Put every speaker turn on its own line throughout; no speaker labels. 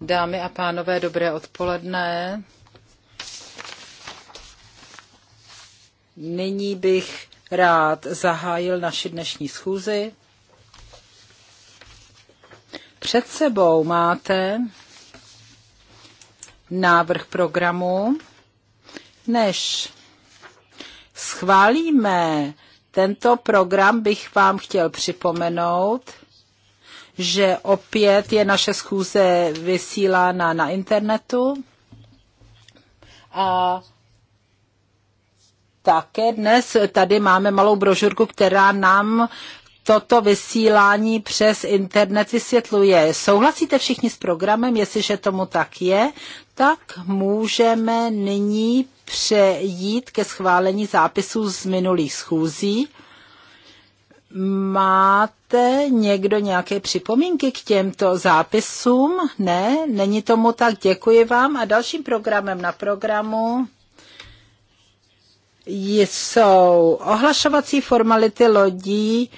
Dámy a pánové, dobré odpoledne. Nyní bych rád zahájil naši dnešní schůzi. Před sebou máte návrh programu. Než schválíme tento program, bych vám chtěl připomenout, že opět je naše schůze vysílána na internetu. A také dnes tady máme malou brožurku, která nám toto vysílání přes internet vysvětluje. Souhlasíte všichni s programem? Jestliže tomu tak je, tak můžeme nyní přejít ke schválení zápisů z minulých schůzí. Máte někdo nějaké připomínky k těmto zápisům? Ne, není tomu tak. Děkuji vám. A dalším programem na programu jsou ohlašovací formality lodí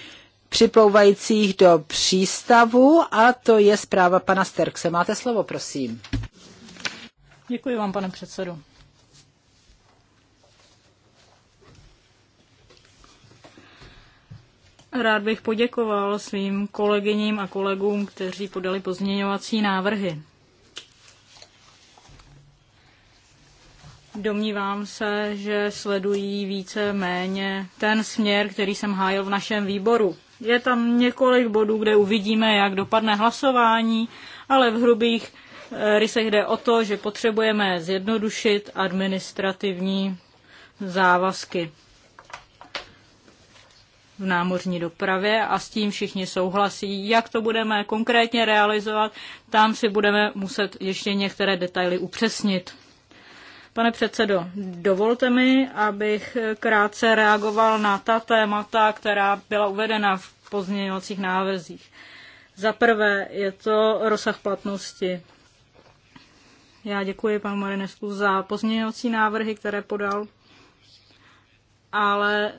připlouvajících do přístavu a to je zpráva pana Sterkse. Máte slovo, prosím.
Děkuji vám, pane předsedu. Rád bych poděkoval svým kolegyním a kolegům, kteří podali pozměňovací návrhy. Domnívám se, že sledují více méně ten směr, který jsem hájil v našem výboru. Je tam několik bodů, kde uvidíme, jak dopadne hlasování, ale v hrubých eh, rysech jde o to, že potřebujeme zjednodušit administrativní závazky v námořní dopravě a s tím všichni souhlasí. Jak to budeme konkrétně realizovat, tam si budeme muset ještě některé detaily upřesnit. Pane předsedo, dovolte mi, abych krátce reagoval na ta témata, která byla uvedena v pozměňovacích návrzích. Za prvé je to rozsah platnosti. Já děkuji panu Marinesku za pozměňovací návrhy, které podal, ale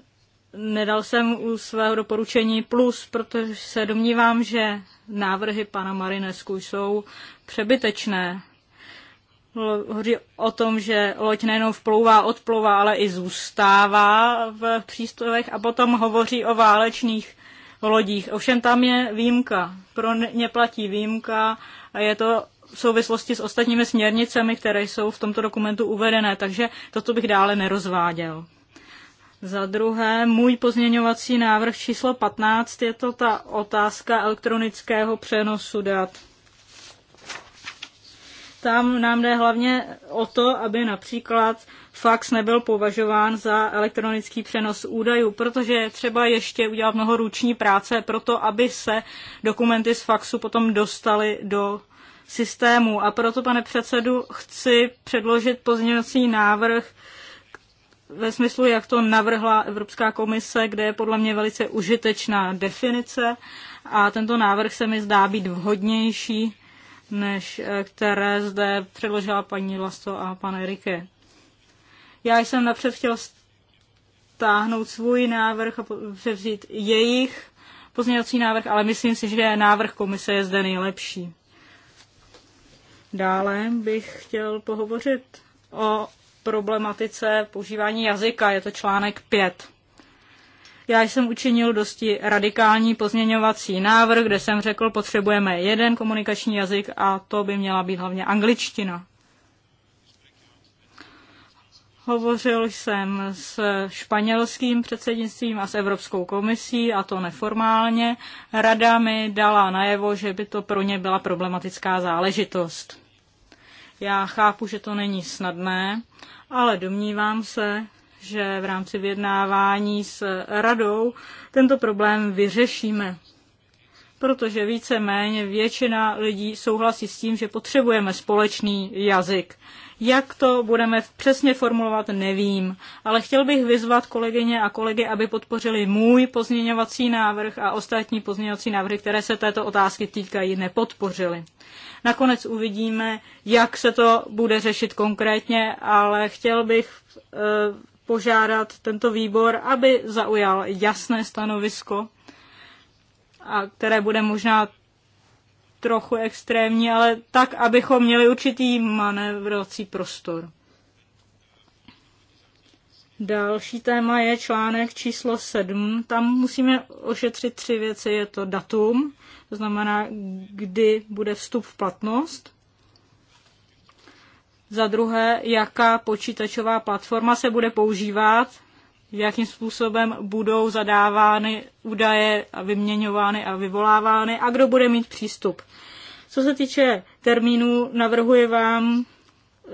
nedal jsem u svého doporučení plus, protože se domnívám, že návrhy pana Marinesku jsou přebytečné. Hoří o tom, že loď nejenom vplouvá, odplouvá, ale i zůstává v přístavech a potom hovoří o válečných lodích. Ovšem tam je výjimka. Pro ně platí výjimka a je to v souvislosti s ostatními směrnicemi, které jsou v tomto dokumentu uvedené, takže toto bych dále nerozváděl. Za druhé, můj pozměňovací návrh číslo 15 je to ta otázka elektronického přenosu dat. Tam nám jde hlavně o to, aby například fax nebyl považován za elektronický přenos údajů, protože je třeba ještě udělat mnoho ruční práce pro to, aby se dokumenty z faxu potom dostaly do systému. A proto, pane předsedu, chci předložit pozměňovací návrh ve smyslu, jak to navrhla Evropská komise, kde je podle mě velice užitečná definice a tento návrh se mi zdá být vhodnější, než eh, které zde předložila paní Lasto a pan Erike. Já jsem napřed chtěl stáhnout svůj návrh a převzít jejich pozměňovací návrh, ale myslím si, že návrh komise je zde nejlepší. Dále bych chtěl pohovořit o problematice používání jazyka, je to článek 5. Já jsem učinil dosti radikální pozměňovací návrh, kde jsem řekl, potřebujeme jeden komunikační jazyk a to by měla být hlavně angličtina. Hovořil jsem s španělským předsednictvím a s Evropskou komisí, a to neformálně. Rada mi dala najevo, že by to pro ně byla problematická záležitost. Já chápu, že to není snadné ale domnívám se, že v rámci vyjednávání s radou tento problém vyřešíme. Protože více-méně většina lidí souhlasí s tím, že potřebujeme společný jazyk. Jak to budeme přesně formulovat, nevím. Ale chtěl bych vyzvat kolegyně a kolegy, aby podpořili můj pozměňovací návrh a ostatní pozměňovací návrhy, které se této otázky týkají, nepodpořili. Nakonec uvidíme, jak se to bude řešit konkrétně, ale chtěl bych eh, požádat tento výbor, aby zaujal jasné stanovisko, a které bude možná trochu extrémní, ale tak, abychom měli určitý manévrovací prostor. Další téma je článek číslo 7. Tam musíme ošetřit tři věci. Je to datum, to znamená, kdy bude vstup v platnost. Za druhé, jaká počítačová platforma se bude používat jakým způsobem budou zadávány údaje a vyměňovány a vyvolávány a kdo bude mít přístup. Co se týče termínu, navrhuji vám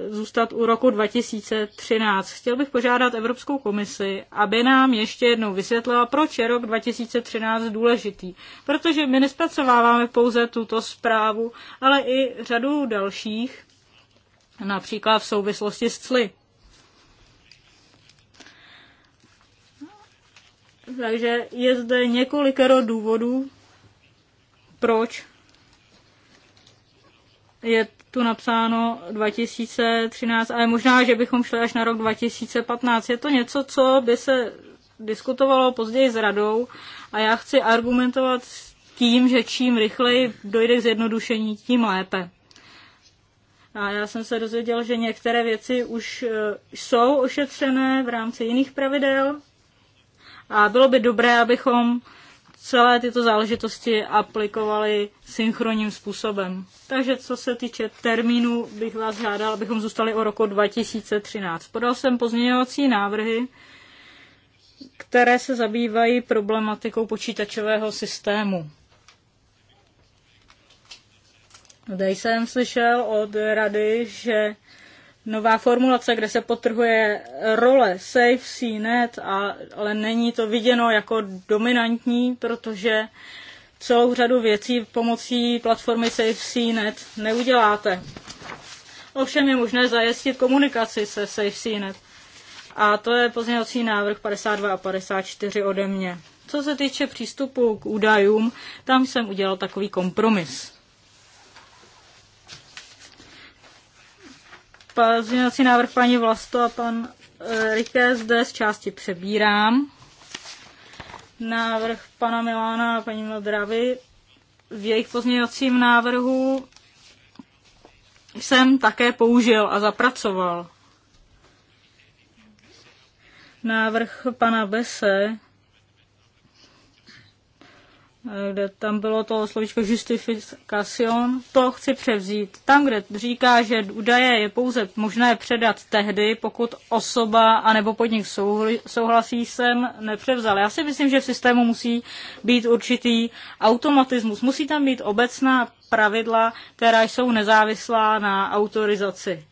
zůstat u roku 2013. Chtěl bych požádat Evropskou komisi, aby nám ještě jednou vysvětlila, proč je rok 2013 důležitý. Protože my nespracováváme pouze tuto zprávu, ale i řadu dalších, například v souvislosti s cly. Takže je zde několikero důvodů, proč je tu napsáno 2013, ale možná, že bychom šli až na rok 2015. Je to něco, co by se diskutovalo později s radou a já chci argumentovat s tím, že čím rychleji dojde k zjednodušení, tím lépe. A já jsem se dozvěděl, že některé věci už e, jsou ošetřené v rámci jiných pravidel, a bylo by dobré, abychom celé tyto záležitosti aplikovali synchronním způsobem. Takže co se týče termínu, bych vás žádal, abychom zůstali o roku 2013. Podal jsem pozměňovací návrhy, které se zabývají problematikou počítačového systému. Zde jsem slyšel od rady, že nová formulace, kde se potrhuje role Safe, net, a, ale není to viděno jako dominantní, protože celou řadu věcí pomocí platformy Safe, neuděláte. Ovšem je možné zajistit komunikaci se Safe, A to je pozměňovací návrh 52 a 54 ode mě. Co se týče přístupu k údajům, tam jsem udělal takový kompromis. Pozměňovací návrh paní Vlasto a pan eh, Riké zde z části přebírám. Návrh pana Milána a paní Modravy v jejich pozměňovacím návrhu jsem také použil a zapracoval. Návrh pana Bese kde tam bylo to slovíčko justification, to chci převzít. Tam, kde říká, že údaje je pouze možné předat tehdy, pokud osoba anebo podnik souhlasí, jsem nepřevzal. Já si myslím, že v systému musí být určitý automatismus. Musí tam být obecná pravidla, která jsou nezávislá na autorizaci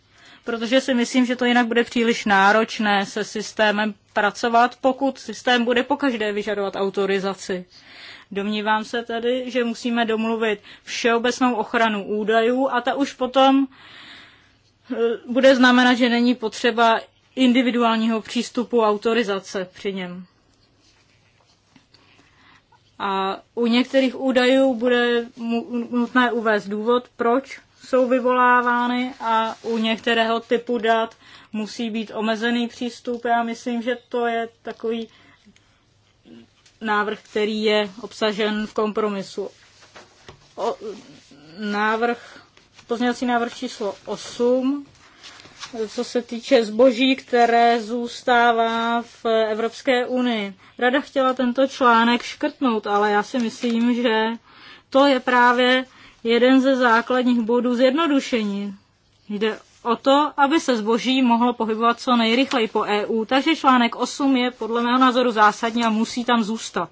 protože si myslím, že to jinak bude příliš náročné se systémem pracovat, pokud systém bude pokaždé vyžadovat autorizaci. Domnívám se tedy, že musíme domluvit všeobecnou ochranu údajů a ta už potom eh, bude znamenat, že není potřeba individuálního přístupu autorizace při něm. A u některých údajů bude nutné uvést důvod, proč jsou vyvolávány a u některého typu dat musí být omezený přístup. Já myslím, že to je takový návrh, který je obsažen v kompromisu. O, návrh, pozměňovací návrh číslo 8, co se týče zboží, které zůstává v Evropské unii. Rada chtěla tento článek škrtnout, ale já si myslím, že to je právě jeden ze základních bodů zjednodušení. Jde o to, aby se zboží mohlo pohybovat co nejrychleji po EU, takže článek 8 je podle mého názoru zásadní a musí tam zůstat.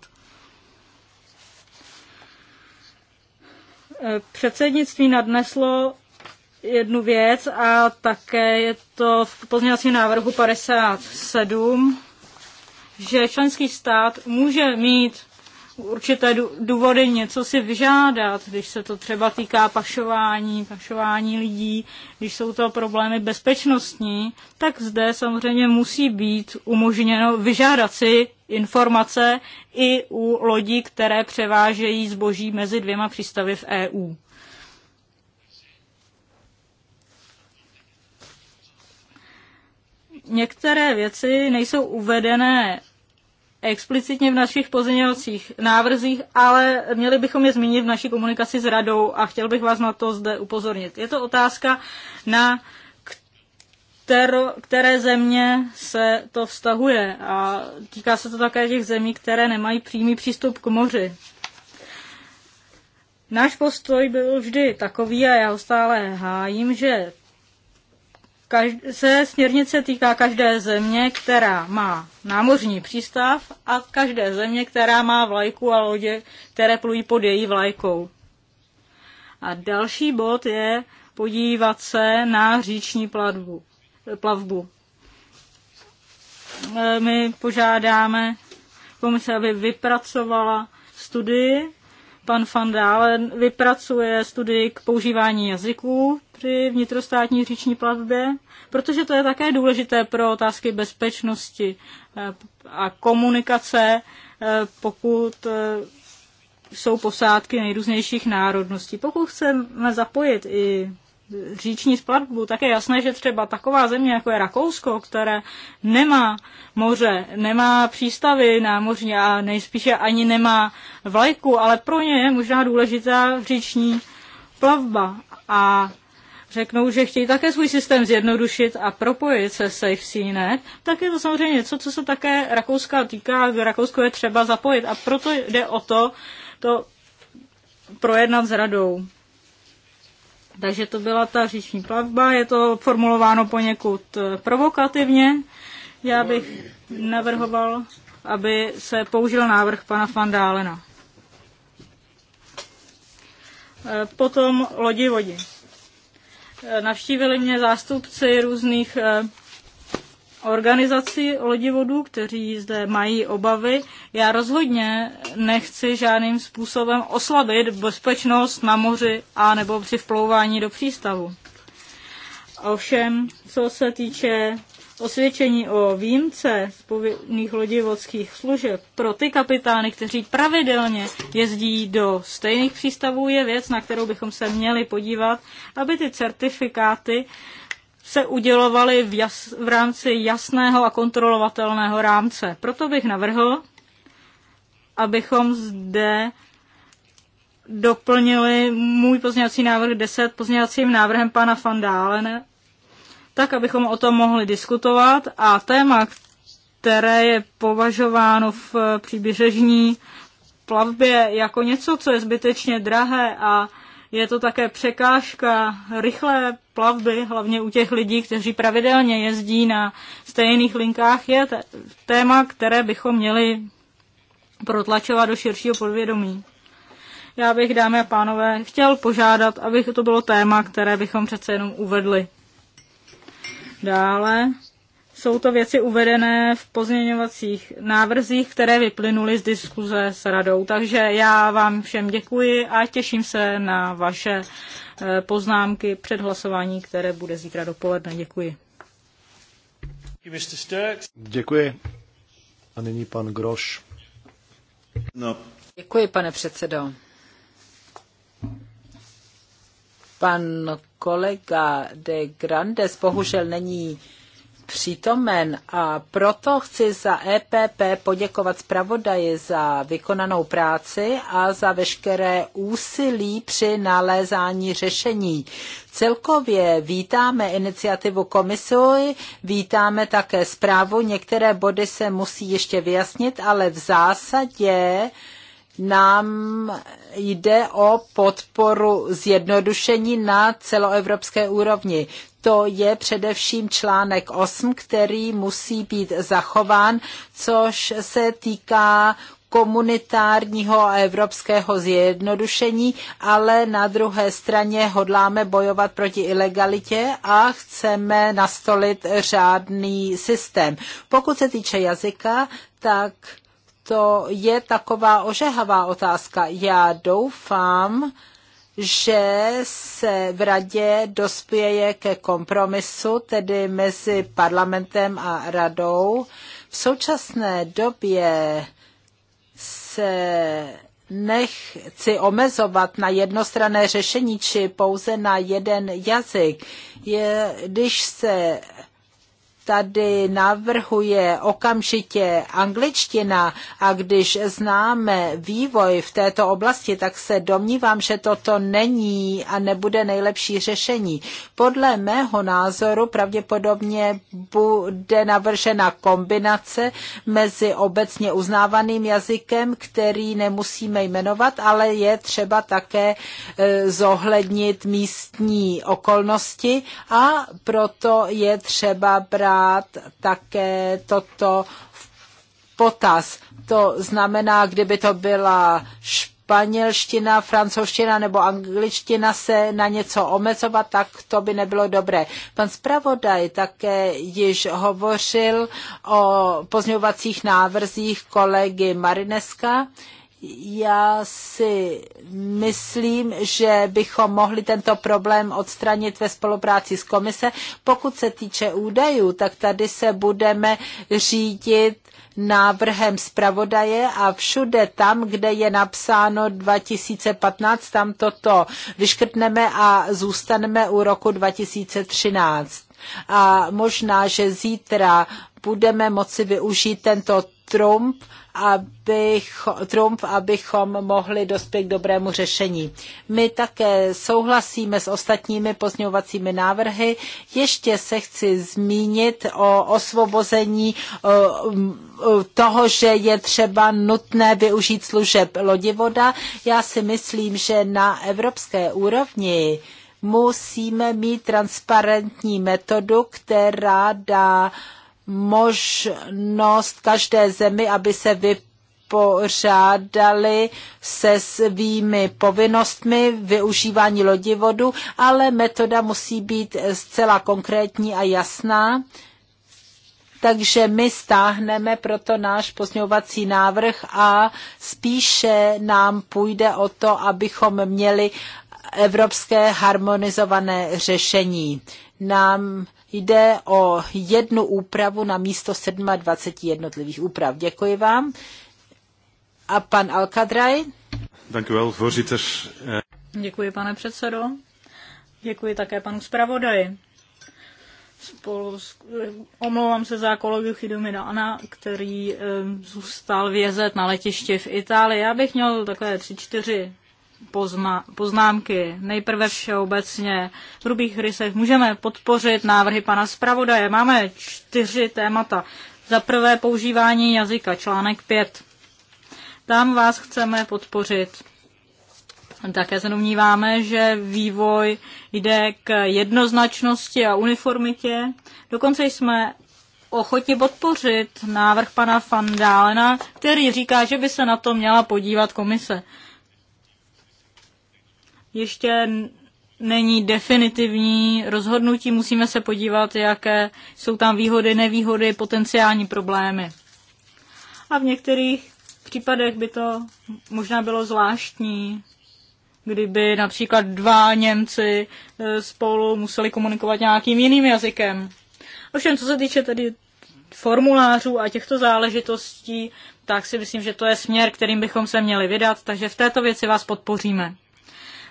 E, předsednictví nadneslo jednu věc a také je to v pozměňovacím návrhu 57, že členský stát může mít určité důvody něco si vyžádat, když se to třeba týká pašování, pašování lidí, když jsou to problémy bezpečnostní, tak zde samozřejmě musí být umožněno vyžádat si informace i u lodí, které převážejí zboží mezi dvěma přístavy v EU. Některé věci nejsou uvedené explicitně v našich pozměňovacích návrzích, ale měli bychom je zmínit v naší komunikaci s radou a chtěl bych vás na to zde upozornit. Je to otázka, na které země se to vztahuje a týká se to také těch zemí, které nemají přímý přístup k moři. Náš postoj byl vždy takový a já ho stále hájím, že se směrnice týká každé země, která má námořní přístav a každé země, která má vlajku a lodě, které plují pod její vlajkou. A další bod je podívat se na říční plavbu. plavbu. E, my požádáme komise, aby vypracovala studii pan van Dalen vypracuje studii k používání jazyků při vnitrostátní říční platbě, protože to je také důležité pro otázky bezpečnosti eh, a komunikace, eh, pokud eh, jsou posádky nejrůznějších národností. Pokud chceme zapojit i říční splavbu, tak je jasné, že třeba taková země, jako je Rakousko, které nemá moře, nemá přístavy námořní a nejspíše ani nemá vlajku, ale pro ně je možná důležitá říční plavba. A řeknou, že chtějí také svůj systém zjednodušit a propojit se SafeCNet, tak je to samozřejmě něco, co se také Rakouska týká, Rakousko je třeba zapojit a proto jde o to, to projednat s radou. Takže to byla ta říční plavba, je to formulováno poněkud eh, provokativně. Já bych navrhoval, aby se použil návrh pana Fandálena. Eh, potom lodi vodi. Eh, navštívili mě zástupci různých organizaci lodivodů, kteří zde mají obavy. Já rozhodně nechci žádným způsobem oslabit bezpečnost na moři a nebo při vplouvání do přístavu. Ovšem, co se týče osvědčení o výjimce z povinných lodivodských služeb pro ty kapitány, kteří pravidelně jezdí do stejných přístavů, je věc, na kterou bychom se měli podívat, aby ty certifikáty se udělovaly v, jas, v rámci jasného a kontrolovatelného rámce. Proto bych navrhl, abychom zde doplnili můj pozměňovací návrh 10 pozměňovacím návrhem pana van tak abychom o tom mohli diskutovat a téma, které je považováno v příběžní plavbě jako něco, co je zbytečně drahé a je to také překážka rychlé plavby, hlavně u těch lidí, kteří pravidelně jezdí na stejných linkách, je téma, které bychom měli protlačovat do širšího podvědomí. Já bych, dámy a pánové, chtěl požádat, aby to bylo téma, které bychom přece jenom uvedli. Dále jsou to věci uvedené v pozměňovacích návrzích, které vyplynuly z diskuze s radou. Takže já vám všem děkuji a těším se na vaše eh, poznámky před hlasování, které bude zítra dopoledne. Děkuji.
Děkuji. A nyní pan Groš. No.
Děkuji, pane předsedo. Pan kolega de Grandes bohužel není přítomen a proto chci za EPP poděkovat zpravodaji za vykonanou práci a za veškeré úsilí při nalézání řešení. Celkově vítáme iniciativu komisy, vítáme také zprávu, některé body se musí ještě vyjasnit, ale v zásadě nám jde o podporu zjednodušení na celoevropské úrovni to je především článek 8, který musí být zachován, což se týká komunitárního a evropského zjednodušení, ale na druhé straně hodláme bojovat proti ilegalitě a chceme nastolit řádný systém. Pokud se týče jazyka, tak to je taková ožehavá otázka. Já doufám, že se v radě dospěje ke kompromisu, tedy mezi parlamentem a radou. V současné době se nechci omezovat na jednostrané řešení či pouze na jeden jazyk. Je, když se tady navrhuje okamžitě angličtina a když známe vývoj v této oblasti, tak se domnívám, že toto není a nebude nejlepší řešení. Podle mého názoru pravděpodobně bude navržena kombinace mezi obecně uznávaným jazykem, který nemusíme jmenovat, ale je třeba také e, zohlednit místní okolnosti a proto je třeba brát brát také toto v potaz. To znamená, kdyby to byla španělština, francouzština nebo angličtina se na něco omezovat, tak to by nebylo dobré. Pan zpravodaj také již hovořil o pozňovacích návrzích kolegy Marineska. Já si myslím, že bychom mohli tento problém odstranit ve spolupráci s komise. Pokud se týče údajů, tak tady se budeme řídit návrhem zpravodaje a všude tam, kde je napsáno 2015, tam toto vyškrtneme a zůstaneme u roku 2013. A možná, že zítra budeme moci využít tento trump abych, Trump, abychom mohli dospět k dobrému řešení. My také souhlasíme s ostatními pozňovacími návrhy. Ještě se chci zmínit o osvobození eh, eh, toho, že je třeba nutné využít služeb lodivoda. Já si myslím, že na evropské úrovni musíme mít transparentní metodu, která dá uh, možnost každé zemi, aby se vypořádali se svými povinnostmi využívání lodivodu, ale metoda musí být zcela konkrétní a jasná. Takže my stáhneme proto náš pozměňovací návrh a spíše nám půjde o to, abychom měli evropské harmonizované řešení. Nám Jde o jednu úpravu na místo 27 jednotlivých úprav. Děkuji vám.
A pan Alkadraj? Děkuji, pane předsedo. Děkuji také panu zpravodaji. Spolu s, omlouvám se za kolegu Chidomina Ana, který e, zůstal vězet na letišti v Itálii. Já bych měl takové tři, čtyři poznámky. Nejprve všeobecně v hrubých rysech můžeme podpořit návrhy pana zpravodaje. Máme čtyři témata. Za prvé používání jazyka, článek 5. Tam vás chceme podpořit. Také se domníváme, že vývoj jde k jednoznačnosti a uniformitě. Dokonce jsme ochotni podpořit návrh pana Fandálena, který říká, že by se na to měla podívat komise ještě není definitivní rozhodnutí, musíme se podívat, jaké jsou tam výhody, nevýhody, potenciální problémy. A v některých případech by to možná bylo zvláštní, kdyby například dva Němci e, spolu museli komunikovat nějakým jiným jazykem. Ovšem, co se týče tedy formulářů a těchto záležitostí, tak si myslím, že to je směr, kterým bychom se měli vydat, takže v této věci vás podpoříme.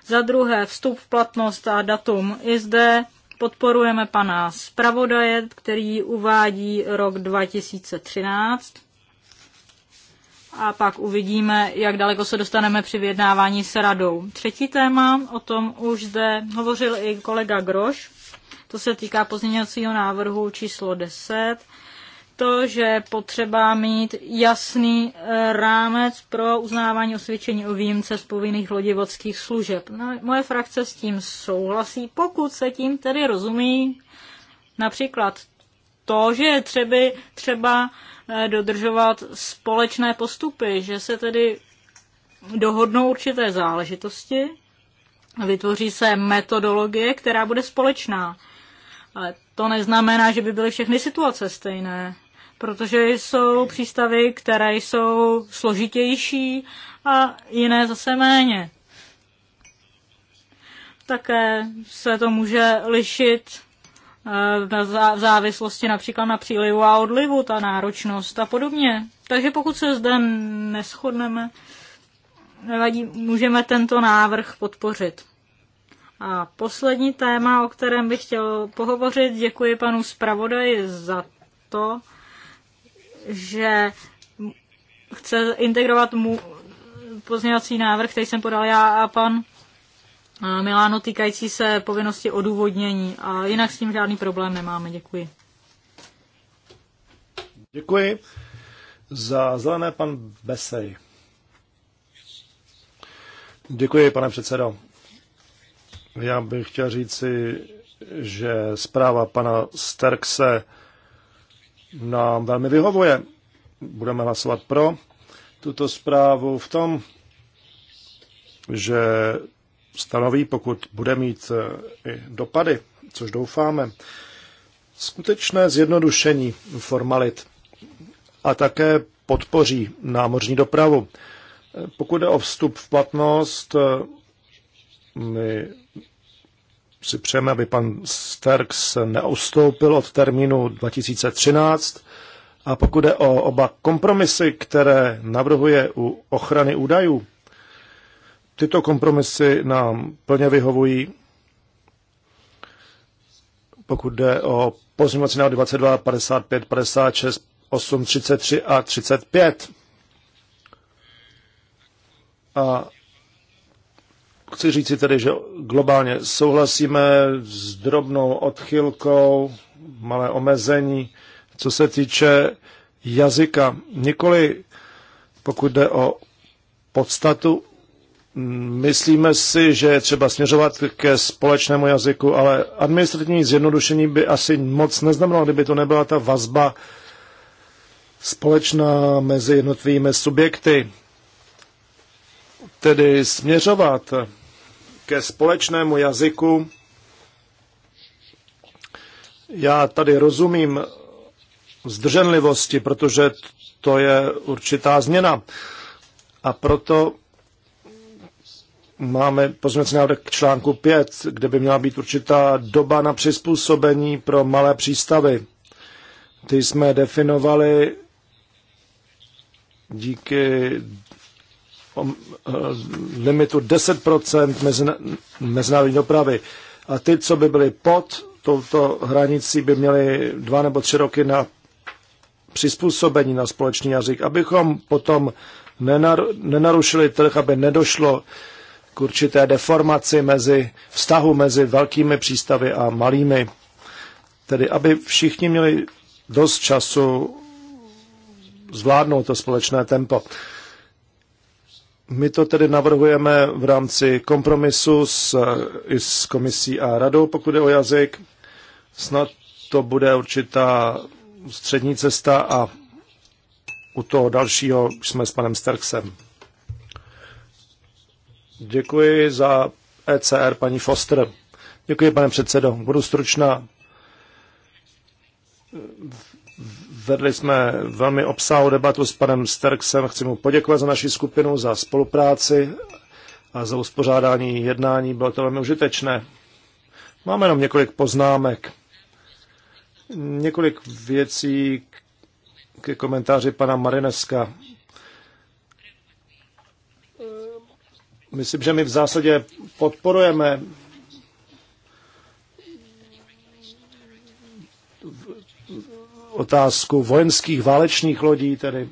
Za druhé vstup v platnost a datum. I zde podporujeme pana zpravodaje, který uvádí rok 2013. A pak uvidíme, jak daleko se dostaneme při vyjednávání s radou. Třetí téma, o tom už zde hovořil i kolega Groš. To se týká pozměňovacího návrhu číslo 10 to, že potřeba mít jasný eh, rámec pro uznávání osvědčení o výjimce z povinných lodivodských služeb. No, moje frakce s tím souhlasí, pokud se tím tedy rozumí například to, že je třeba, třeba eh, dodržovat společné postupy, že se tedy dohodnou určité záležitosti, vytvoří se metodologie, která bude společná. Ale to neznamená, že by byly všechny situace stejné protože jsou přístavy, které jsou složitější a jiné zase méně. Také se to může lišit eh, v závislosti například na přílivu a odlivu, ta náročnost a podobně. Takže pokud se zde neschodneme, nevadí, můžeme tento návrh podpořit. A poslední téma, o kterém bych chtěl pohovořit, děkuji panu zpravodaji za to, že chce integrovat mu pozměňovací návrh, který jsem podal já a pan eh, Miláno týkající se povinnosti odůvodnění. A jinak s tím žádný problém nemáme. Děkuji.
Děkuji. Za zelené pan Besej. Děkuji, pane předsedo. Já bych chtěl říci, že zpráva pana Sterkse nám velmi vyhovuje. Budeme hlasovat pro tuto zprávu v tom, že stanoví, pokud bude mít e, i dopady, což doufáme, skutečné zjednodušení formalit a také podpoří námořní dopravu. E, pokud jde o vstup v platnost, e, my si přejeme, aby pan Sterks neustoupil od termínu 2013. A pokud je o oba kompromisy, které navrhuje u ochrany údajů, tyto kompromisy nám plně vyhovují. Pokud jde o pozměňovací návrh 22, 55, 56, 8, 33 a 35. A chci říci tedy, že globálně souhlasíme s drobnou odchylkou, malé omezení, co se týče jazyka. Nikoli pokud jde o podstatu, myslíme si, že je třeba směřovat ke společnému jazyku, ale administrativní zjednodušení by asi moc neznamenalo, kdyby to nebyla ta vazba společná mezi jednotlivými subjekty. Tedy směřovat ke společnému jazyku. Já tady rozumím zdrženlivosti, protože to je určitá změna. A proto máme pozměnit návrh k článku 5, kde by měla být určitá doba na přizpůsobení pro malé přístavy. Ty jsme definovali díky Eh, limitu 10% mezina, mezinárodní dopravy. A ty, co by byly pod touto hranicí, by měly dva nebo tři roky na přizpůsobení na společný jazyk, abychom potom nenarušili trh, aby nedošlo k určité deformaci mezi vztahu mezi velkými přístavy a malými. Tedy aby všichni měli dost času zvládnout to společné tempo. My to tedy navrhujeme v rámci kompromisu s, i s komisí a radou, pokud je o jazyk. Snad to bude určitá střední cesta a u toho dalšího jsme s panem Sterksem. Děkuji za ECR, paní Foster. Děkuji, pane předsedo. Budu stručná. Vedli jsme velmi obsáhlou debatu s panem Sterksem. Chci mu poděkovat za naši skupinu, za spolupráci a za uspořádání jednání. Bylo to velmi užitečné. Máme jenom několik poznámek. Několik věcí ke komentáři pana Marineska. Myslím, že my v zásadě podporujeme otázku vojenských válečných lodí, tedy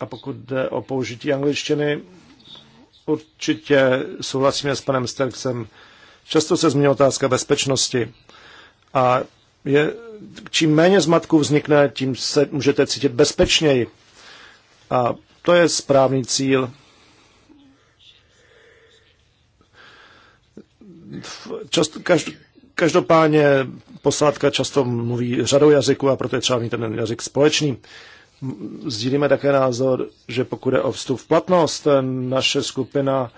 a pokud jde o použití angličtiny, určitě souhlasíme s panem Sterksem. Často se změní otázka bezpečnosti a je, čím méně zmatků vznikne, tím se můžete cítit bezpečněji. A to je správný cíl. Často, každopádně posádka často mluví řadou jazyků a proto je třeba mít ten jazyk společný. Sdílíme také názor, že pokud je o vstup v platnost, naše skupina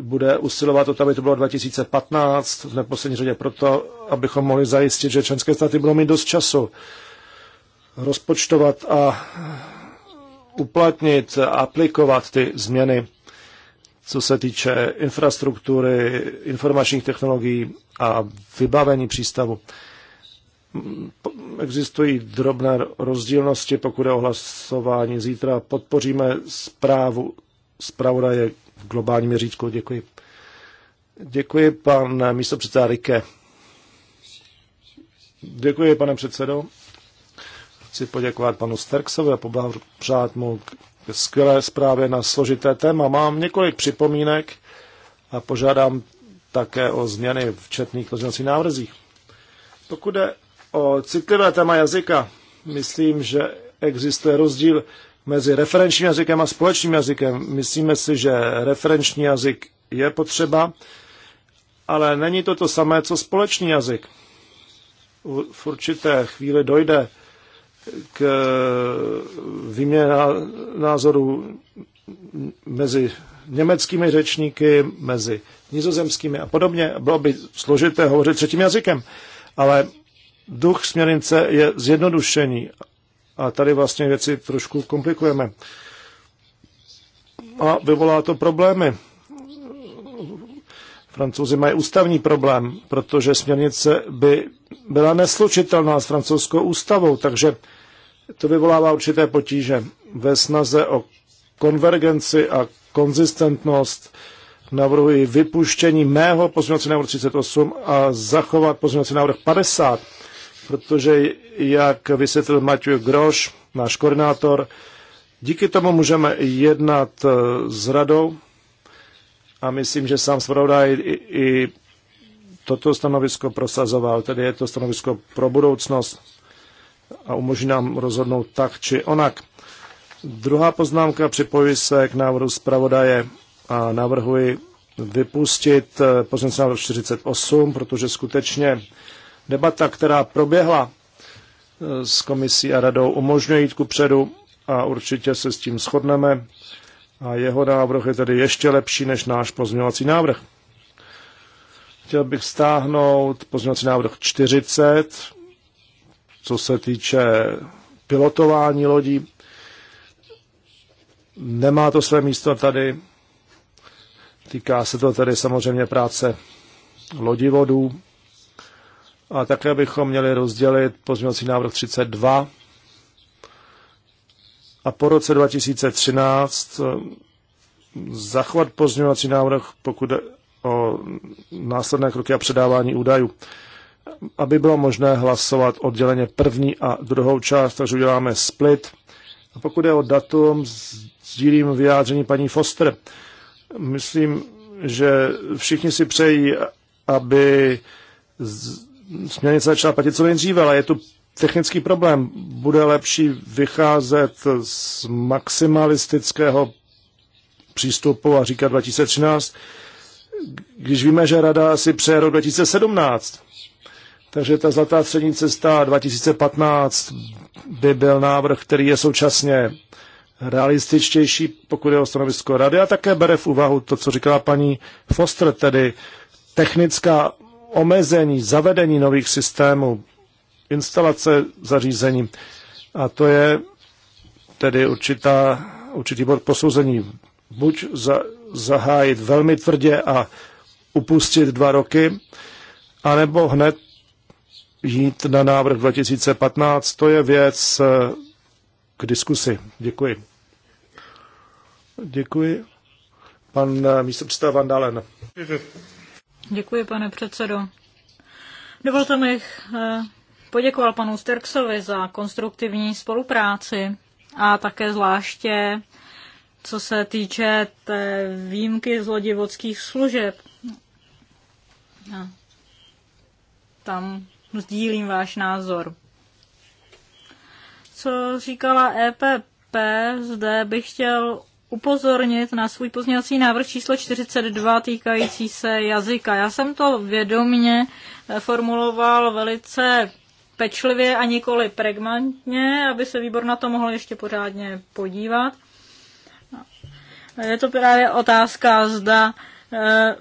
bude usilovat o to, aby to bylo 2015, v neposlední řadě proto, abychom mohli zajistit, že členské státy budou mít dost času rozpočtovat a uplatnit, aplikovat ty změny co se týče infrastruktury, informačních technologií a vybavení přístavu. Existují drobné rozdílnosti, pokud je o hlasování zítra. Podpoříme zprávu zpravodaje v globálním měřítku. Děkuji. Děkuji, pan místopředseda Rike. Děkuji, pane předsedo. Chci poděkovat panu Sterksovi a popřát mu skvělé zprávě na složité téma. Mám několik připomínek a požádám také o změny v četných pozměňovacích návrzích. Pokud je o citlivé téma jazyka, myslím, že existuje rozdíl mezi referenčním jazykem a společným jazykem. Myslíme si, že referenční jazyk je potřeba, ale není to to samé, co společný jazyk. V určité chvíli dojde k eh, výměně názorů mezi německými řečníky, mezi nizozemskými a podobně. Bylo by složité hovořit třetím jazykem, ale duch směrnice je zjednodušení a tady vlastně věci trošku komplikujeme. A vyvolá to problémy Francouzi mají ústavní problém, protože směrnice by byla neslučitelná s francouzskou ústavou, takže to vyvolává určité potíže ve snaze o konvergenci a konzistentnost navrhuji vypuštění mého pozměňovací návrh 38 a zachovat pozměňovací návrh 50, protože, jak vysvětlil Matěj Groš, náš koordinátor, díky tomu můžeme jednat eh, s radou a myslím, že sám zpravodaj i, i toto stanovisko prosazoval, tedy je to stanovisko pro budoucnost a umožní nám rozhodnout tak či onak. Druhá poznámka připojí se k návrhu zpravodaje a navrhuji vypustit eh, pozměnce návrh 48, protože skutečně debata, která proběhla eh, s komisí a radou, umožňuje jít ku předu a určitě se s tím shodneme a jeho návrh je tedy ještě lepší než náš pozměňovací návrh. Chtěl bych stáhnout pozměňovací návrh 40, co se týče pilotování lodí. Nemá to své místo tady. Týká se to tedy samozřejmě práce lodivodů. A také bychom měli rozdělit pozměňovací návrh 32 a po roce 2013 eh, zachovat pozměňovací návrh, pokud jde o následné kroky a předávání údajů, aby bylo možné hlasovat odděleně první a druhou část, takže uděláme split. A pokud je o datum, sdílím vyjádření paní Foster. Myslím, že všichni si přejí, aby směrnice začala platit co nejdříve, ale je tu technický problém. Bude lepší vycházet z maximalistického přístupu a říkat 2013, když víme, že rada si přeje rok 2017. Takže ta zlatá střední cesta 2015 by byl návrh, který je současně realističtější, pokud je o stanovisko rady a také bere v úvahu to, co říkala paní Foster, tedy technická omezení, zavedení nových systémů, instalace zařízení. A to je tedy určitá, určitý bod posouzení. Buď za, zahájit velmi tvrdě a upustit dva roky, anebo hned jít na návrh 2015. To je věc eh, k diskusi. Děkuji. Děkuji. Pan eh, místopředseda Dalen.
Děkuji, pane předsedo. Dovolte mi eh, poděkoval panu Sterksovi za konstruktivní spolupráci a také zvláště co se týče té výjimky z lodivodských služeb. No. Tam sdílím váš názor. Co říkala EPP, zde bych chtěl upozornit na svůj pozměňovací návrh číslo 42 týkající se jazyka. Já jsem to vědomně eh, formuloval velice pečlivě a nikoli pregmantně, aby se výbor na to mohl ještě pořádně podívat. Je to právě otázka, zda eh,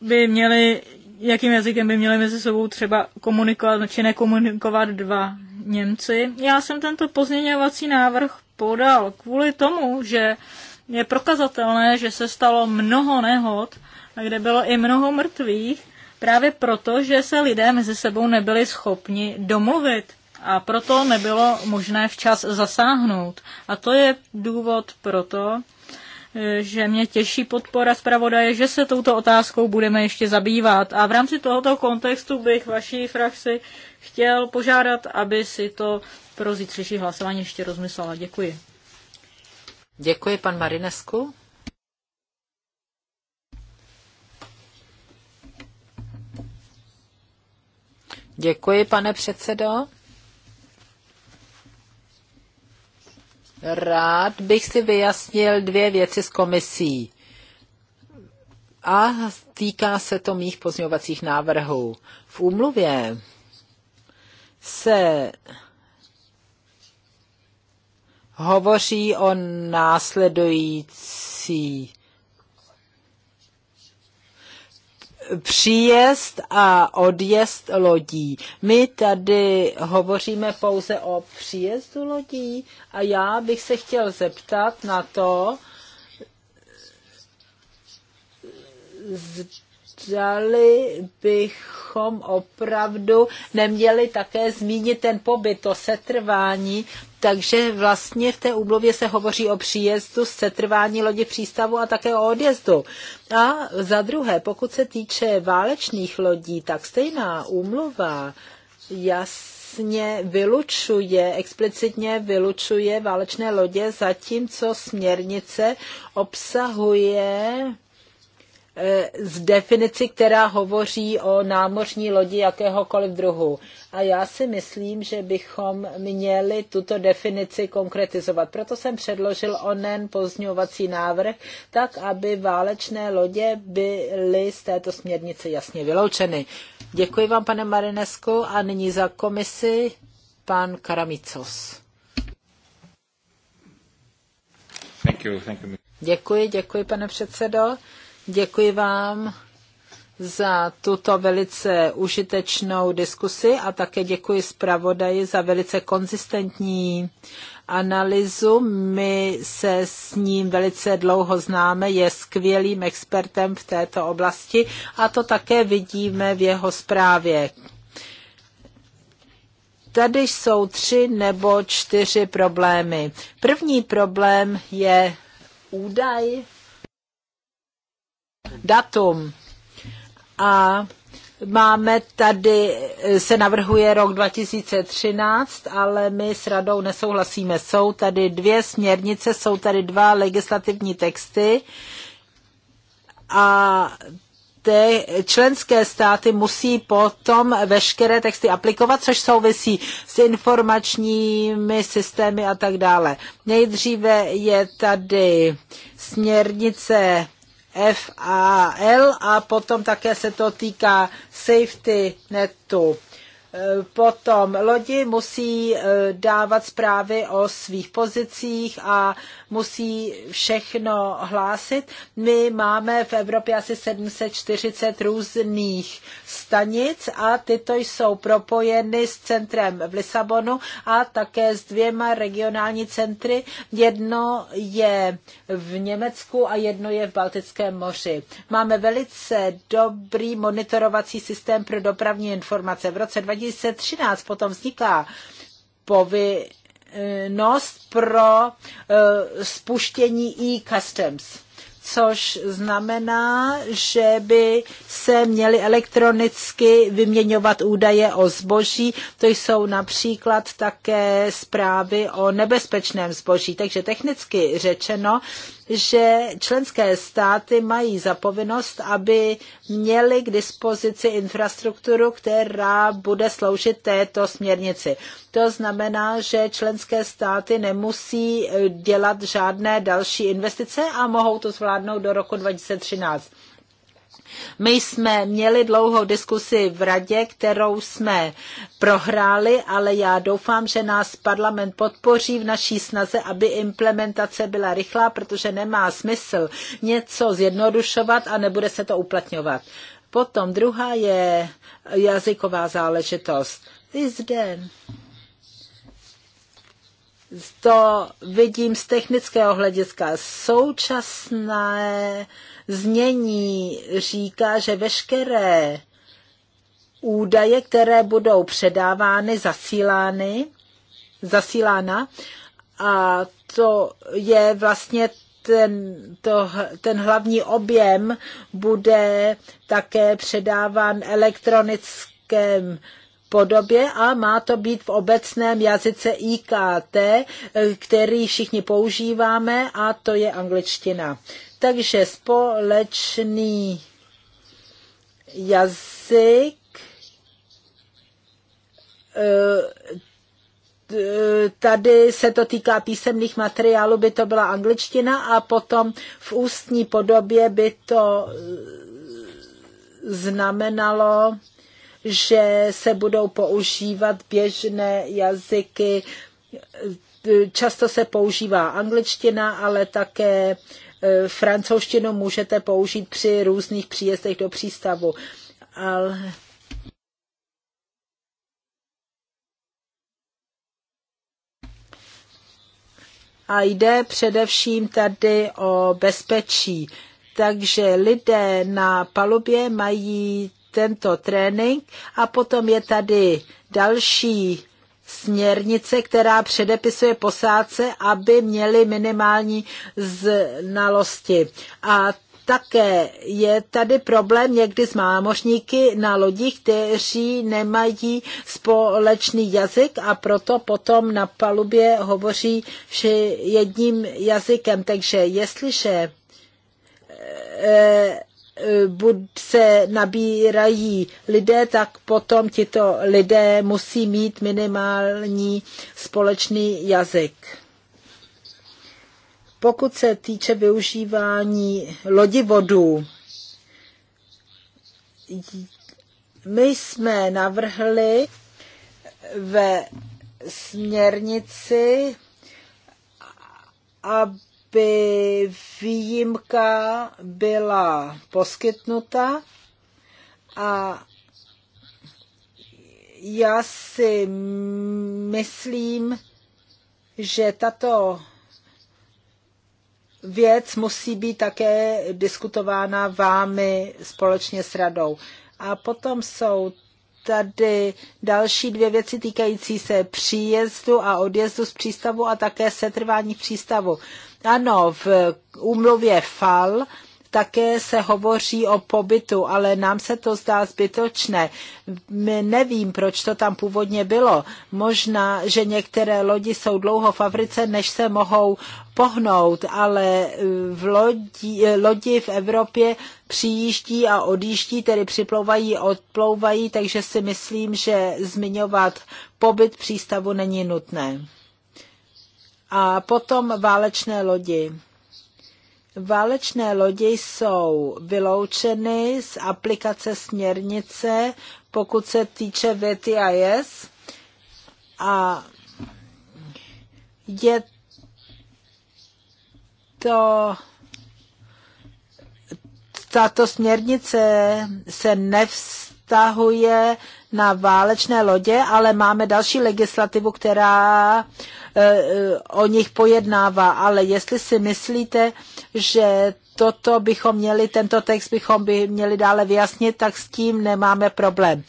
by měli, jakým jazykem by měli mezi sebou třeba komunikovat či nekomunikovat dva Němci. Já jsem tento pozměňovací návrh podal kvůli tomu, že je prokazatelné, že se stalo mnoho nehod, kde bylo i mnoho mrtvých Právě proto, že se lidé mezi sebou nebyli schopni domluvit a proto nebylo možné včas zasáhnout. A to je důvod proto, že mě těší podpora zpravodaje, že se touto otázkou budeme ještě zabývat. A v rámci tohoto kontextu bych vaší frakci chtěl požádat, aby si to pro zítřejší hlasování ještě rozmyslela. Děkuji. Děkuji, pan Marinesku.
Děkuji, pane předsedo. Rád bych si vyjasnil dvě věci s komisí. A týká se to mých pozměňovacích návrhů. V úmluvě se hovoří o následující. příjezd a odjezd lodí. My tady hovoříme pouze o příjezdu lodí a já bych se chtěl zeptat na to, zdali bychom opravdu neměli také zmínit ten pobyt, to setrvání, takže vlastně v té úmluvě se hovoří o příjezdu, setrvání lodi přístavu a také o odjezdu. A za druhé, pokud se týče válečných lodí, tak stejná úmluva jasně vylučuje, explicitně vylučuje válečné lodě, zatímco směrnice obsahuje z e, definici, která hovoří o námořní lodi jakéhokoliv druhu. A já si myslím, že bychom měli tuto definici konkretizovat. Proto jsem předložil onen pozňovací návrh, tak aby válečné lodě byly z této směrnice jasně vyloučeny. Děkuji vám, pane Marinesku, a nyní za komisi pan Karamicos. Děkuji, děkuji, pane předsedo. Děkuji vám za tuto velice užitečnou diskusi a také děkuji zpravodaji za velice konzistentní analýzu. My se s ním velice dlouho známe, je skvělým expertem v této oblasti a to také vidíme v jeho zprávě. Tady jsou tři nebo čtyři problémy. První problém je údaj datum. A máme tady, se navrhuje rok 2013, ale my s radou nesouhlasíme. Jsou tady dvě směrnice, jsou tady dva legislativní texty a ty členské státy musí potom veškeré texty aplikovat, což souvisí s informačními systémy a tak dále. Nejdříve je tady směrnice FAL a potom také se to týká safety netu potom lodi musí eh, dávat zprávy o svých pozicích a musí všechno hlásit. My máme v Evropě asi 740 různých stanic a tyto jsou propojeny s centrem v Lisabonu a také s dvěma regionální centry. Jedno je v Německu a jedno je v Baltickém moři. Máme velice dobrý monitorovací systém pro dopravní informace. V roce 2000 2013 potom vzniká povinnost pro eh, spuštění e-customs což znamená, že by se měly elektronicky vyměňovat údaje o zboží. To jsou například také zprávy o nebezpečném zboží. Takže technicky řečeno, že členské státy mají zapovinnost, aby měly k dispozici infrastrukturu, která bude sloužit této směrnici. To znamená, že členské státy nemusí dělat žádné další investice a mohou to zvládnout zvládnout do roku 2013. My jsme měli dlouhou diskusi v radě, kterou jsme prohráli, ale já doufám, že nás parlament podpoří v naší snaze, aby implementace byla rychlá, protože nemá smysl něco zjednodušovat a nebude se to uplatňovat. Potom druhá je jazyková záležitost. I zde to vidím z technického hlediska. Současné znění říká, že veškeré údaje, které budou předávány, zasílány, zasílána a to je vlastně ten, to, ten hlavní objem bude také předáván elektronickém podobě a má to být v obecném jazyce IKT, eh, který všichni používáme a to je angličtina. Takže společný jazyk eh, tady se to týká písemných materiálů, by to byla angličtina a potom v ústní podobě by to eh, znamenalo že se budou používat běžné jazyky. Často se používá angličtina, ale také e, francouzštinu můžete použít při různých příjezdech do přístavu. Ale a jde především tady o bezpečí. Takže lidé na palubě mají tento trénink a potom je tady další směrnice, která předepisuje posádce, aby měli minimální znalosti. A také je tady problém někdy s mámořníky na lodích, kteří nemají společný jazyk a proto potom na palubě hovoří jedním jazykem. Takže jestliže eh, se nabírají lidé, tak potom tito lidé musí mít minimální společný jazyk. Pokud se týče využívání lodivodů, my jsme navrhli ve směrnici, aby by výjimka byla poskytnuta a já si myslím, že tato věc musí být také diskutována vámi společně s radou. A potom jsou tady další dvě věci týkající se příjezdu a odjezdu z přístavu a také setrvání přístavu. Ano, v eh, úmluvě FAL také se hovoří o pobytu, ale nám se to zdá zbytočné. My nevím, proč to tam původně bylo. Možná, že některé lodi jsou dlouho v Africe, než se mohou pohnout, ale eh, v lodi, eh, lodi v Evropě přijíždí a odjíždí, tedy připlouvají, odplouvají, takže si myslím, že zmiňovat pobyt přístavu není nutné. A potom válečné lodi. Válečné lodi jsou vyloučeny z aplikace směrnice, pokud se týče VTIS. A je to tato směrnice se nevztahuje na válečné lodě, ale máme další legislativu, která Eh, o nich pojednává, ale jestli si myslíte, že toto bychom měli, tento text bychom by měli dále vyjasnit, tak s tím nemáme problém.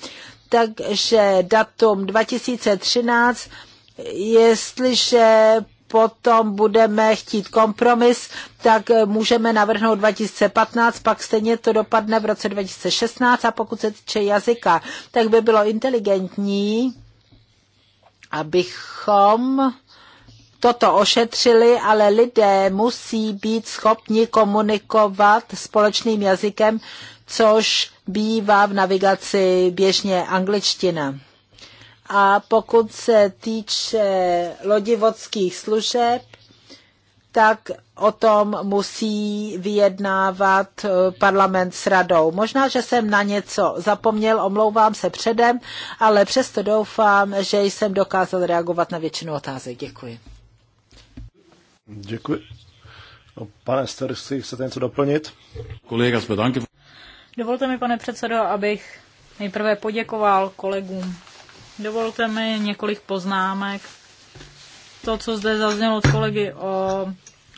Takže datum 2013, jestliže potom budeme chtít kompromis, tak můžeme navrhnout 2015, pak stejně to dopadne v roce 2016 a pokud se týče jazyka, tak by bylo inteligentní, abychom toto ošetřili, ale lidé musí být schopni komunikovat společným jazykem, což bývá v navigaci běžně angličtina. A pokud se týče lodivodských služeb, tak o tom musí vyjednávat eh, parlament s radou. Možná, že jsem na něco zapomněl, omlouvám se předem, ale přesto doufám, že jsem dokázal reagovat na většinu otázek. Děkuji.
Děkuji. No, pane Stersi, chcete něco doplnit? Kolega z Bedanky.
Dovolte mi, pane předsedo, abych nejprve poděkoval kolegům. Dovolte mi několik poznámek. To, co zde zaznělo od kolegy o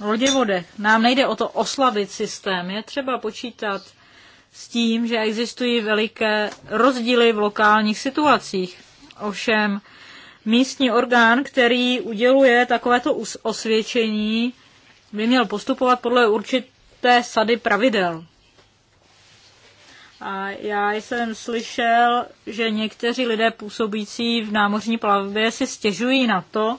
loděvodech. Nám nejde o to oslavit systém. Je třeba počítat s tím, že existují veliké rozdíly v lokálních situacích. Ovšem, místní orgán, který uděluje takovéto osvědčení, by měl postupovat podle určité sady pravidel. A já jsem slyšel, že někteří lidé působící v námořní plavbě si stěžují na to,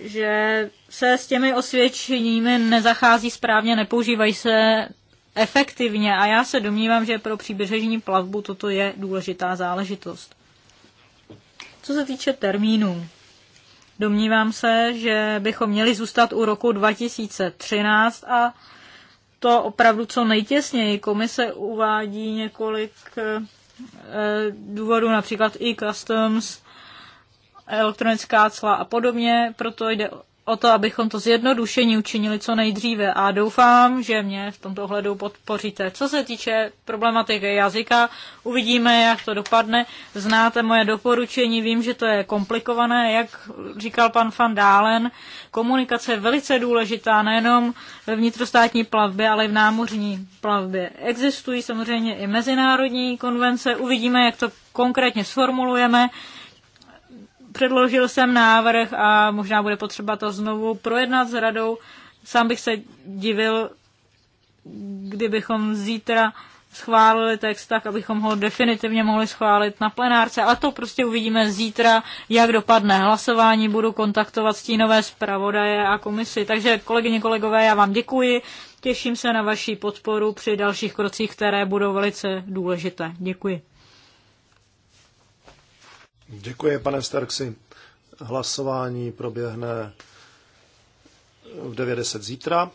že se s těmi osvědčeními nezachází správně, nepoužívají se efektivně a já se domnívám, že pro příbřežní plavbu toto je důležitá záležitost. Co se týče termínů, domnívám se, že bychom měli zůstat u roku 2013 a to opravdu co nejtěsněji. Komise uvádí několik eh, důvodů, například i customs elektronická cla a podobně, proto jde o to, abychom to zjednodušení učinili co nejdříve a doufám, že mě v tomto ohledu podpoříte. Co se týče problematiky jazyka, uvidíme, jak to dopadne. Znáte moje doporučení, vím, že to je komplikované, jak říkal pan Van Dálen. Komunikace je velice důležitá nejenom ve vnitrostátní plavbě, ale i v námořní plavbě. Existují samozřejmě i mezinárodní konvence, uvidíme, jak to konkrétně sformulujeme. Předložil jsem návrh a možná bude potřeba to znovu projednat s radou. Sám bych se divil, kdybychom zítra schválili text tak, abychom ho definitivně mohli schválit na plenárce. A to prostě uvidíme zítra, jak dopadne hlasování. Budu kontaktovat stínové zpravodaje a komisi. Takže kolegyně, kolegové, já vám děkuji. Těším se na vaši podporu při dalších krocích, které budou velice důležité. Děkuji.
Děkuji, pane Starksi. Hlasování proběhne v 90 zítra.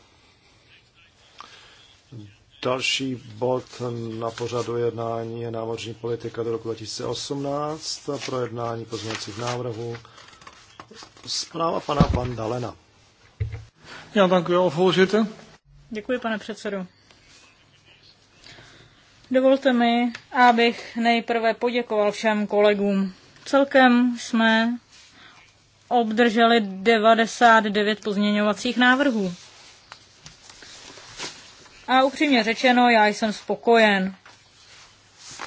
Další bod na pořadu jednání je námořní politika do roku 2018, jednání pozměňovacích návrhů. Zpráva pana Van Dalena. Já děkuji, voorzitter.
Děkuji, pane předsedo. Dovolte mi, abych nejprve poděkoval všem kolegům, Celkem jsme obdrželi 99 pozměňovacích návrhů. A upřímně řečeno, já jsem spokojen,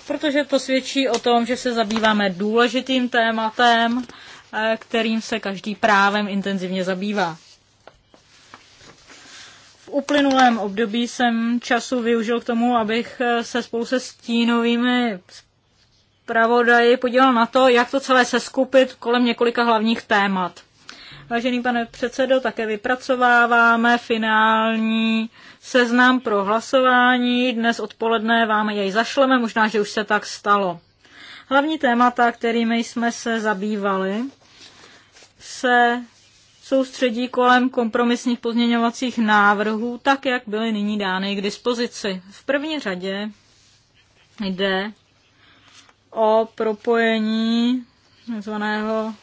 protože to svědčí o tom, že se zabýváme důležitým tématem, eh, kterým se každý právem intenzivně zabývá. V uplynulém období jsem času využil k tomu, abych eh, se spolu se stínovými zpravodaji podílel na to, jak to celé seskupit kolem několika hlavních témat. Vážený pane předsedo, také vypracováváme finální seznam pro hlasování. Dnes odpoledne vám jej zašleme, možná, že už se tak stalo. Hlavní témata, kterými jsme se zabývali, se soustředí kolem kompromisních pozměňovacích návrhů, tak jak byly nyní dány k dispozici. V první řadě jde o propojení zvaného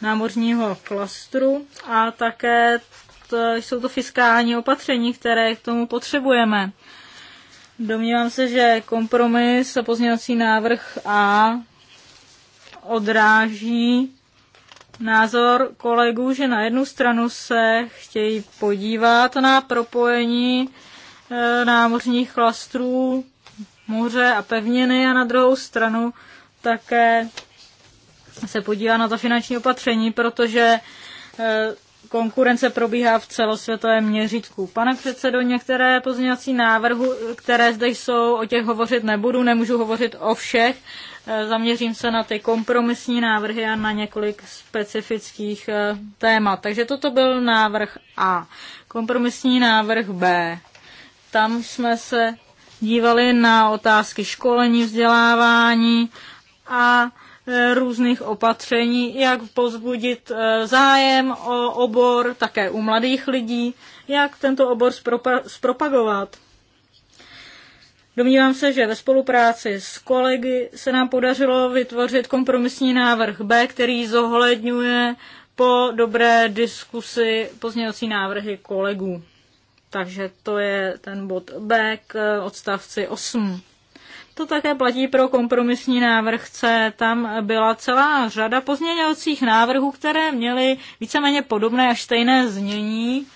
námořního klastru a také to, jsou to fiskální opatření, které k tomu potřebujeme. Domnívám se, že kompromis a pozměňovací návrh A odráží názor kolegů, že na jednu stranu se chtějí podívat na propojení e, námořních klastrů moře a pevniny a na druhou stranu také se podívá na ta finanční opatření, protože e, konkurence probíhá v celosvětovém měřítku. Pane předsedo, některé pozměňovací návrhu, které zde jsou, o těch hovořit nebudu, nemůžu hovořit o všech. E, zaměřím se na ty kompromisní návrhy a na několik specifických e, témat. Takže toto byl návrh A. Kompromisní návrh B. Tam jsme se dívali na otázky školení, vzdělávání a e, různých opatření, jak pozbudit e, zájem o obor také u mladých lidí, jak tento obor zpropagovat. Domnívám se, že ve spolupráci s kolegy se nám podařilo vytvořit kompromisní návrh B, který zohledňuje po dobré diskusi pozměňovací návrhy kolegů. Takže to je ten bod B k odstavci 8. To také platí pro kompromisní návrh C. Tam byla celá řada pozměňovacích návrhů, které měly víceméně podobné a stejné znění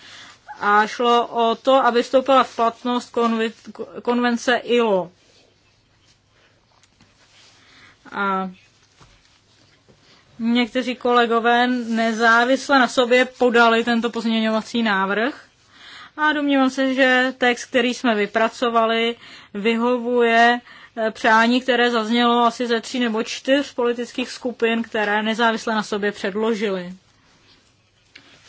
a šlo o to, aby vstoupila v platnost konvence ILO. A někteří kolegové nezávisle na sobě podali tento pozměňovací návrh a domnívám se, že text, který jsme vypracovali, vyhovuje eh, přání, které zaznělo asi ze tří nebo čtyř politických skupin, které nezávisle na sobě předložily.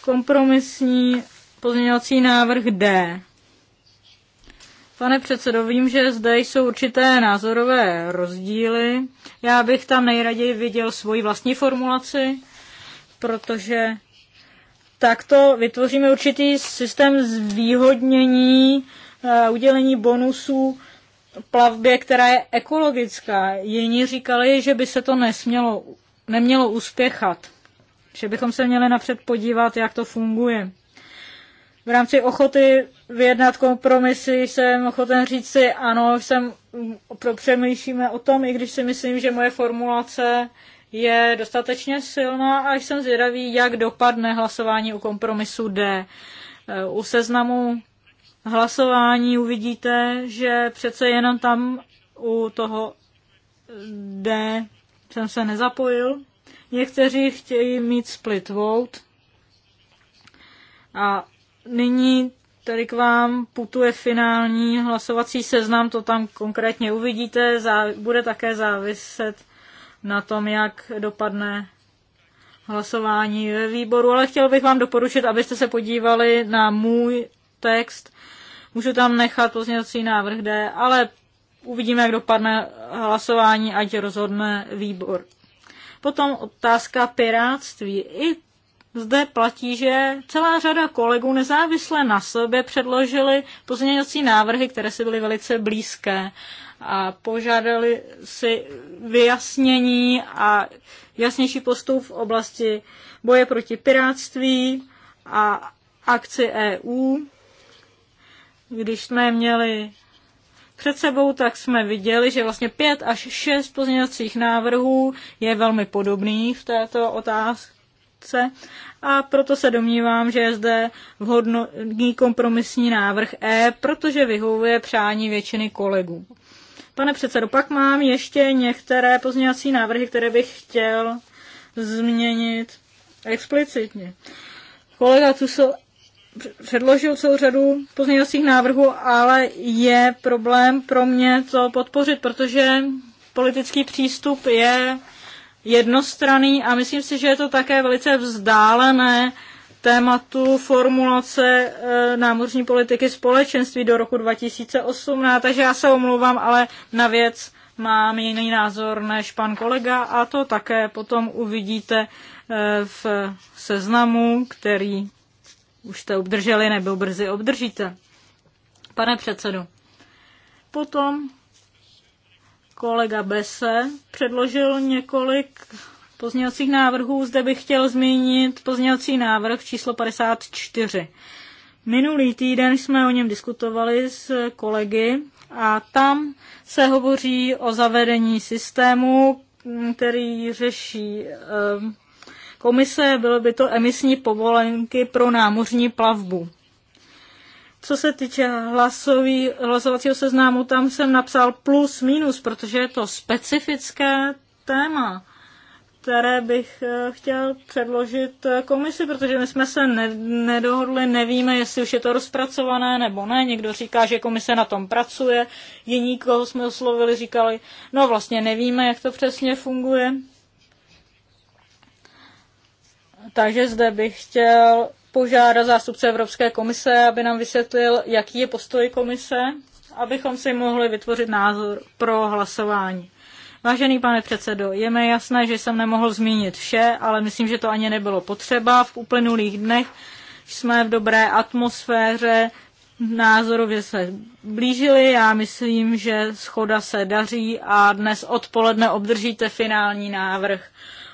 Kompromisní pozměňovací návrh D. Pane předsedo, vím, že zde jsou určité názorové rozdíly. Já bych tam nejraději viděl svoji vlastní formulaci, protože takto vytvoříme určitý systém zvýhodnění uh, udělení bonusů plavbě, která je ekologická. Jiní říkali, že by se to nesmělo, nemělo uspěchat, že bychom se měli napřed podívat, jak to funguje. V rámci ochoty vyjednat kompromisy jsem ochoten říct si ano, jsem, přemýšlíme o tom, i když si myslím, že moje formulace je dostatečně silná a jsem zvědavý, jak dopadne hlasování u kompromisu D. U seznamu hlasování uvidíte, že přece jenom tam u toho D jsem se nezapojil. Někteří chtějí mít split vote. A nyní tady k vám putuje finální hlasovací seznam, to tam konkrétně uvidíte, bude také záviset na tom, jak dopadne hlasování ve výboru, ale chtěl bych vám doporučit, abyste se podívali na můj text. Můžu tam nechat pozměňovací návrh D, ale uvidíme, jak dopadne hlasování, ať rozhodne výbor. Potom otázka piráctví. I zde platí, že celá řada kolegů nezávisle na sobě předložili pozměňovací návrhy, které si byly velice blízké a požádali si vyjasnění a jasnější postup v oblasti boje proti piráctví a akci EU. Když jsme měli před sebou, tak jsme viděli, že vlastně pět až šest pozměňovacích návrhů je velmi podobný v této otázce a proto se domnívám, že je zde vhodný kompromisní návrh E, protože vyhovuje přání většiny kolegů. Pane předsedo, pak mám ještě některé pozměňovací návrhy, které bych chtěl změnit explicitně. Kolega Tusel předložil celou řadu pozměňovacích návrhů, ale je problém pro mě to podpořit, protože politický přístup je jednostraný a myslím si, že je to také velice vzdálené tématu formulace eh, námořní politiky společenství do roku 2018, takže já se omlouvám, ale na věc mám jiný názor než pan kolega a to také potom uvidíte eh, v seznamu, který už jste obdrželi nebo brzy obdržíte. Pane předsedu, potom kolega Bese předložil několik pozměňovacích návrhů. Zde bych chtěl zmínit pozměňovací návrh číslo 54. Minulý týden jsme o něm diskutovali s kolegy a tam se hovoří o zavedení systému, který řeší ehm, komise, bylo by to emisní povolenky pro námořní plavbu. Co se týče hlasový, hlasovacího seznámu, tam jsem napsal plus minus, protože je to specifické téma které bych eh, chtěl předložit eh, komisi, protože my jsme se ne- nedohodli, nevíme, jestli už je to rozpracované nebo ne. Někdo říká, že komise na tom pracuje, jiní, koho jsme oslovili, říkali, no vlastně nevíme, jak to přesně funguje. Takže zde bych chtěl požádat zástupce Evropské komise, aby nám vysvětlil, jaký je postoj komise, abychom si mohli vytvořit názor pro hlasování. Vážený pane předsedo, je mi jasné, že jsem nemohl zmínit vše, ale myslím, že to ani nebylo potřeba. V uplynulých dnech jsme v dobré atmosféře, názorově se blížili. Já myslím, že schoda se daří a dnes odpoledne obdržíte finální návrh.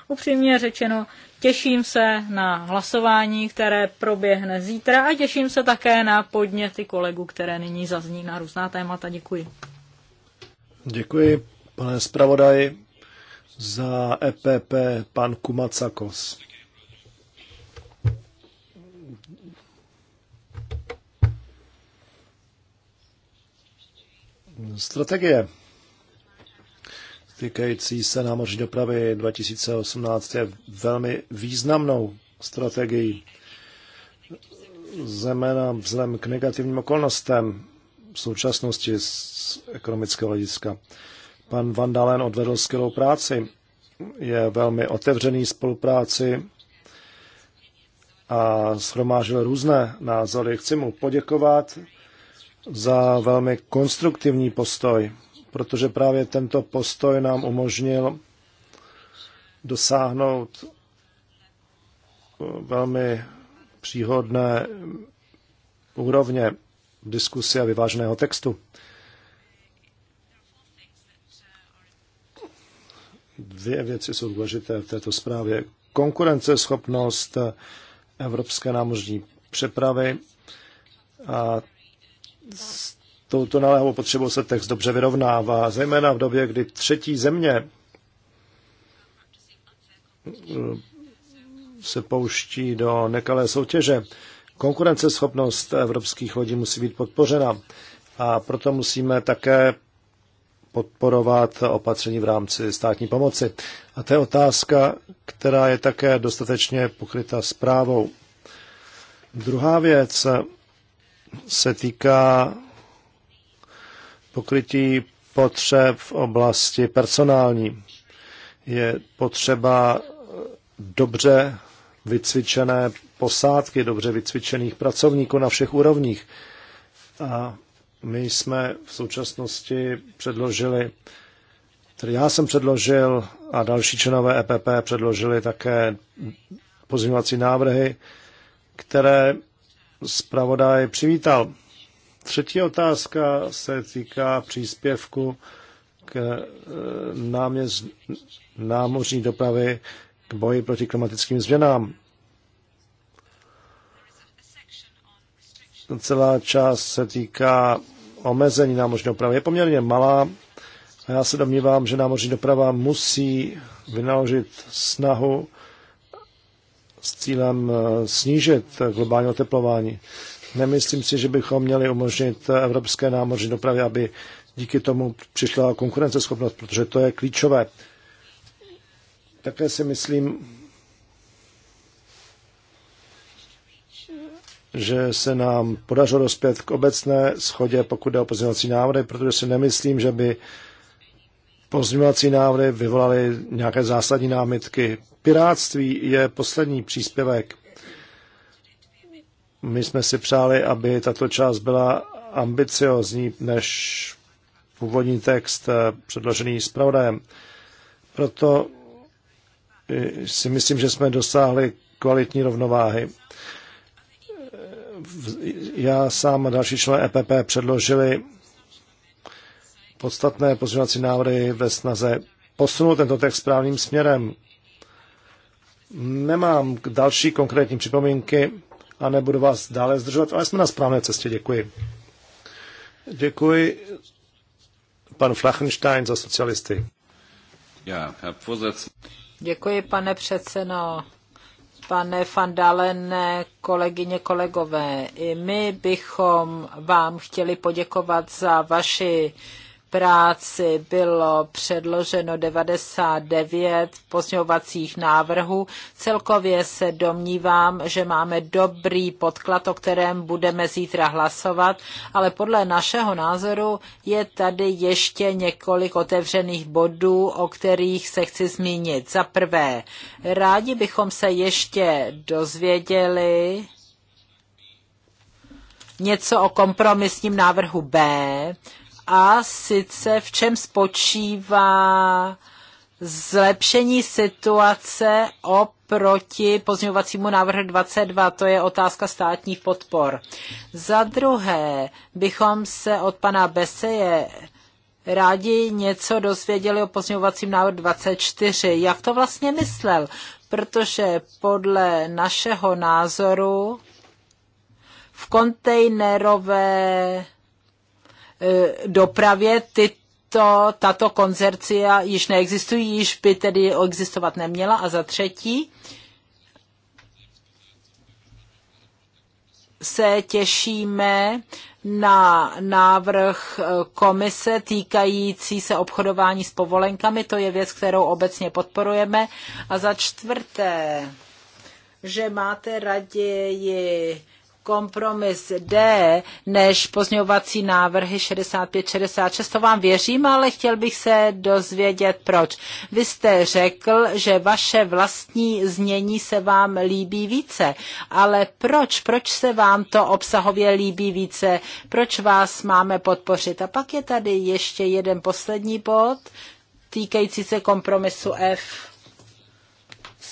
Upřímně řečeno, těším se na hlasování, které proběhne zítra a těším se také na podněty kolegů, které nyní zazní na různá témata.
Děkuji. Děkuji pane zpravodaji, za EPP pan Kumacakos. Strategie týkající se námořní dopravy 2018 je velmi významnou strategií, zejména vzhledem k negativním okolnostem v současnosti z ekonomického hlediska. Pan Van Dalen odvedl skvělou práci, je velmi otevřený spolupráci a shromážil různé názory. Chci mu poděkovat za velmi konstruktivní postoj, protože právě tento postoj nám umožnil dosáhnout velmi příhodné úrovně diskusy a vyváženého textu. dvě věci jsou důležité v této zprávě. Konkurenceschopnost evropské námořní přepravy a s touto naléhavou potřebou se text dobře vyrovnává, zejména v době, kdy třetí země eh, se pouští do nekalé soutěže. Konkurenceschopnost evropských lodí musí být podpořena a proto musíme také podporovat opatření v rámci státní pomoci. A to je otázka, která je také dostatečně pokryta zprávou. Druhá věc se týká pokrytí potřeb v oblasti personální. Je potřeba dobře vycvičené posádky, dobře vycvičených pracovníků na všech úrovních. A my jsme v současnosti předložili, tedy já jsem předložil a další členové EPP předložili také pozměňovací návrhy, které zpravodaj přivítal. Třetí otázka se týká příspěvku k e, náměst, námořní dopravy k boji proti klimatickým změnám. Celá část se týká omezení námořní dopravy je poměrně malá a já se domnívám, že námořní doprava musí vynaložit snahu s cílem eh, snížit globální oteplování. Nemyslím si, že bychom měli umožnit evropské námořní dopravě, aby díky tomu přišla konkurenceschopnost, protože to je klíčové. Také si myslím, že se nám podařilo dospět k obecné schodě, pokud jde o pozměňovací návrhy, protože si nemyslím, že by pozměňovací návrhy vyvolaly nějaké zásadní námitky. Piráctví je poslední příspěvek. My jsme si přáli, aby tato část byla ambiciozní než původní text eh, předložený zpravodajem. Proto eh, si myslím, že jsme dosáhli kvalitní rovnováhy já sám a další člen EPP předložili podstatné pozměňovací návrhy ve snaze posunout tento text správným směrem. Nemám další konkrétní připomínky a nebudu vás dále zdržovat, ale jsme na správné cestě. Děkuji. Děkuji panu Flachenstein za socialisty.
Děkuji, pane předsedo pane Fandalene, kolegyně, kolegové. I my bychom vám chtěli poděkovat za vaši práci bylo předloženo 99 pozměňovacích návrhů. Celkově se domnívám, že máme dobrý podklad, o kterém budeme zítra hlasovat, ale podle našeho názoru je tady ještě několik otevřených bodů, o kterých se chci zmínit. Za prvé, rádi bychom se ještě dozvěděli, něco o kompromisním návrhu B, a sice v čem spočívá zlepšení situace oproti pozměňovacímu návrhu 22, to je otázka státních podpor. Za druhé bychom se od pana Beseje rádi něco dozvěděli o pozměňovacím návrhu 24. Jak to vlastně myslel? Protože podle našeho názoru v kontejnerové E, dopravě tyto, tato konzercia již neexistují, již by tedy existovat neměla. A za třetí se těšíme na návrh komise týkající se obchodování s povolenkami. To je věc, kterou obecně podporujeme. A za čtvrté, že máte raději kompromis D než pozňovací návrhy 65-66. To vám věřím, ale chtěl bych se dozvědět, proč. Vy jste řekl, že vaše vlastní znění se vám líbí více, ale proč? Proč se vám to obsahově líbí více? Proč vás máme podpořit? A pak je tady ještě jeden poslední bod týkající se kompromisu F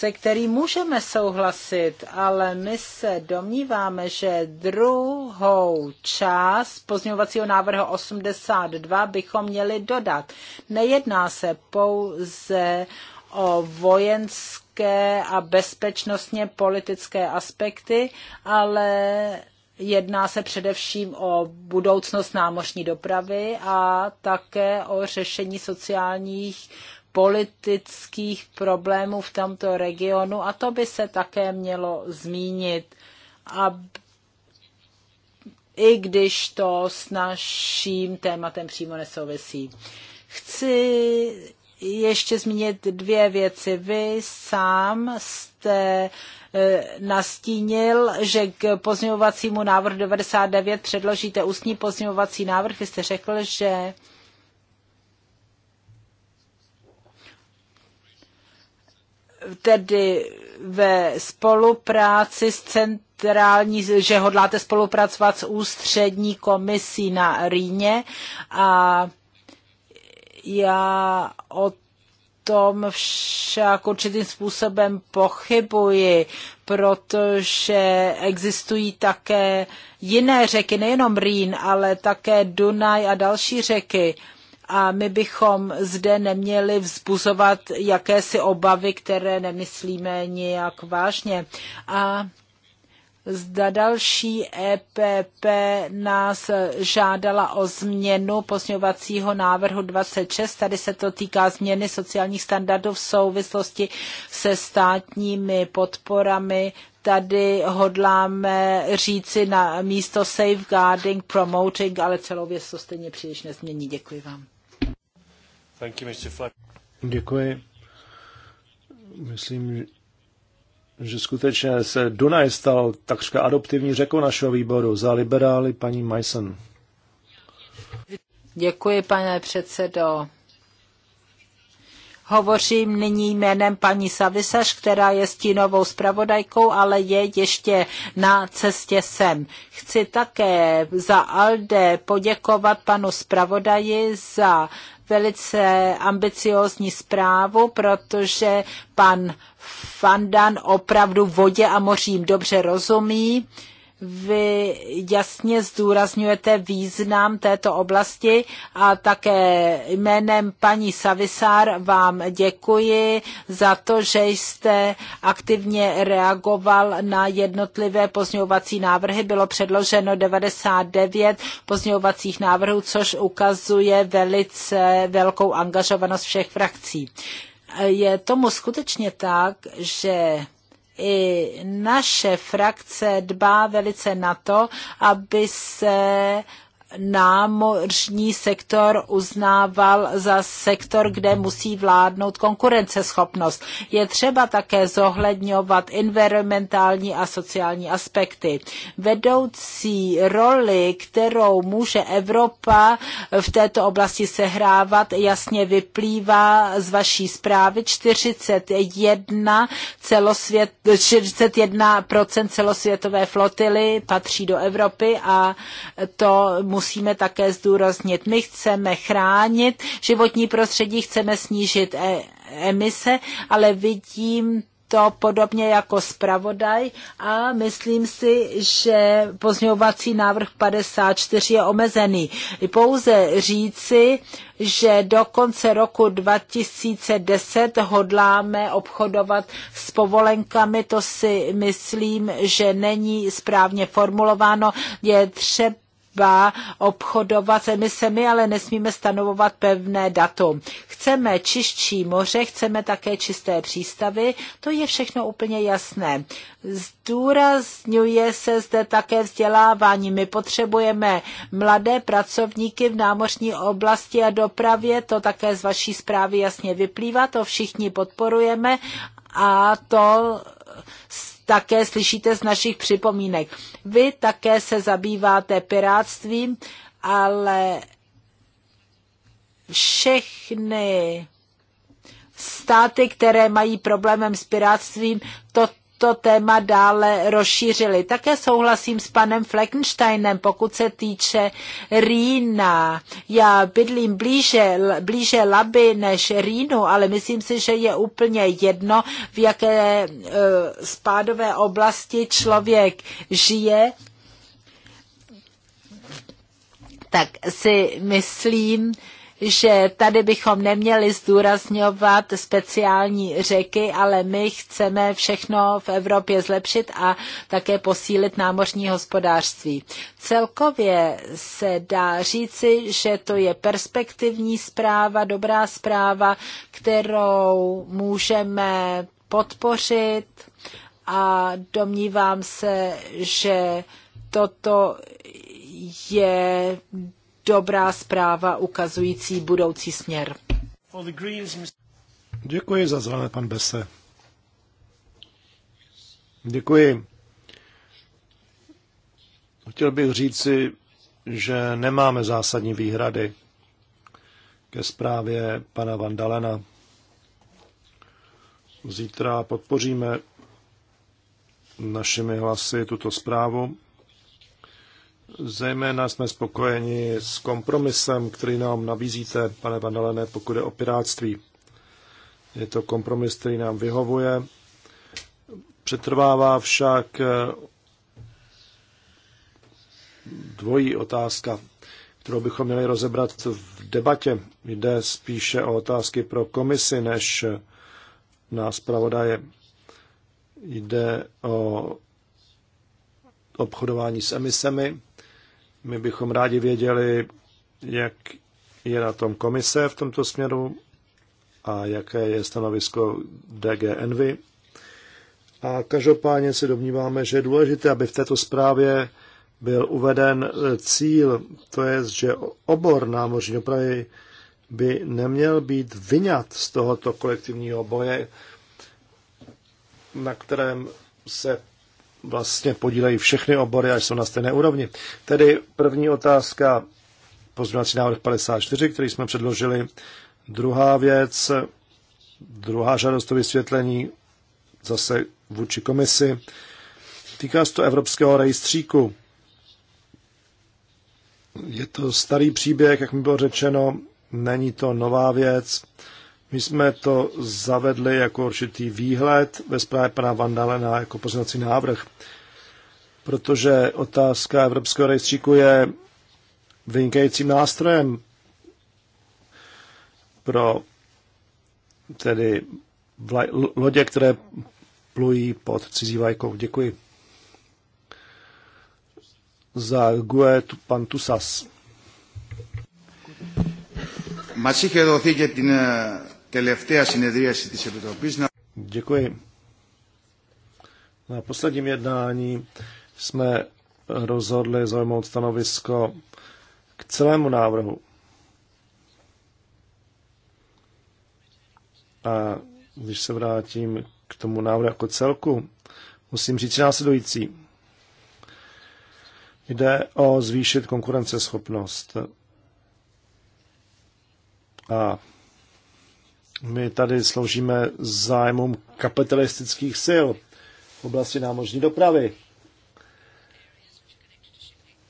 se kterým můžeme souhlasit, ale my se domníváme, že druhou část pozměňovacího návrhu 82 bychom měli dodat. Nejedná se pouze o vojenské a bezpečnostně politické aspekty, ale jedná se především o budoucnost námořní dopravy a také o řešení sociálních politických problémů v tomto regionu a to by se také mělo zmínit. A i když to s naším tématem přímo nesouvisí. Chci ještě zmínit dvě věci. Vy sám jste eh, nastínil, že k pozměňovacímu návrhu 99 předložíte ústní pozměňovací návrh. Vy jste řekl, že tedy ve spolupráci s centrální, že hodláte spolupracovat s ústřední komisí na Rýně a já o tom však určitým způsobem pochybuji, protože existují také jiné řeky, nejenom Rýn, ale také Dunaj a další řeky a my bychom zde neměli vzbuzovat jakési obavy, které nemyslíme nijak vážně. A zda další EPP nás žádala o změnu posňovacího návrhu 26. Tady se to týká změny sociálních standardů v souvislosti se státními podporami. Tady hodláme říci na místo safeguarding, promoting, ale celou věc to stejně příliš nezmění. Děkuji vám.
Děkuji. Myslím, že skutečně se Dunaj stal takřka adoptivní řekou našeho výboru za liberály paní Majsen.
Děkuji, pane předsedo. Hovořím nyní jménem paní Savisaš, která je stínovou zpravodajkou, ale je ještě na cestě sem. Chci také za ALDE poděkovat panu zpravodaji za velice ambiciózní zprávu, protože pan Fandan opravdu vodě a mořím dobře rozumí vy jasně zdůrazňujete význam této oblasti a také jménem paní Savisár vám děkuji za to, že jste aktivně reagoval na jednotlivé pozňovací návrhy. Bylo předloženo 99 pozňovacích návrhů, což ukazuje velice velkou angažovanost všech frakcí. Je tomu skutečně tak, že i naše frakce dbá velice na to, aby se námořní sektor uznával za sektor, kde musí vládnout konkurenceschopnost. Je třeba také zohledňovat environmentální a sociální aspekty. Vedoucí roli, kterou může Evropa v této oblasti sehrávat, jasně vyplývá z vaší zprávy 41 celosvět, 41% celosvětové flotily patří do Evropy a to musí musíme také zdůraznit. My chceme chránit životní prostředí, chceme snížit e, emise, ale vidím to podobně jako zpravodaj a myslím si, že pozňovací návrh 54 je omezený. Pouze říci, že do konce roku 2010 hodláme obchodovat s povolenkami, to si myslím, že není správně formulováno. Je třeba třeba obchodovat s emisemi, ale nesmíme stanovovat pevné datum. Chceme čistší moře, chceme také čisté přístavy, to je všechno úplně jasné. Zdůrazňuje se zde také vzdělávání. My potřebujeme mladé pracovníky v námořní oblasti a dopravě, to také z vaší zprávy jasně vyplývá, to všichni podporujeme a to také slyšíte z našich připomínek. Vy také se zabýváte pirátstvím, ale všechny státy, které mají problémem s pirátstvím, to to téma dále rozšířili. Také souhlasím s panem Fleckensteinem, pokud se týče Rýna. Já bydlím blíže, blíže Laby než Rýnu, ale myslím si, že je úplně jedno, v jaké uh, spádové oblasti člověk žije, tak si myslím, že tady bychom neměli zdůrazňovat speciální řeky, ale my chceme všechno v Evropě zlepšit a také posílit námořní hospodářství. Celkově se dá říci, že to je perspektivní zpráva, dobrá zpráva, kterou můžeme podpořit a domnívám se, že toto je dobrá zpráva ukazující budoucí směr.
Děkuji za zelené, pan Bese. Děkuji. Chtěl bych říci, že nemáme zásadní výhrady ke zprávě pana Vandalena. Zítra podpoříme našimi hlasy tuto zprávu Zejména jsme spokojeni s kompromisem, který nám nabízíte, pane Vandalene, pokud je o piráctví. Je to kompromis, který nám vyhovuje. Přetrvává však eh, dvojí otázka, kterou bychom měli rozebrat v debatě. Jde spíše o otázky pro komisi než na zpravodaje. Jde o obchodování s emisemi my bychom rádi věděli, jak je na tom komise v tomto směru a jaké je stanovisko DG Envy. A každopádně se domníváme, že je důležité, aby v této zprávě byl uveden cíl, to je, že obor námořní dopravy by neměl být vyňat z tohoto kolektivního boje, na kterém se vlastně podílejí všechny obory a jsou na stejné úrovni. Tedy první otázka, pozměňovací návrh 54, který jsme předložili. Druhá věc, druhá žádost o vysvětlení zase vůči komisi. Týká se to Evropského rejstříku. Je to starý příběh, jak mi bylo řečeno, není to nová věc. My jsme to zavedli jako určitý výhled ve zprávě pana Vandalena jako poznací návrh, protože otázka Evropského rejstříku je vynikajícím nástrojem pro tedy lodě, které plují pod cizí vlajkou. Děkuji. Za GUE pan Tusas. Μας είχε δοθεί και την τελευταία συνεδρίαση της Επιτροπής. Děkuji. Na posledním jednání jsme rozhodli zaujmout stanovisko k celému návrhu. A když se vrátím k tomu návrhu jako celku, musím říct následující. Jde o zvýšit konkurenceschopnost a my tady sloužíme zájmům kapitalistických sil v oblasti námořní dopravy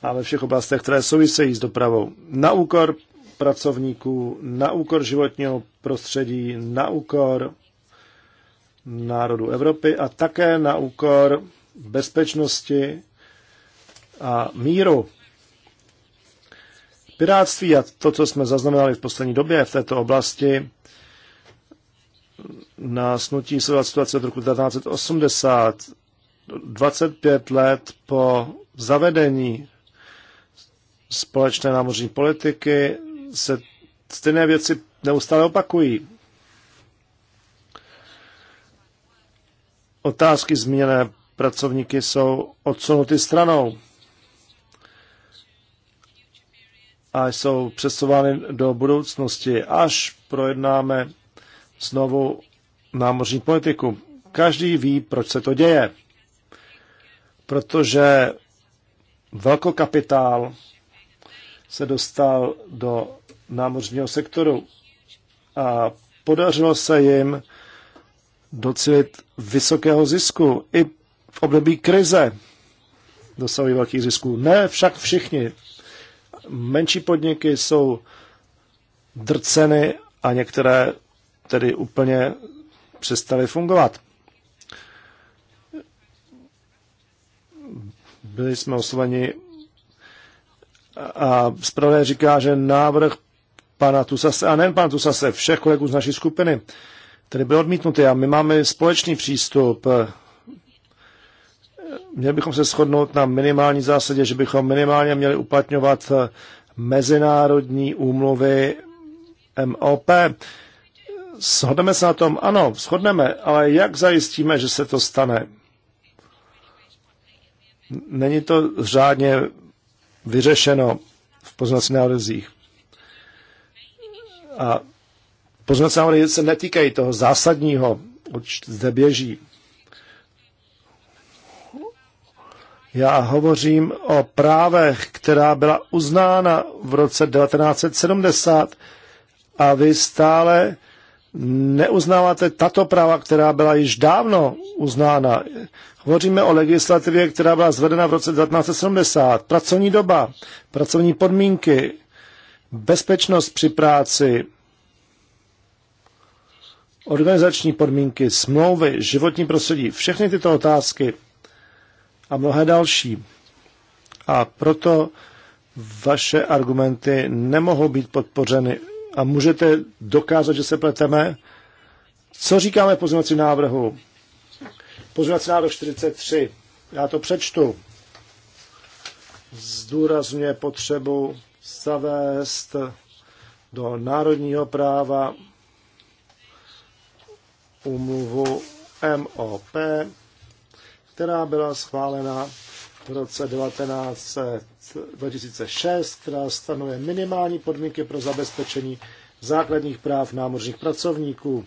a ve všech oblastech, které souvisejí s dopravou. Na úkor pracovníků, na úkor životního prostředí, na úkor národu Evropy a také na úkor bezpečnosti a míru. Piráctví a to, co jsme zaznamenali v poslední době v této oblasti, nás nutí sledovat situace v roku 1980, 25 let po zavedení společné námořní politiky se stejné věci neustále opakují. Otázky zmíněné pracovníky jsou odsunuty stranou a jsou přesouvány do budoucnosti, až projednáme znovu námořní politiku. Každý ví, proč se to děje. Protože velkokapitál se dostal do námořního sektoru a podařilo se jim docílit vysokého zisku. I v období krize dosahují velkých zisků. Ne však všichni. Menší podniky jsou drceny a některé tedy úplně přestaly fungovat. Byli jsme osloveni a zpravodaj říká, že návrh pana Tusase, a ne pana Tusase, všech kolegů z naší skupiny, tedy byl odmítnutý a my máme společný přístup. Měli bychom se shodnout na minimální zásadě, že bychom minimálně měli uplatňovat mezinárodní úmluvy MOP. Shodneme se na tom? Ano, shodneme, ale jak zajistíme, že se to stane? Není to řádně vyřešeno v poznacích návrzích. A poznací návrhy se netýkají toho zásadního, oč zde běží. Já hovořím o právech, která byla uznána v roce 1970 a vy stále neuznáváte tato práva, která byla již dávno uznána. Hovoříme o legislativě, která byla zvedena v roce 1970. Pracovní doba, pracovní podmínky, bezpečnost při práci, organizační podmínky, smlouvy, životní prostředí, všechny tyto otázky a mnohé další. A proto vaše argumenty nemohou být podpořeny a můžete dokázat, že se pleteme. Co říkáme v návrhu? Pozměňovací návrh 43. Já to přečtu. Zdůrazňuje potřebu zavést do národního práva umluvu MOP, která byla schválena v roce 1900 2006, která stanovuje minimální podmínky pro zabezpečení základních práv námořních pracovníků.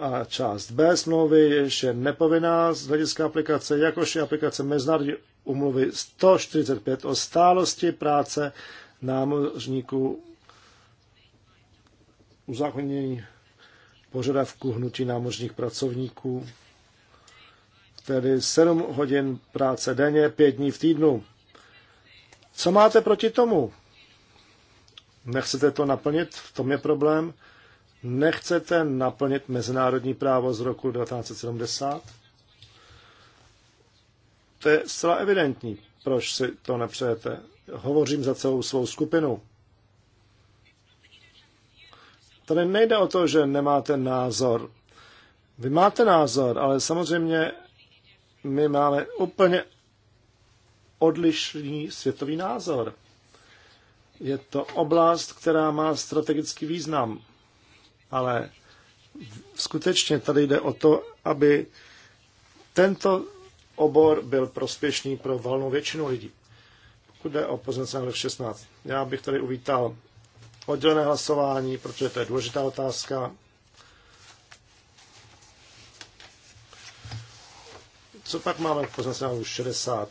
A část B smlouvy je nepovinná z hlediska aplikace, jakož je aplikace Mezinárodní umluvy 145 o stálosti práce námořníků uzákonění požadavku hnutí námořních pracovníků, tedy 7 hodin práce denně, 5 dní v týdnu. Co máte proti tomu? Nechcete to naplnit? V tom je problém. Nechcete naplnit mezinárodní právo z roku 1970? To je zcela evidentní, proč si to nepřejete. Hovořím za celou svou skupinu. Tady nejde o to, že nemáte názor. Vy máte názor, ale samozřejmě my máme úplně odlišný světový názor. Je to oblast, která má strategický význam, ale skutečně tady jde o to, aby tento obor byl prospěšný pro valnou většinu lidí. Pokud jde o pozměnce návrh 16, já bych tady uvítal oddělené hlasování, protože to je důležitá otázka. Co pak máme v pozměnce 60?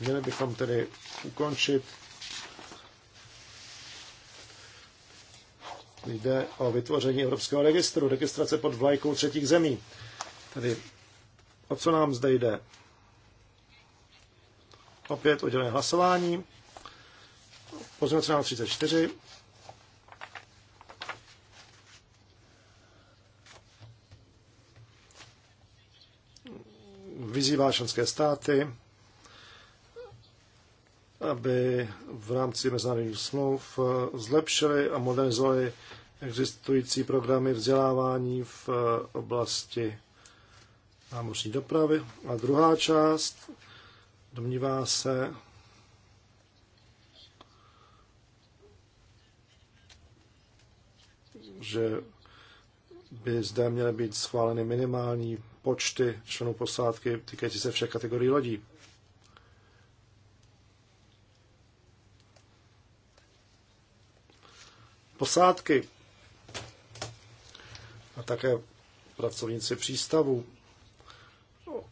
Měli bychom tedy ukončit. Jde o vytvoření Evropského registru, registrace pod vlajkou třetích zemí. Tedy o co nám zde jde? Opět oddělené hlasování. Pozměnce nám 34. Vyzývá členské státy, aby v rámci mezinárodních smluv eh, zlepšili a modernizovali existující programy vzdělávání v eh, oblasti námořní dopravy. A druhá část domnívá se, že by zde měly být schváleny minimální počty členů posádky týkající se všech kategorií lodí. posádky a také pracovníci přístavu,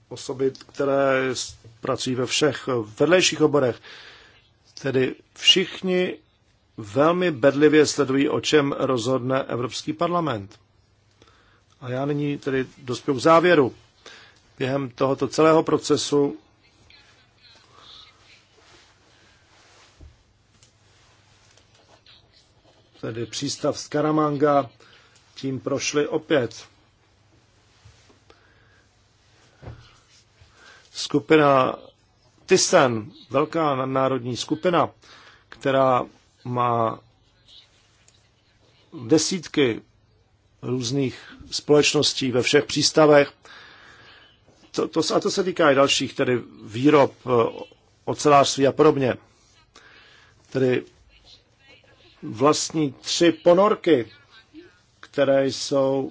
osoby, které pracují ve všech vedlejších oborech. Tedy všichni velmi bedlivě sledují, o čem rozhodne Evropský parlament. A já nyní tedy dospěl k závěru. Během tohoto celého procesu tedy přístav z Karamanga, tím prošli opět. Skupina Tysen, velká nadnárodní skupina, která má desítky různých společností ve všech přístavech. To, to, a to se týká i dalších, tedy výrob, eh, ocelářství a podobně. Tedy vlastní tři ponorky, které jsou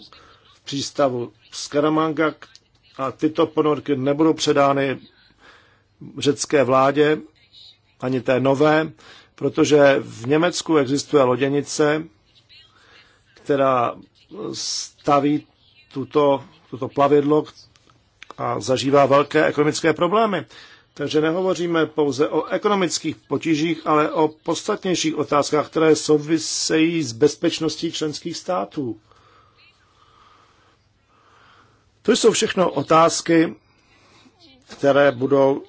v přístavu Skaramanga a tyto ponorky nebudou předány řecké vládě, ani té nové, protože v Německu existuje loděnice, která staví tuto, tuto plavidlo a zažívá velké ekonomické problémy. Takže nehovoříme pouze o ekonomických potížích, ale o podstatnějších otázkách, které souvisejí s bezpečností členských států. To jsou všechno otázky, které budou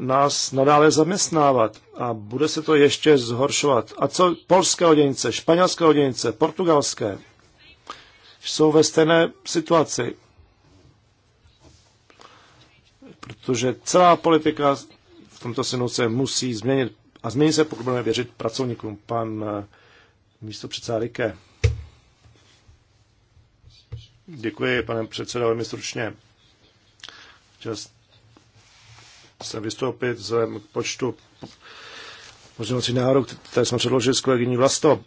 nás nadále zaměstnávat a bude se to ještě zhoršovat. A co polské loděnice, španělské loděnice, portugalské jsou ve stejné situaci. protože celá politika v tomto synu se musí změnit a změní se, pokud budeme věřit pracovníkům. Pan eh, místo předseda Rike. Děkuji, pane předsedo, velmi stručně. Chtěl jsem vystoupit vzhledem k počtu pozměňovací nárok, které jsme předložili s kolegyní Vlasto.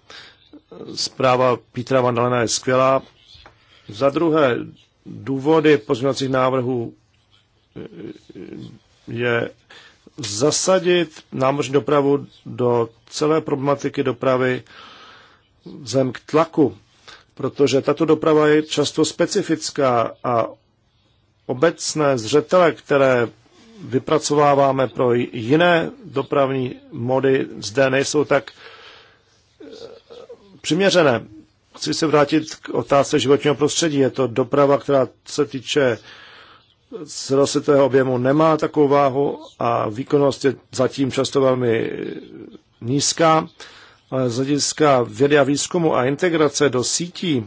Zpráva Petra Vandalena je skvělá. Za druhé, důvody pozměňovacích návrhů je zasadit námořní dopravu do celé problematiky dopravy zem k tlaku, protože tato doprava je často specifická a obecné zřetele, které vypracováváme pro jiné dopravní mody, zde nejsou tak eh, přiměřené. Chci se vrátit k otázce životního prostředí. Je to doprava, která se týče z rozsvětového objemu nemá takovou váhu a výkonnost je zatím často velmi nízká, ale z hlediska vědy a výzkumu a integrace do sítí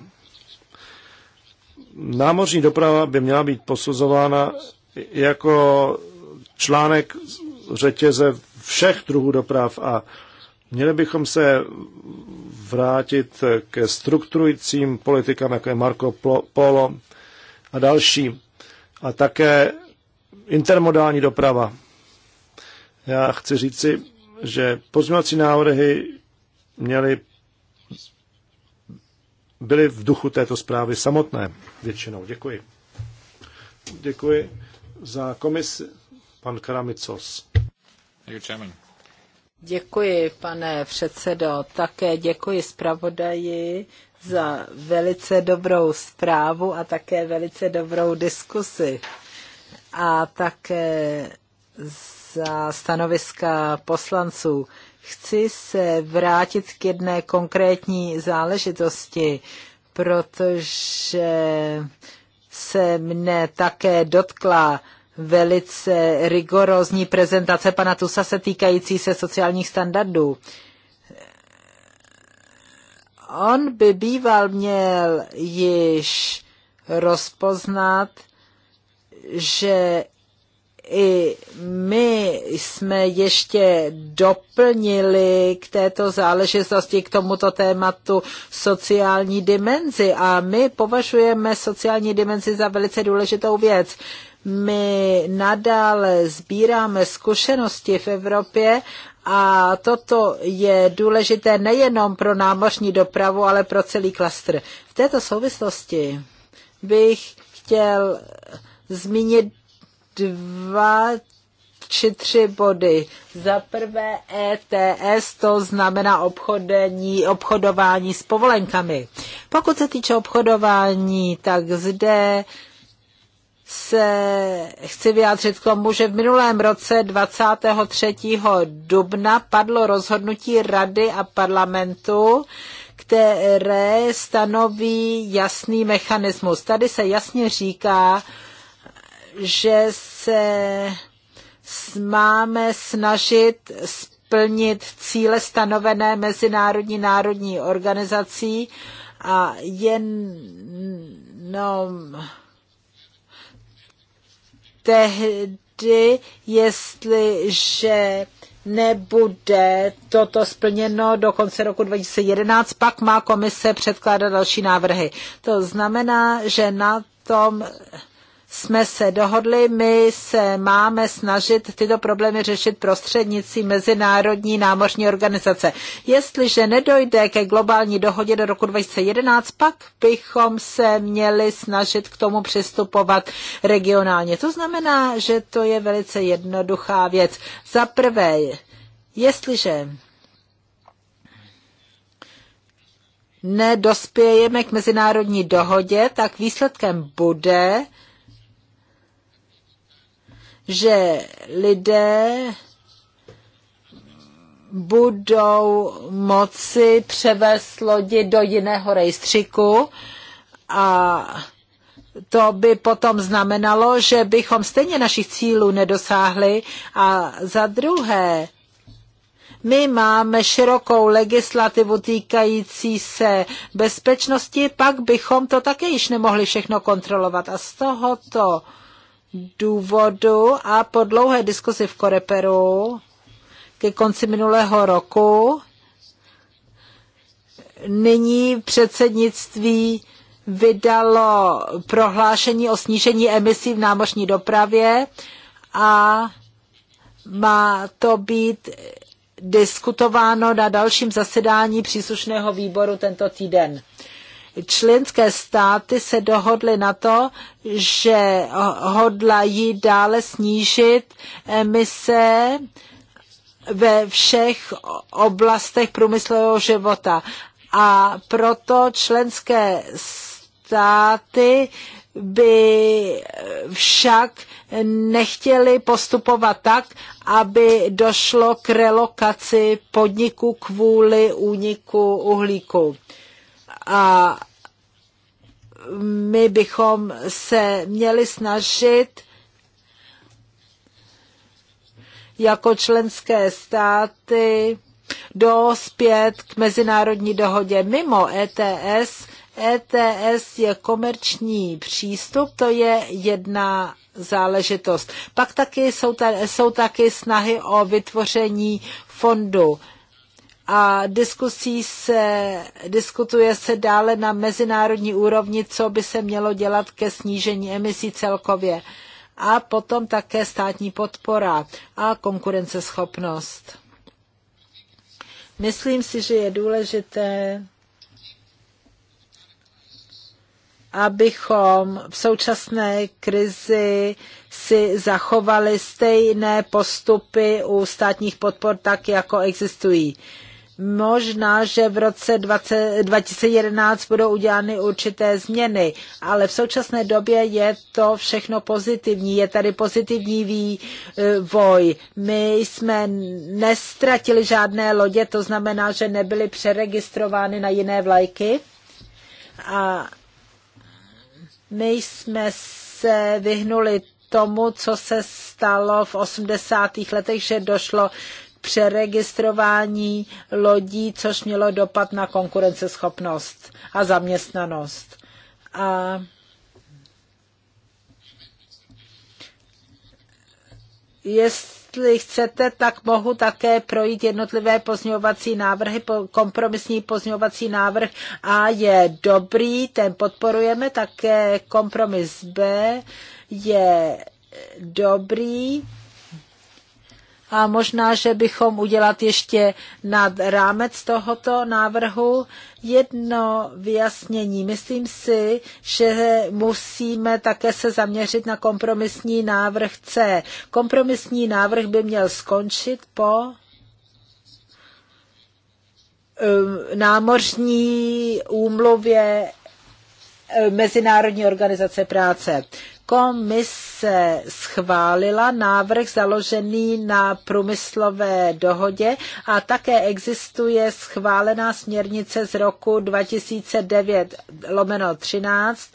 námořní doprava by měla být posuzována jako článek řetěze všech druhů doprav a měli bychom se vrátit ke strukturujícím politikám, jako je Marco Polo a další a také intermodální doprava. Já chci říci, že pozměňovací návrhy měly byly v duchu této zprávy samotné většinou. Děkuji. Děkuji za komisi. Pan Karamicos.
Děkuji, pane předsedo. Také děkuji zpravodaji za velice dobrou zprávu a také velice dobrou diskusi a také za stanoviska poslanců. Chci se vrátit k jedné konkrétní záležitosti, protože se mne také dotkla velice rigorózní prezentace pana Tusa se týkající se sociálních standardů on by býval měl již rozpoznat, že i my jsme ještě doplnili k této záležitosti, k tomuto tématu sociální dimenzi a my považujeme sociální dimenzi za velice důležitou věc. My nadále sbíráme zkušenosti v Evropě a toto je důležité nejenom pro námořní dopravu, ale pro celý klastr. V této souvislosti bych chtěl zmínit dva či tři body. Za prvé ETS, to znamená obchodení, obchodování s povolenkami. Pokud se týče obchodování, tak zde se chci vyjádřit k tomu, že v minulém roce 23. dubna padlo rozhodnutí Rady a parlamentu, které stanoví jasný mechanismus. Tady se jasně říká, že se máme snažit splnit cíle stanovené Mezinárodní národní organizací a jen no tehdy, jestliže nebude toto splněno do konce roku 2011, pak má komise předkládat další návrhy. To znamená, že na tom jsme se dohodli, my se máme snažit tyto problémy řešit prostřednictvím Mezinárodní námořní organizace. Jestliže nedojde ke globální dohodě do roku 2011, pak bychom se měli snažit k tomu přistupovat regionálně. To znamená, že to je velice jednoduchá věc. Za prvé, jestliže nedospějeme k mezinárodní dohodě, tak výsledkem bude, že lidé budou moci převést lodi do jiného rejstříku a to by potom znamenalo, že bychom stejně našich cílů nedosáhli. A za druhé, my máme širokou legislativu týkající se bezpečnosti, pak bychom to také již nemohli všechno kontrolovat. A z tohoto důvodu a po dlouhé diskusi v Koreperu ke konci minulého roku nyní předsednictví vydalo prohlášení o snížení emisí v námořní dopravě a má to být diskutováno na dalším zasedání příslušného výboru tento týden. Členské státy se dohodly na to, že hodlají dále snížit emise ve všech oblastech průmyslového života. A proto členské státy by však nechtěli postupovat tak, aby došlo k relokaci podniku kvůli úniku uhlíku. A my bychom se měli snažit jako členské státy dospět k mezinárodní dohodě mimo ETS. ETS je komerční přístup, to je jedna záležitost. Pak taky jsou, tady, jsou taky snahy o vytvoření fondu a diskusí se, diskutuje se dále na mezinárodní úrovni, co by se mělo dělat ke snížení emisí celkově. A potom také státní podpora a konkurenceschopnost. Myslím si, že je důležité, abychom v současné krizi si zachovali stejné postupy u státních podpor tak, jako existují Možná, že v roce 20, 2011 budou udělány určité změny, ale v současné době je to všechno pozitivní. Je tady pozitivní vývoj. My jsme nestratili žádné lodě, to znamená, že nebyly přeregistrovány na jiné vlajky. A my jsme se vyhnuli tomu, co se stalo v 80. letech, že došlo přeregistrování lodí, což mělo dopad na konkurenceschopnost a zaměstnanost. A jestli chcete, tak mohu také projít jednotlivé pozměňovací návrhy. Kompromisní pozměňovací návrh A je dobrý, ten podporujeme, také kompromis B je dobrý a možná, že bychom udělat ještě nad rámec tohoto návrhu jedno vyjasnění. Myslím si, že musíme také se zaměřit na kompromisní návrh C. Kompromisní návrh by měl skončit po um, námořní úmluvě Eh, Mezinárodní organizace práce. Komise schválila návrh založený na průmyslové dohodě a také existuje schválená směrnice z roku 2009 lomeno 13,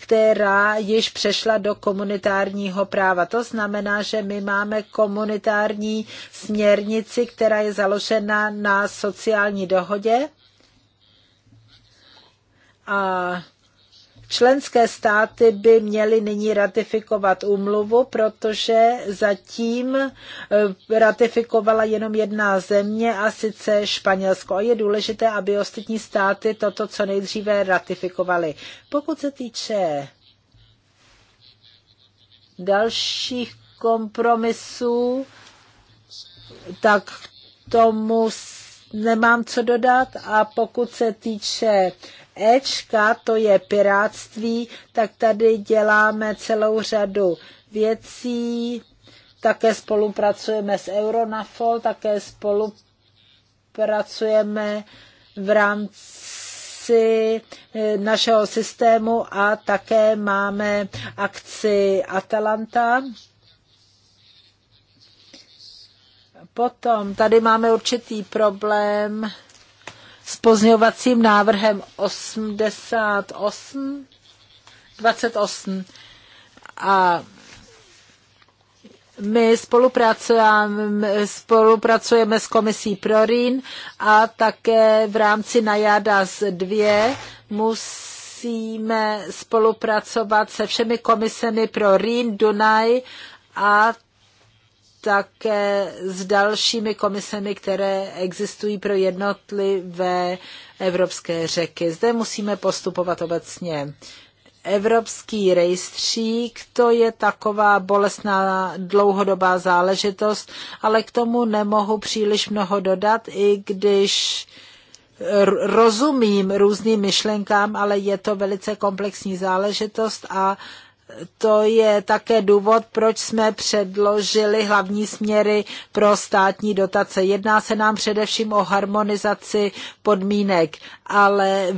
která již přešla do komunitárního práva. To znamená, že my máme komunitární směrnici, která je založena na sociální dohodě. A Členské státy by měly nyní ratifikovat úmluvu, protože zatím eh, ratifikovala jenom jedna země a sice Španělsko. A je důležité, aby ostatní státy toto co nejdříve ratifikovaly. Pokud se týče dalších kompromisů, tak k tomu nemám co dodat a pokud se týče Ečka, to je piráctví, tak tady děláme celou řadu věcí, také spolupracujeme s Euronafol, také spolupracujeme v rámci eh, našeho systému a také máme akci Atalanta. Potom tady máme určitý problém s pozňovacím návrhem 88, 28 a my spolupracujeme, spolupracujeme s komisí ProRin a také v rámci Najadas 2 musíme spolupracovat se všemi komisemi pro Rýn, Dunaj a také s dalšími komisemi, které existují pro jednotlivé evropské řeky. Zde musíme postupovat obecně. Evropský rejstřík, to je taková bolestná dlouhodobá záležitost, ale k tomu nemohu příliš mnoho dodat, i když rozumím různým myšlenkám, ale je to velice komplexní záležitost a to je také důvod, proč jsme předložili hlavní směry pro státní dotace. Jedná se nám především o harmonizaci podmínek, ale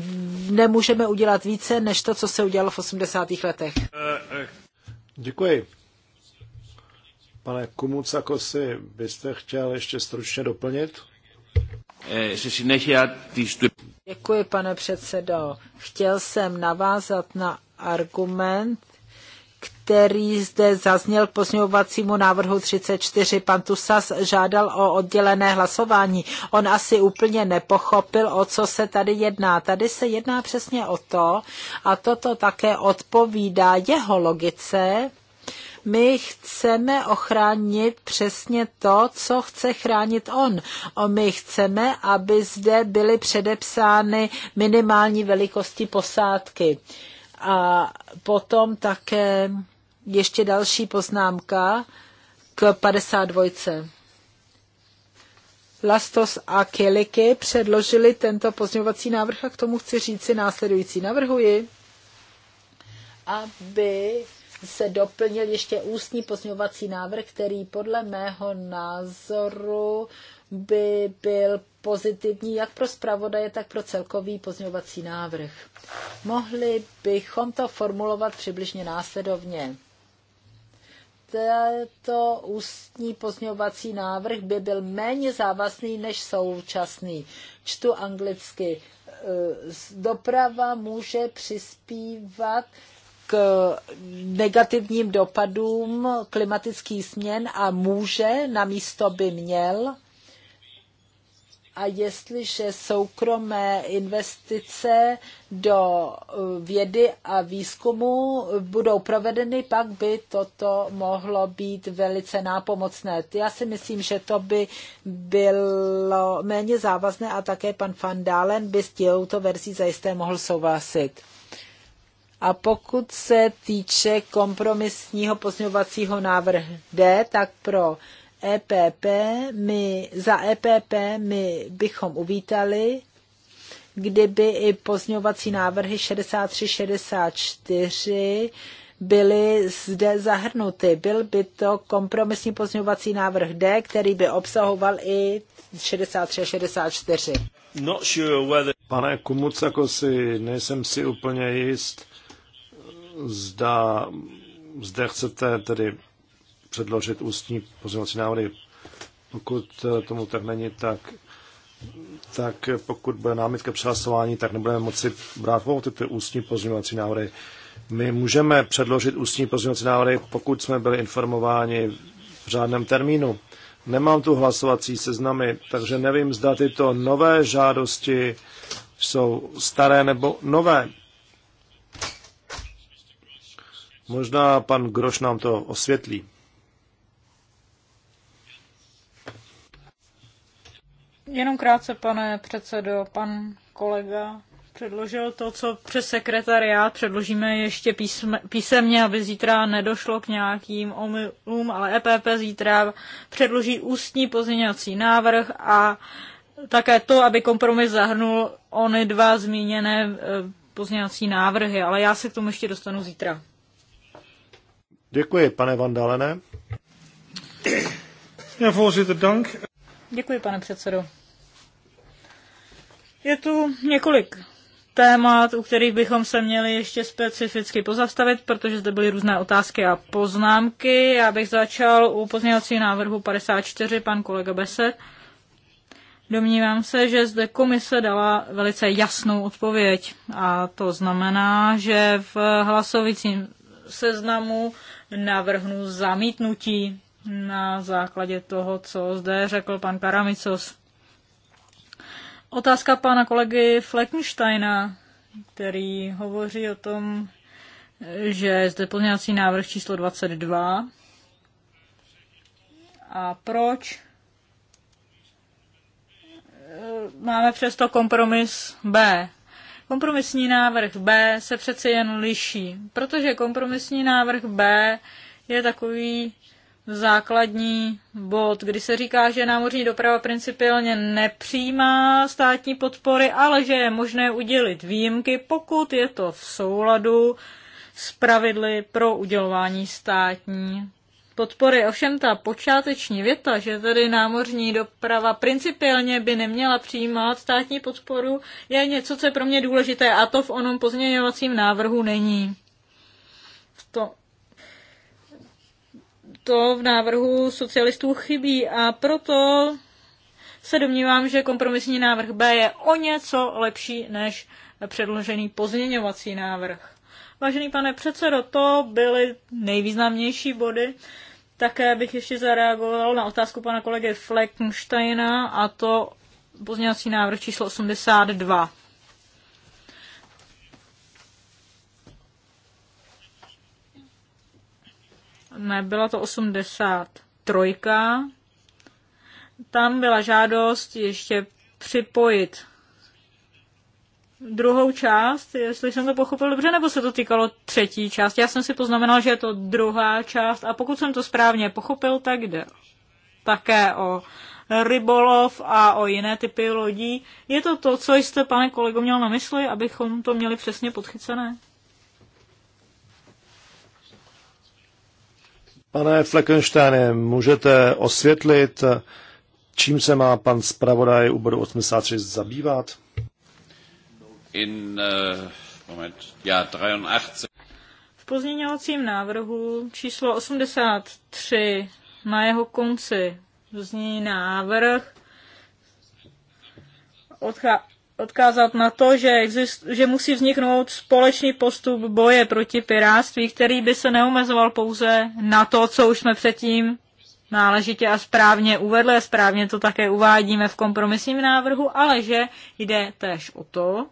nemůžeme udělat více než to, co se udělalo v 80. letech.
Děkuji. Pane Kumucakosi, byste chtěl ještě stručně doplnit?
Děkuji, pane předsedo. Chtěl jsem navázat na argument, který zde zazněl k pozměňovacímu návrhu 34. Pan Tusas žádal o oddělené hlasování. On asi úplně nepochopil, o co se tady jedná. Tady se jedná přesně o to, a toto také odpovídá jeho logice, my chceme ochránit přesně to, co chce chránit on. O my chceme, aby zde byly předepsány minimální velikosti posádky. Uh, a potom také ještě další poznámka k 52. Lastos a Kiliky předložili tento pozměňovací návrh a k tomu chci říci následující. Navrhuji, aby se doplnil ještě ústní pozměňovací návrh, který podle mého názoru by byl pozitivní jak pro zpravodaje, tak pro celkový pozňovací návrh. Mohli bychom to formulovat přibližně následovně. Tento ústní pozňovací návrh by byl méně závazný než současný. Čtu anglicky. Doprava může přispívat k negativním dopadům klimatických změn a může, namísto by měl, a jestliže soukromé investice do uh, vědy a výzkumu budou provedeny, pak by toto mohlo být velice nápomocné. Já si myslím, že to by bylo méně závazné a také pan Van Dalen by s těmto verzí zajisté mohl souhlasit. A pokud se týče kompromisního pozměňovacího návrhu D, tak pro EPP, my, za EPP my bychom uvítali, kdyby i pozňovací návrhy 63, 64 byly zde zahrnuty. Byl by to kompromisní pozňovací návrh D, který by obsahoval i 63 64.
Not sure whether... Pane Kumucako, si nejsem si úplně jist, zda zde chcete tedy předložit ústní pozměňovací návrhy. Pokud tomu tak není, tak, tak pokud bude námitka přehlasování, tak nebudeme moci brát v ty ústní pozměňovací návrhy. My můžeme předložit ústní pozměňovací návrhy, pokud jsme byli informováni v řádném termínu. Nemám tu hlasovací seznamy, takže nevím, zda tyto nové žádosti jsou staré nebo nové. Možná pan Groš nám to osvětlí.
Jenom krátce, pane předsedo, pan kolega předložil to, co přes sekretariát předložíme ještě písme, písemně, aby zítra nedošlo k nějakým omylům, ale EPP zítra předloží ústní pozměňovací návrh a také to, aby kompromis zahrnul ony dva zmíněné e, pozměňovací návrhy, ale já se k tomu ještě dostanu zítra.
Děkuji, pane Vandalene.
Děkuji, pane předsedo. Je tu několik témat, u kterých bychom se měli ještě specificky pozastavit, protože zde byly různé otázky a poznámky. Já bych začal u pozměňovacího návrhu 54, pan kolega Beset. Domnívám se, že zde komise dala velice jasnou odpověď a to znamená, že v hlasovicím seznamu navrhnu zamítnutí na základě toho, co zde řekl pan Karamicos. Otázka pána kolegy Fleckensteina, který hovoří o tom, že je zde plňací návrh číslo 22. A proč eh, máme přesto kompromis B? Kompromisní návrh B se přece jen liší, protože kompromisní návrh B je takový, základní bod, kdy se říká, že námořní doprava principiálně nepřijímá státní podpory, ale že je možné udělit výjimky, pokud je to v souladu s pravidly pro udělování státní podpory. Ovšem ta počáteční věta, že tedy námořní doprava principiálně by neměla přijímat státní podporu, je něco, co je pro mě důležité a to v onom pozměňovacím návrhu není. V to, to v návrhu socialistů chybí a proto se domnívám, že kompromisní návrh B je o něco lepší než předložený pozměňovací návrh. Vážený pane předsedo, to byly nejvýznamnější body. Také bych ještě zareagoval na otázku pana kolegy Fleckensteina a to pozměňovací návrh číslo 82. byla to 83. Tam byla žádost ještě připojit druhou část, jestli jsem to pochopil dobře, nebo se to týkalo třetí část. Já jsem si poznamenal, že je to druhá část a pokud jsem to správně pochopil, tak jde také o rybolov a o jiné typy lodí. Je to to, co jste, pane kolego, měl na mysli, abychom to měli přesně podchycené?
Pane Fleckensteine, můžete osvětlit, čím se má pan zpravodaj u bodu 83 zabývat?
In, uh, moment, ja, 83.
V pozměňovacím návrhu číslo 83 na jeho konci zní návrh odcha- odkázat na to, že, exist, že musí vzniknout společný postup boje proti piráctví, který by se neomezoval pouze na to, co už jsme předtím náležitě a správně uvedli, a správně to také uvádíme v kompromisním návrhu, ale že jde též o to,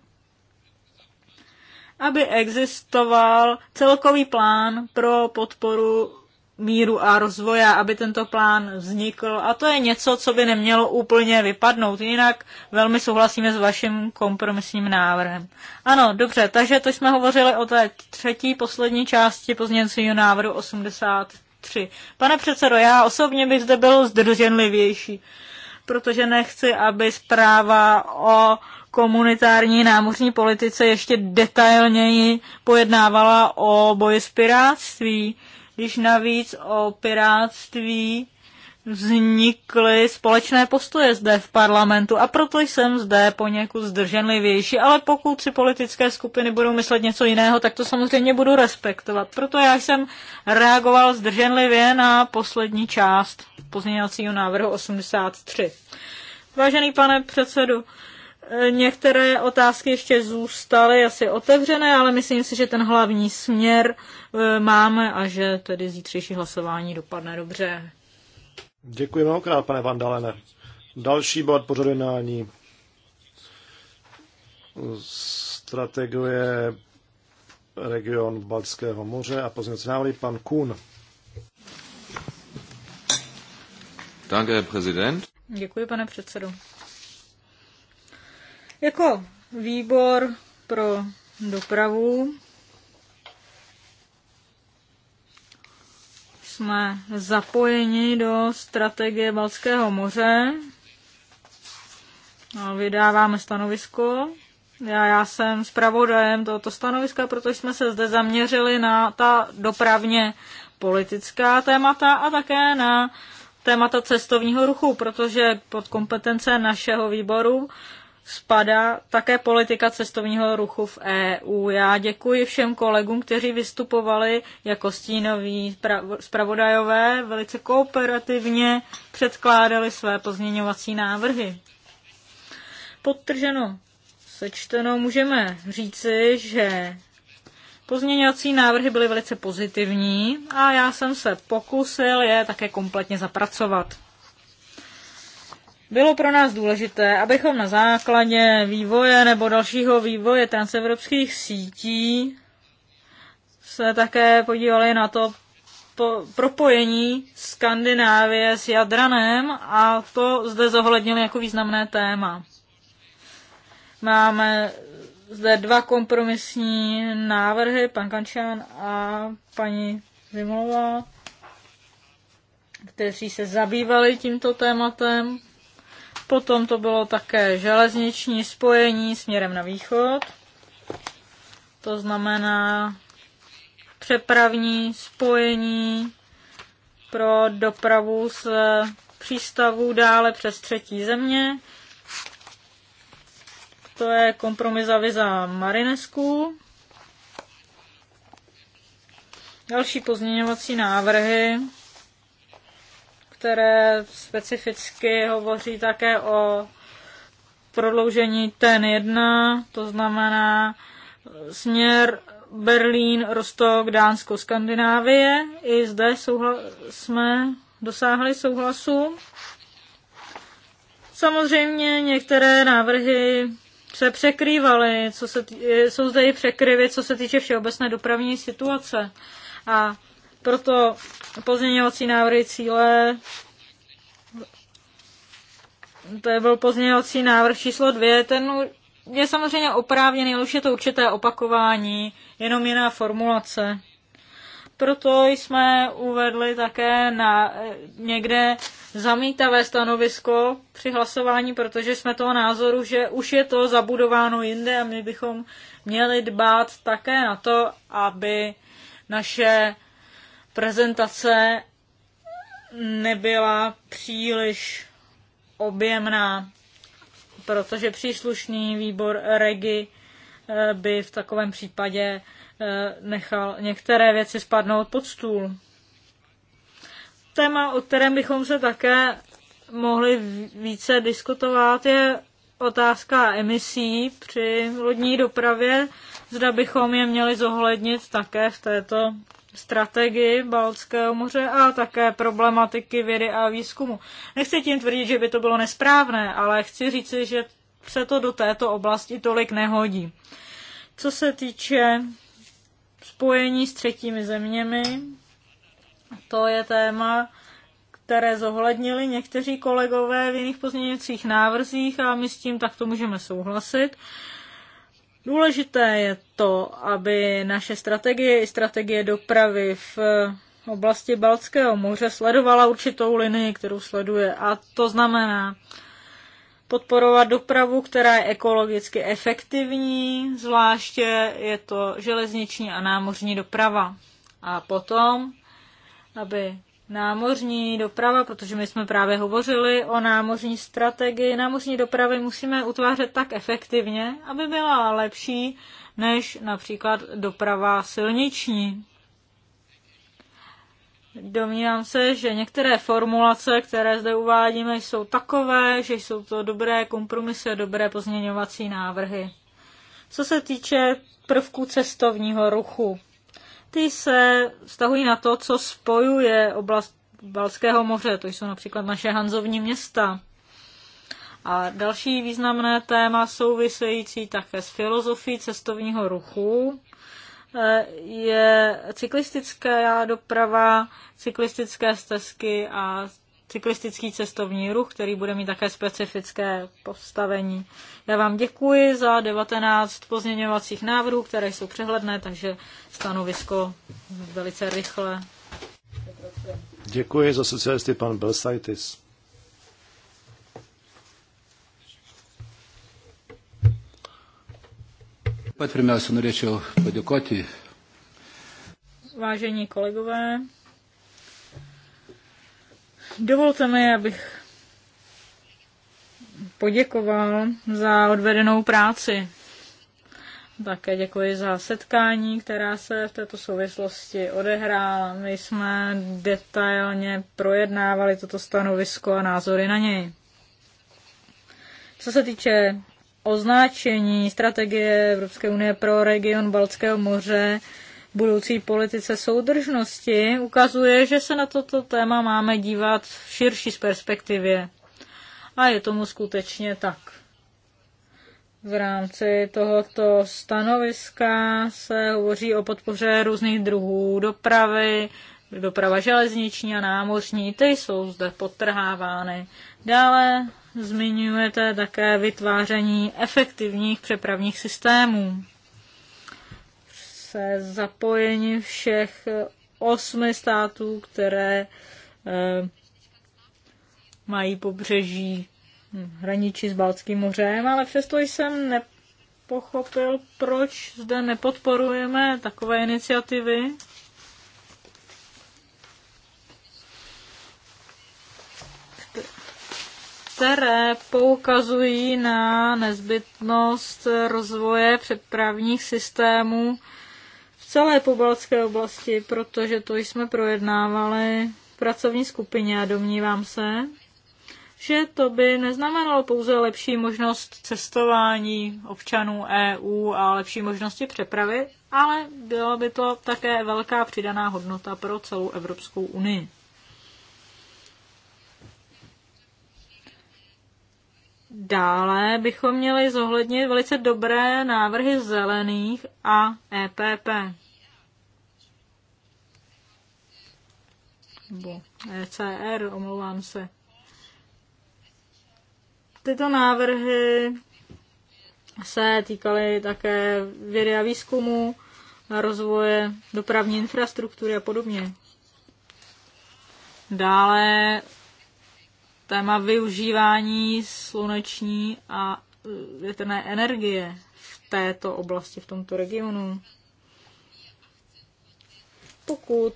aby existoval celkový plán pro podporu míru a rozvoje, aby tento plán vznikl. A to je něco, co by nemělo úplně vypadnout. Jinak velmi souhlasíme s vaším kompromisním návrhem. Ano, dobře, takže to jsme hovořili o té třetí, poslední části pozměňovacího návrhu 83. Pane předsedo, já osobně bych zde byl zdrženlivější, protože nechci, aby zpráva o komunitární námořní politice ještě detailněji pojednávala o boji s piráctví když navíc o piráctví vznikly společné postoje zde v parlamentu a proto jsem zde poněkud zdrženlivější, ale pokud si politické skupiny budou myslet něco jiného, tak to samozřejmě budu respektovat. Proto já jsem reagoval zdrženlivě na poslední část pozměňovacího návrhu 83. Vážený pane předsedu, Eh, některé otázky ještě zůstaly asi otevřené, ale myslím si, že ten hlavní směr eh, máme a že tedy zítřejší hlasování dopadne dobře.
Děkuji mnohokrát, pane Vandalene. Další bod pořadu Strategie region Baltského moře a pozměnce návrhy pan Kuhn.
Děkuji, pane předsedu. Jako výbor pro dopravu jsme zapojeni do strategie Balského moře. No, vydáváme stanovisko. Já, já jsem zpravodajem tohoto stanoviska, protože jsme se zde zaměřili na ta dopravně politická témata a také na témata cestovního ruchu, protože pod kompetence našeho výboru spadá také politika cestovního ruchu v EU. Já děkuji všem kolegům, kteří vystupovali jako stínoví zpravodajové, velice kooperativně předkládali své pozměňovací návrhy. Podtrženo sečteno můžeme říci, že pozměňovací návrhy byly velice pozitivní a já jsem se pokusil je také kompletně zapracovat. Bylo pro nás důležité, abychom na základě vývoje nebo dalšího vývoje transevropských sítí se také podívali na to po, propojení Skandinávie s Jadranem a to zde zohlednili jako významné téma. Máme zde dva kompromisní návrhy, pan Kančan a paní Zimlová, kteří se zabývali tímto tématem. Potom to bylo také železniční spojení směrem na východ. To znamená přepravní spojení pro dopravu z přístavů dále přes třetí země. To je kompromis aviza Marinesku. Další pozměňovací návrhy které specificky hovoří také o prodloužení TEN 1, to znamená směr Berlín, Rostok, Dánsko, Skandinávie. I zde souhla- jsme dosáhli souhlasu. Samozřejmě některé návrhy se překrývaly, co se tý- jsou zde i překryvy, co se týče všeobecné dopravní situace. A proto pozměňovací návrhy cíle to je byl pozměňovací návrh číslo dvě, ten je samozřejmě oprávněný, už je to určité opakování, jenom jiná formulace. Proto jsme uvedli také na někde zamítavé stanovisko při hlasování, protože jsme toho názoru, že už je to zabudováno jinde a my bychom měli dbát také na to, aby naše prezentace nebyla příliš objemná, protože příslušný výbor REGI eh, by v takovém případě eh, nechal některé věci spadnout pod stůl. Téma, o kterém bychom se také mohli více diskutovat, je otázka emisí při lodní dopravě. Zda bychom je měli zohlednit také v této strategii Balckého moře a také problematiky vědy a výzkumu. Nechci tím tvrdit, že by to bylo nesprávné, ale chci říci, že se to do této oblasti tolik nehodí. Co se týče spojení s třetími zeměmi, to je téma, které zohlednili někteří kolegové v jiných pozměňujících návrzích a my s tím takto můžeme souhlasit. Důležité je to, aby naše strategie i strategie dopravy v oblasti Baltského moře sledovala určitou linii, kterou sleduje. A to znamená podporovat dopravu, která je ekologicky efektivní, zvláště je to železniční a námořní doprava. A potom, aby námořní doprava, protože my jsme právě hovořili o námořní strategii. Námořní dopravy musíme utvářet tak efektivně, aby byla lepší než například doprava silniční. Domnívám se, že některé formulace, které zde uvádíme, jsou takové, že jsou to dobré kompromisy a dobré pozměňovací návrhy. Co se týče prvků cestovního ruchu, ty se vztahují na to, co spojuje oblast Balského moře, to jsou například naše hanzovní města. A další významné téma související také s filozofií cestovního ruchu eh, je cyklistická doprava, cyklistické stezky a cyklistický cestovní ruch, který bude mít také specifické postavení. Já vám děkuji za 19 pozměňovacích návrhů, které jsou přehledné, takže stanovisko velice rychle.
Děkuji za socialisty pan Belsaitis.
Pat pirmiausia norėčiau
Vážení kolegové, Dovolte mi, abych poděkoval za odvedenou práci. Také děkuji za setkání, která se v této souvislosti odehrála. My jsme detailně projednávali toto stanovisko a názory na něj. Co se týče označení strategie Evropské unie pro region Baltského moře, budoucí politice soudržnosti ukazuje, že se na toto téma máme dívat v širší perspektivě. A je tomu skutečně tak. V rámci tohoto stanoviska se hovoří o podpoře různých druhů dopravy, doprava železniční a námořní, ty jsou zde potrhávány. Dále zmiňujete také vytváření efektivních přepravních systémů se zapojení všech osmi států, které eh, mají pobřeží hraničí s Balckým mořem, ale přesto jsem nepochopil, proč zde nepodporujeme takové iniciativy. které poukazují na nezbytnost rozvoje přepravních systémů celé pobalské oblasti, protože to jsme projednávali v pracovní skupině a domnívám se, že to by neznamenalo pouze lepší možnost cestování občanů EU a lepší možnosti přepravy, ale byla by to také velká přidaná hodnota pro celou Evropskou unii. Dále bychom měli zohlednit velice dobré návrhy zelených a EPP. nebo ECR, omlouvám se. Tyto návrhy se týkaly také vědy a výzkumu, rozvoje dopravní infrastruktury a podobně. Dále téma využívání sluneční a větrné energie v této oblasti, v tomto regionu. Pokud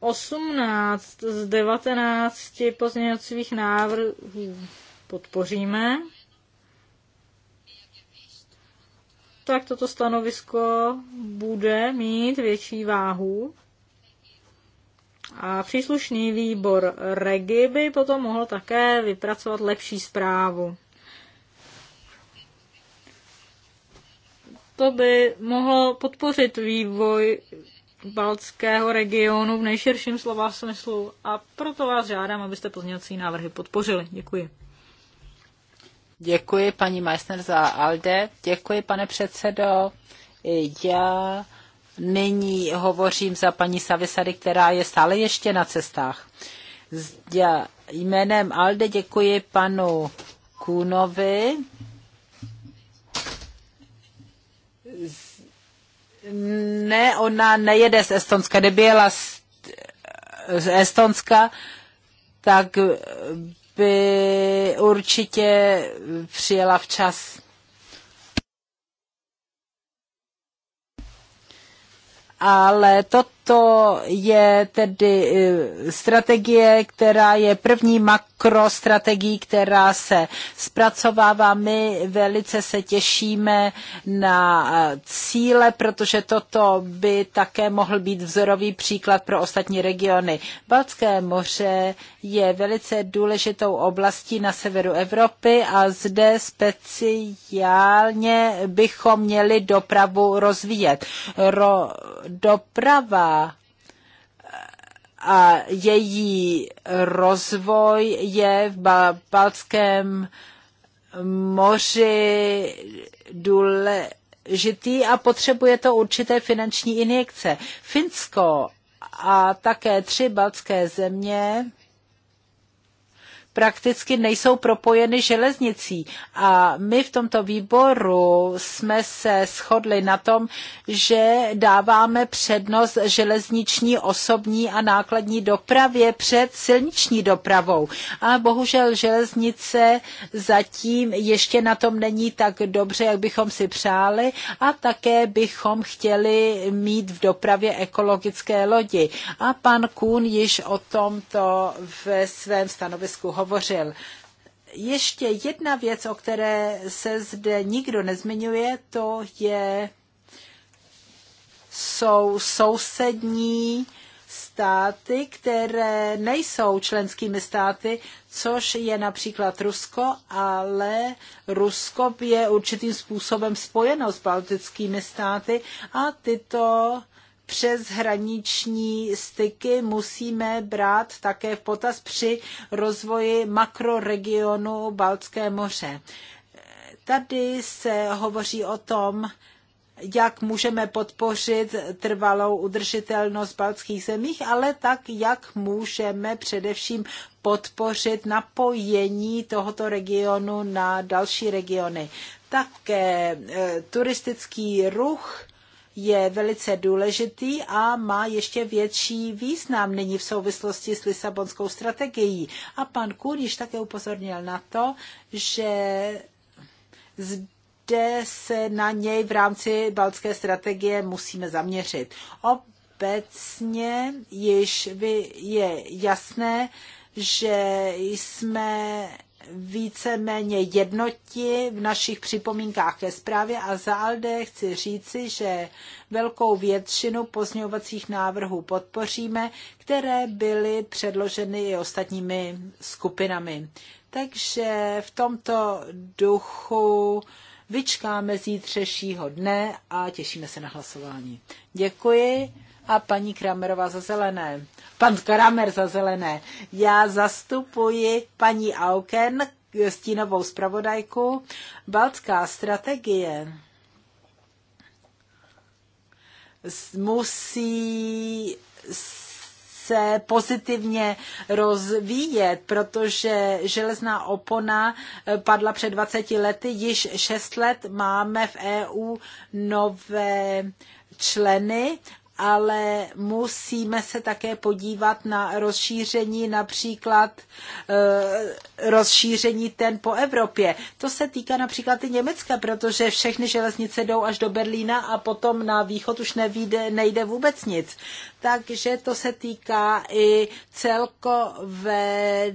18 z 19 pozměňovacích návrhů podpoříme. Tak toto stanovisko bude mít větší váhu. A příslušný výbor REGI by potom mohl také vypracovat lepší zprávu. To by mohlo podpořit vývoj baltského regionu v nejširším slova smyslu a proto vás žádám, abyste pozměňovací návrhy podpořili. Děkuji.
Děkuji paní Meissner za ALDE. Děkuji, pane předsedo. Já nyní hovořím za paní Savisary, která je stále ještě na cestách. Já jménem ALDE děkuji panu Kůnovi ne, ona nejede z Estonska. Kdyby z, z Estonska, tak by určitě přijela včas. Ale to to je tedy e, strategie, která je první makrostrategií, která se zpracovává. My velice se těšíme na e, cíle, protože toto by také mohl být vzorový příklad pro ostatní regiony. Balcké moře je velice důležitou oblastí na severu Evropy a zde speciálně bychom měli dopravu rozvíjet. Ro, doprava a její rozvoj je v Baltském moři důležitý a potřebuje to určité finanční injekce. Finsko a také tři baltské země prakticky nejsou propojeny železnicí. A my v tomto výboru jsme se shodli na tom, že dáváme přednost železniční, osobní a nákladní dopravě před silniční dopravou. A bohužel železnice zatím ještě na tom není tak dobře, jak bychom si přáli a také bychom chtěli mít v dopravě ekologické lodi. A pan Kuhn již o tomto ve svém stanovisku hovořil hovořil. Ještě jedna věc, o které se zde nikdo nezmiňuje, to je, jsou sousední státy, které nejsou členskými státy, což je například Rusko, ale Rusko je určitým způsobem spojeno s baltickými státy a tyto přeshraniční styky musíme brát také v potaz při rozvoji makroregionu Baltské moře. Tady se hovoří o tom, jak můžeme podpořit trvalou udržitelnost baltských zemích, ale tak, jak můžeme především podpořit napojení tohoto regionu na další regiony. Také eh, turistický ruch je velice důležitý a má ještě větší význam nyní v souvislosti s Lisabonskou strategií. A pan Kuhn již také upozornil na to, že zde se na něj v rámci baltské strategie musíme zaměřit. Obecně již je jasné, že jsme víceméně jednoti v našich připomínkách ke zprávě a za ALDE chci říci, že velkou většinu pozměňovacích návrhů podpoříme, které byly předloženy i ostatními skupinami. Takže v tomto duchu vyčkáme zítřejšího dne a těšíme se na hlasování. Děkuji a paní Kramerová za zelené. Pan Kramer za zelené. Já zastupuji paní Auken, stínovou zpravodajku, Baltská strategie musí se pozitivně rozvíjet, protože železná opona eh, padla před 20 lety, již 6 let máme v EU nové členy ale musíme se také podívat na rozšíření, například eh, rozšíření ten po Evropě. To se týká například i Německa, protože všechny železnice jdou až do Berlína a potom na východ už nevíde, nejde vůbec nic. Takže to se týká i celkové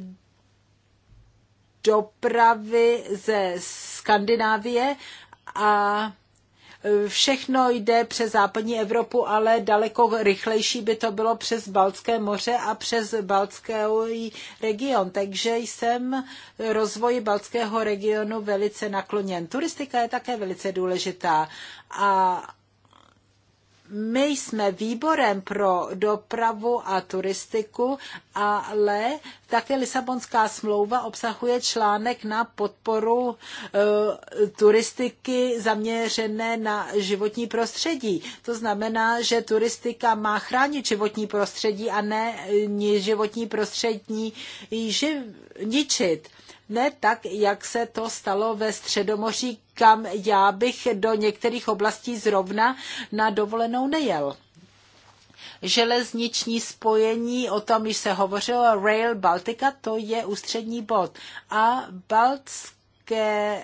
dopravy ze Skandinávie a Všechno jde přes západní Evropu, ale daleko rychlejší by to bylo přes Balcké moře a přes Baltský region. Takže jsem rozvoji Balckého regionu velice nakloněn. Turistika je také velice důležitá a my jsme výborem pro dopravu a turistiku, ale také Lisabonská smlouva obsahuje článek na podporu e, turistiky zaměřené na životní prostředí. To znamená, že turistika má chránit životní prostředí a ne životní prostředí ži, ničit. Ne tak, jak se to stalo ve Středomoří říkám, já bych do některých oblastí zrovna na dovolenou nejel železniční spojení, o tom již se hovořilo, Rail Baltica, to je ústřední bod. A baltské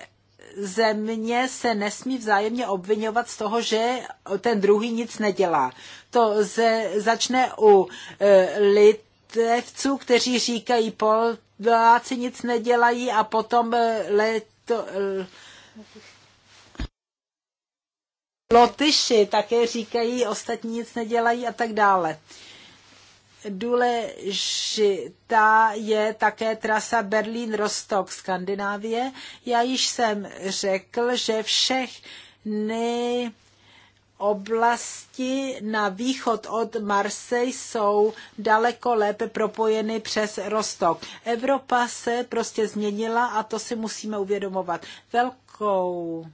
země se nesmí vzájemně obvinovat z toho, že ten druhý nic nedělá. To ze, začne u e, litevců, kteří říkají, Poláci nic nedělají a potom e, let, to, e, Lotyši také říkají, ostatní nic nedělají a tak dále. Důležitá je také trasa Berlín-Rostok, Skandinávie. Já již jsem řekl, že všechny oblasti na východ od Marseille jsou daleko lépe propojeny přes Rostok. Evropa se prostě změnila a to si musíme uvědomovat. Velkou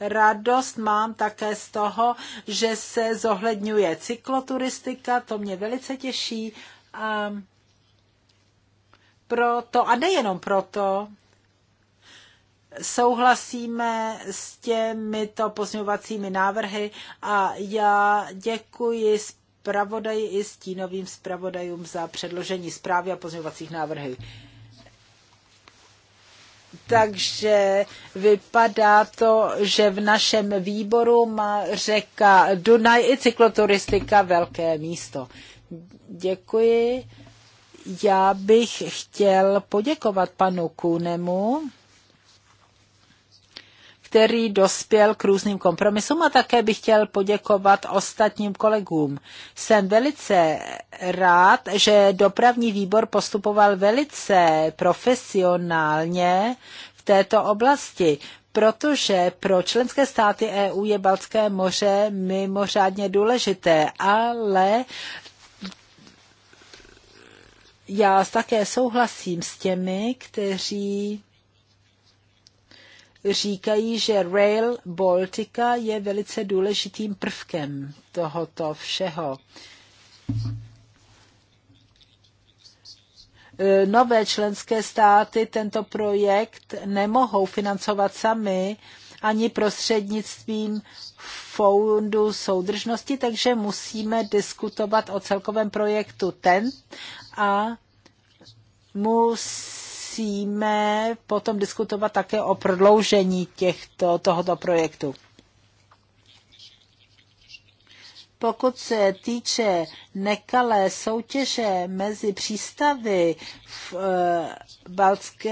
Radost mám také z toho, že se zohledňuje cykloturistika, to mě velice těší. A proto, a nejenom proto, souhlasíme s těmito pozměňovacími návrhy a já děkuji zpravodaji i stínovým zpravodajům za předložení zprávy a pozměňovacích návrhů. Takže vypadá to, že v našem výboru má řeka Dunaj i cykloturistika velké místo. Děkuji. Já bych chtěl poděkovat panu Kůnemu který dospěl k různým kompromisům a také bych chtěl poděkovat ostatním kolegům. Jsem velice rád, že dopravní výbor postupoval velice profesionálně v této oblasti, protože pro členské státy EU je Baltské moře mimořádně důležité, ale já také souhlasím s těmi, kteří říkají, že Rail Baltica je velice důležitým prvkem tohoto všeho. E, nové členské státy tento projekt nemohou financovat sami ani prostřednictvím fondu soudržnosti, takže musíme diskutovat o celkovém projektu ten a musí musíme potom diskutovat také o prodloužení těchto, tohoto projektu. Pokud se týče nekalé soutěže mezi přístavy v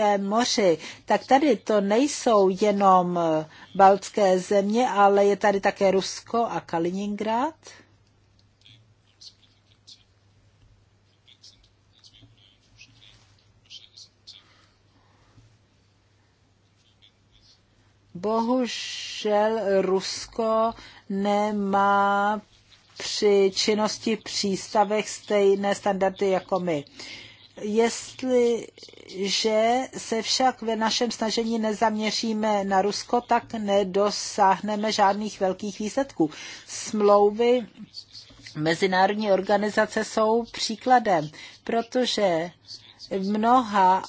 e, moři, tak tady to nejsou jenom baltské země, ale je tady také Rusko a Kaliningrad. Bohužel Rusko nemá při činnosti přístavech stejné standardy jako my. Jestliže se však ve našem snažení nezaměříme na Rusko, tak nedosáhneme žádných velkých výsledků. Smlouvy mezinárodní organizace jsou příkladem, protože v mnoha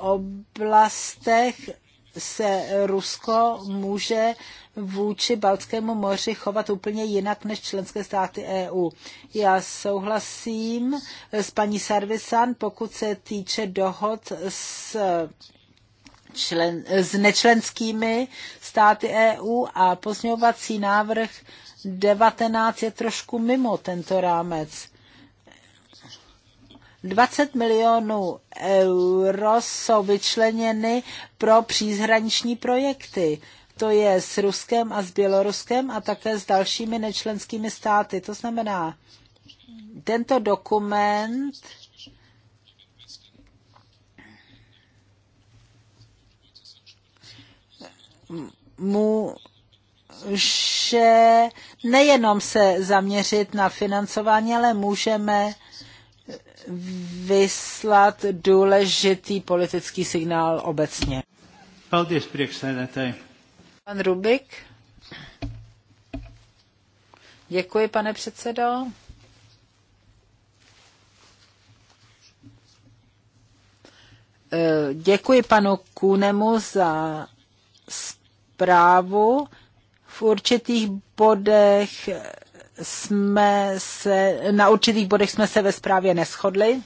oblastech se Rusko může vůči Baltskému moři chovat úplně jinak než členské státy EU. Já souhlasím s paní Sarvisan, pokud se týče dohod s člen, s nečlenskými státy EU a pozměňovací návrh 19 je trošku mimo tento rámec. 20 milionů euro jsou vyčleněny pro přízhraniční projekty. To je s Ruskem a s Běloruskem a také s dalšími nečlenskými státy. To znamená, tento dokument může nejenom se zaměřit na financování, ale můžeme vyslat důležitý politický signál obecně. Pan Rubik. Děkuji, pane předsedo. Eh, děkuji panu Kůnemu za zprávu. V určitých bodech jsme se, na určitých bodech jsme se ve zprávě neschodli.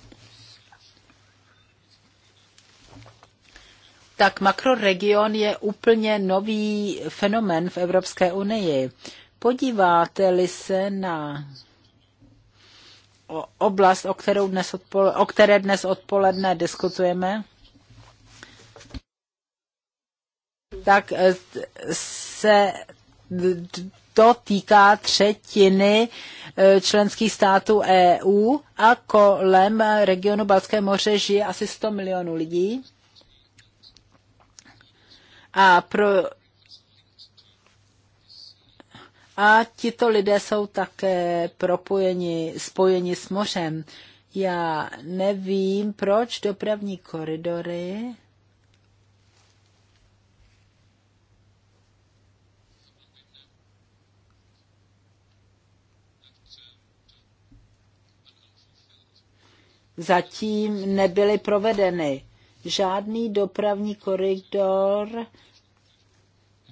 Tak makroregion je úplně nový fenomen v Evropské unii. Podíváte-li se na oblast, o, kterou dnes odpole, o které dnes odpoledne diskutujeme, tak eh, se to týká třetiny e, členských států EU a kolem regionu Balské moře žije asi 100 milionů lidí. A pro a tito lidé jsou také propojeni, spojeni s mořem. Já nevím, proč dopravní koridory zatím nebyly provedeny. Žádný dopravní koridor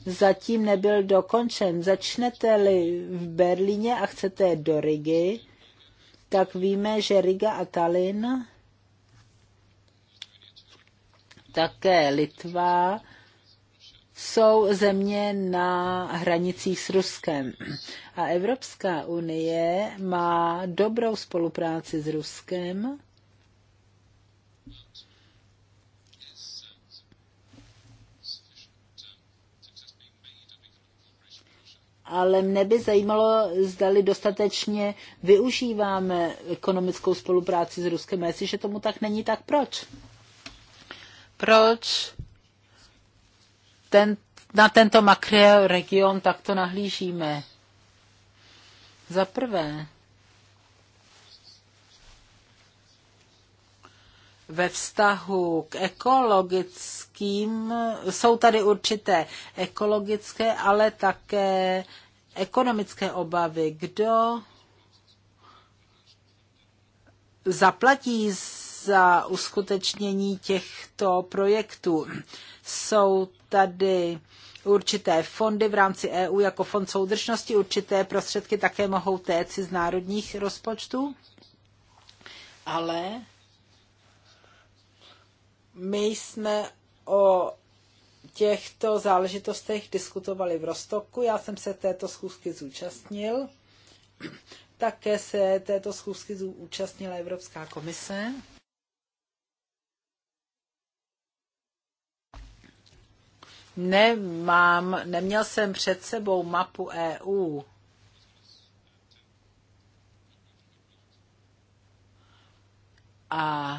zatím nebyl dokončen. Začnete-li v Berlíně a chcete do Rigy, tak víme, že Riga a Tallinn, také Litva, jsou země na hranicích s Ruskem. A Evropská unie má dobrou spolupráci s Ruskem ale mne by zajímalo, zdali dostatečně využíváme ekonomickou spolupráci s Ruskem. A jestliže tomu tak není, tak proč? Proč ten, na tento makroregion takto nahlížíme? Za prvé, ve vztahu k ekologickým, jsou tady určité ekologické, ale také ekonomické obavy. Kdo zaplatí za uskutečnění těchto projektů? Jsou tady určité fondy v rámci EU jako fond soudržnosti, určité prostředky také mohou téci z národních rozpočtů, ale my jsme o těchto záležitostech diskutovali v Rostoku. Já jsem se této schůzky zúčastnil. Také se této schůzky zúčastnila Evropská komise. Nemám, neměl jsem před sebou mapu EU. A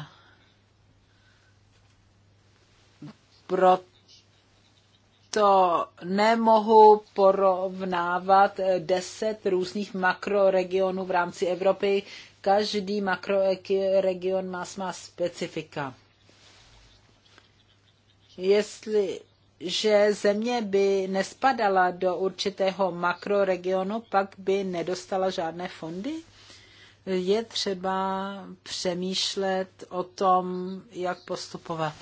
proto nemohu porovnávat deset různých makroregionů v rámci Evropy. Každý makroregion má svá specifika. Jestli že země by nespadala do určitého makroregionu, pak by nedostala žádné fondy? Je třeba přemýšlet o tom, jak postupovat.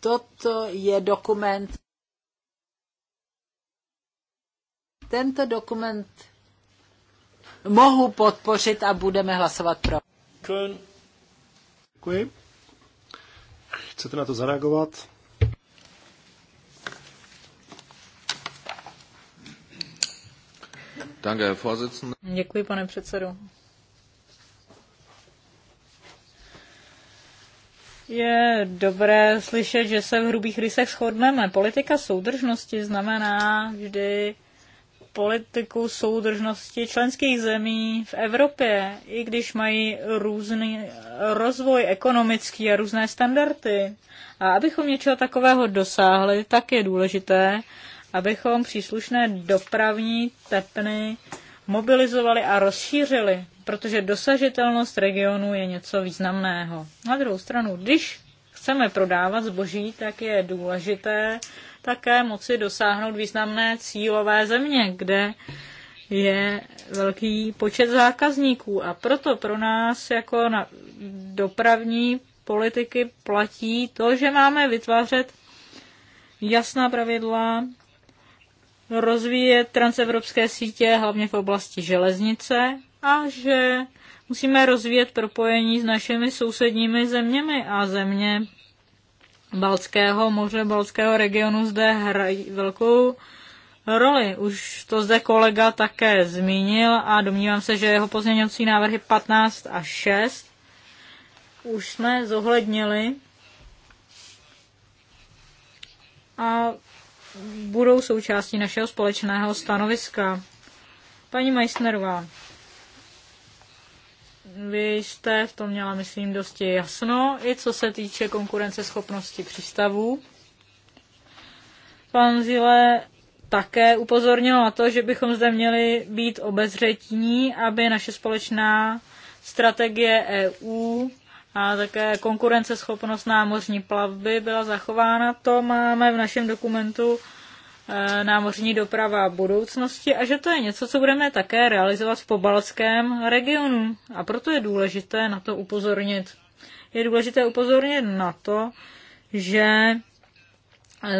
Toto je dokument. Tento dokument mohu podpořit a budeme hlasovat pro. Děkuji.
Chcete na to zareagovat? Děkuji, pane
předsedo. je dobré slyšet, že se v hrubých rysech shodneme. Politika soudržnosti znamená vždy politiku soudržnosti členských zemí v Evropě, i když mají různý rozvoj ekonomický a různé standardy. A abychom něčeho takového dosáhli, tak je důležité, abychom příslušné dopravní tepny mobilizovali a rozšířili, protože dosažitelnost regionu je něco významného. Na druhou stranu, když chceme prodávat zboží, tak je důležité také moci dosáhnout významné cílové země, kde je velký počet zákazníků a proto pro nás jako na dopravní politiky platí to, že máme vytvářet jasná pravidla rozvíjet transevropské sítě, hlavně v oblasti železnice, a že musíme rozvíjet propojení s našimi sousedními zeměmi a země Balckého moře, Balckého regionu zde hrají velkou roli. Už to zde kolega také zmínil a domnívám se, že jeho pozměňovací návrhy 15 a 6 už jsme zohlednili. A budou součástí našeho společného stanoviska. Paní Meissnerová, vy jste v tom měla, myslím, dosti jasno, i co se týče konkurenceschopnosti přístavů. Pan Zile také upozornil na to, že bychom zde měli být obezřetní, aby naše společná strategie EU a také konkurenceschopnost námořní plavby byla zachována. To máme v našem dokumentu eh, námořní doprava budoucnosti a že to je něco, co budeme také realizovat v pobalském regionu. A proto je důležité na to upozornit. Je důležité upozornit na to, že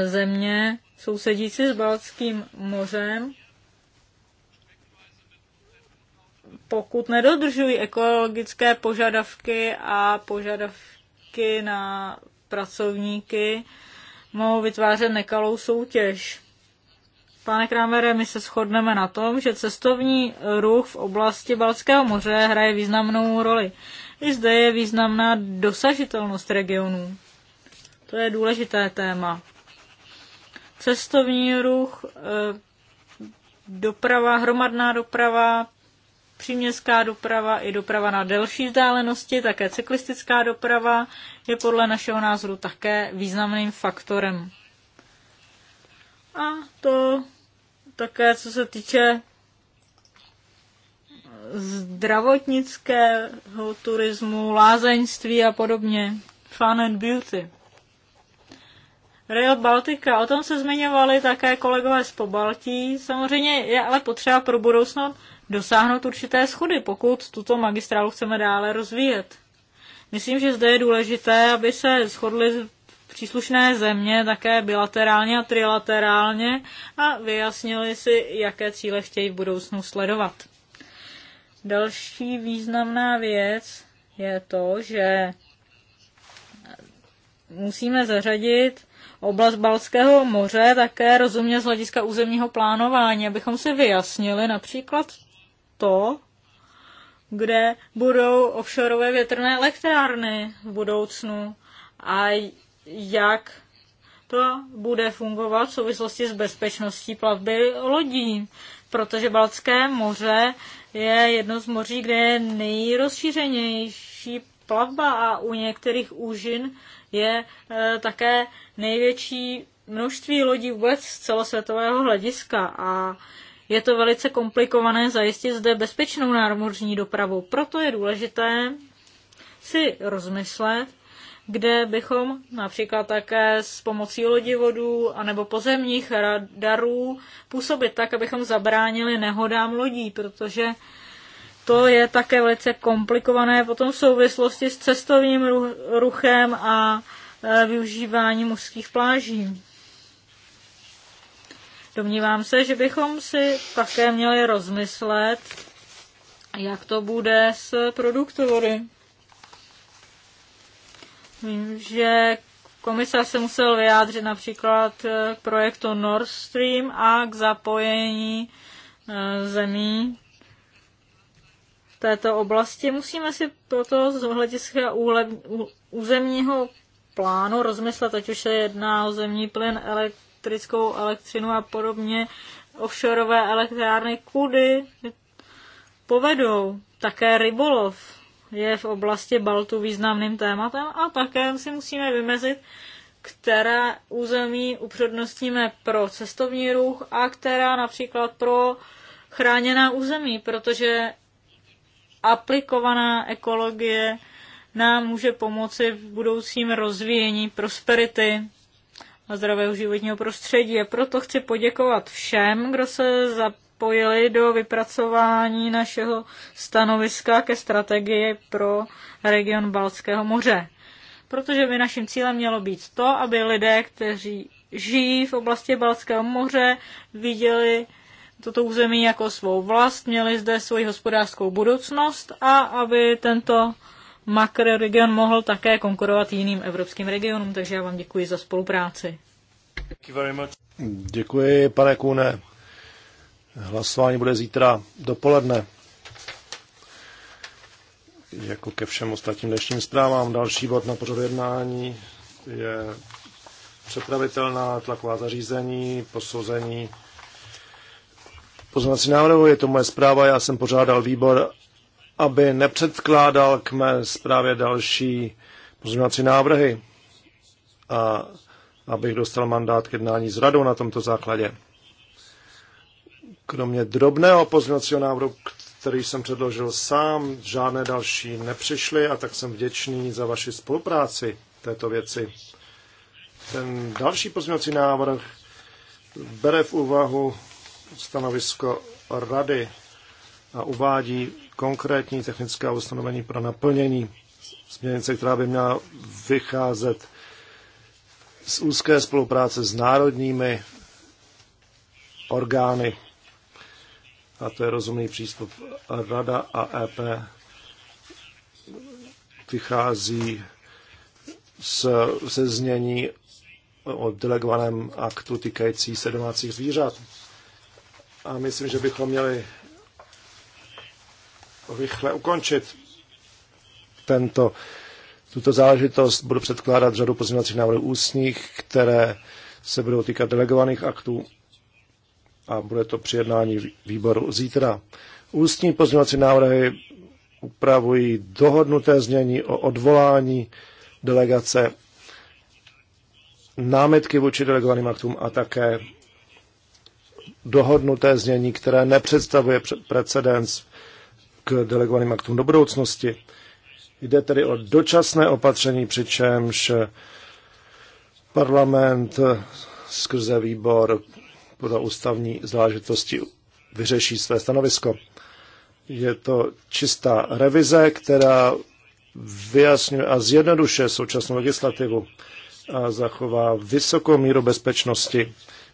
země sousedící s Balckým mořem pokud nedodržují ekologické požadavky a požadavky na pracovníky, mohou vytvářet nekalou soutěž. Pane Kramere, my se shodneme na tom, že cestovní ruch v oblasti Balckého moře hraje významnou roli. I zde je významná dosažitelnost regionů. To je důležité téma. Cestovní ruch, eh, doprava, hromadná doprava, příměstská doprava i doprava na delší vzdálenosti, také cyklistická doprava je podle našeho názoru také významným faktorem. A to také, co se týče zdravotnického turismu, lázeňství a podobně. Fun and beauty. Rail Baltica, o tom se zmiňovali také kolegové z Pobaltí. Samozřejmě je ale potřeba pro budoucnost dosáhnout určité schody, pokud tuto magistrálu chceme dále rozvíjet. Myslím, že zde je důležité, aby se shodly příslušné země také bilaterálně a trilaterálně a vyjasnili si, jaké cíle chtějí v budoucnu sledovat. Další významná věc je to, že musíme zařadit oblast Balského moře také rozumně z hlediska územního plánování, abychom si vyjasnili například to, kde budou offshoreové větrné elektrárny v budoucnu a jak to bude fungovat v souvislosti s bezpečností plavby lodí, protože Baltské moře je jedno z moří, kde je nejrozšířenější plavba a u některých úžin je e, také největší množství lodí vůbec z celosvětového hlediska a je to velice komplikované zajistit zde bezpečnou námořní dopravu. Proto je důležité si rozmyslet, kde bychom například také s pomocí lodivodů anebo pozemních radarů působit tak, abychom zabránili nehodám lodí, protože to je také velice komplikované potom v souvislosti s cestovním ruchem a e, využíváním mořských pláží. Domnívám se, že bychom si také měli rozmyslet, jak to bude s produktovory. Vím, že komisař se musel vyjádřit například eh, k projektu Nord Stream a k zapojení eh, zemí v této oblasti. Musíme si proto z hlediska územního plánu rozmyslet, ať už se jedná o zemní plyn, elektroniku, elektrickou elektřinu a podobně, offshoreové elektrárny, kudy povedou. Také rybolov je v oblasti Baltu významným tématem a také si musíme vymezit, která území upřednostníme pro cestovní ruch a která například pro chráněná území, protože aplikovaná ekologie nám může pomoci v budoucím rozvíjení prosperity a zdravého životního prostředí. A proto chci poděkovat všem, kdo se zapojili do vypracování našeho stanoviska ke strategii pro region Balckého moře. Protože by naším cílem mělo být to, aby lidé, kteří žijí v oblasti Balckého moře, viděli toto území jako svou vlast, měli zde svoji hospodářskou budoucnost a aby tento makroregion mohl také konkurovat jiným evropským regionům, takže já vám děkuji za spolupráci.
Děkuji, pane Kune. Hlasování bude zítra dopoledne. Jako ke všem ostatním dnešním zprávám, další bod na pořadu jednání je přepravitelná tlaková zařízení, posouzení poznací návrhu. Je to moje zpráva, já jsem pořádal výbor aby nepředkládal k mé zprávě další pozměňovací návrhy a abych dostal mandát k jednání s radou na tomto základě. Kromě drobného pozměňovacího návrhu, který jsem předložil sám, žádné další nepřišly a tak jsem vděčný za vaši spolupráci této věci. Ten další pozměňovací návrh bere v úvahu stanovisko rady a uvádí konkrétní technická ustanovení pro naplnění směrnice, která by měla vycházet z úzké spolupráce s národními orgány. A to je rozumný přístup. Rada a EP vychází z, ze znění o delegovaném aktu týkající se domácích zvířat. A myslím, že bychom měli rychle ukončit tento, tuto záležitost. Budu předkládat řadu pozměňovacích návrhů ústních, které se budou týkat delegovaných aktů a bude to při jednání výboru zítra. Ústní pozměňovací návrhy upravují dohodnuté znění o odvolání delegace, námitky vůči delegovaným aktům a také dohodnuté znění, které nepředstavuje precedens delegovaným aktům do budoucnosti. Jde tedy o dočasné opatření, přičemž parlament skrze výbor pro ústavní záležitosti vyřeší své stanovisko. Je to čistá revize, která vyjasňuje a zjednodušuje současnou legislativu a zachová vysokou míru bezpečnosti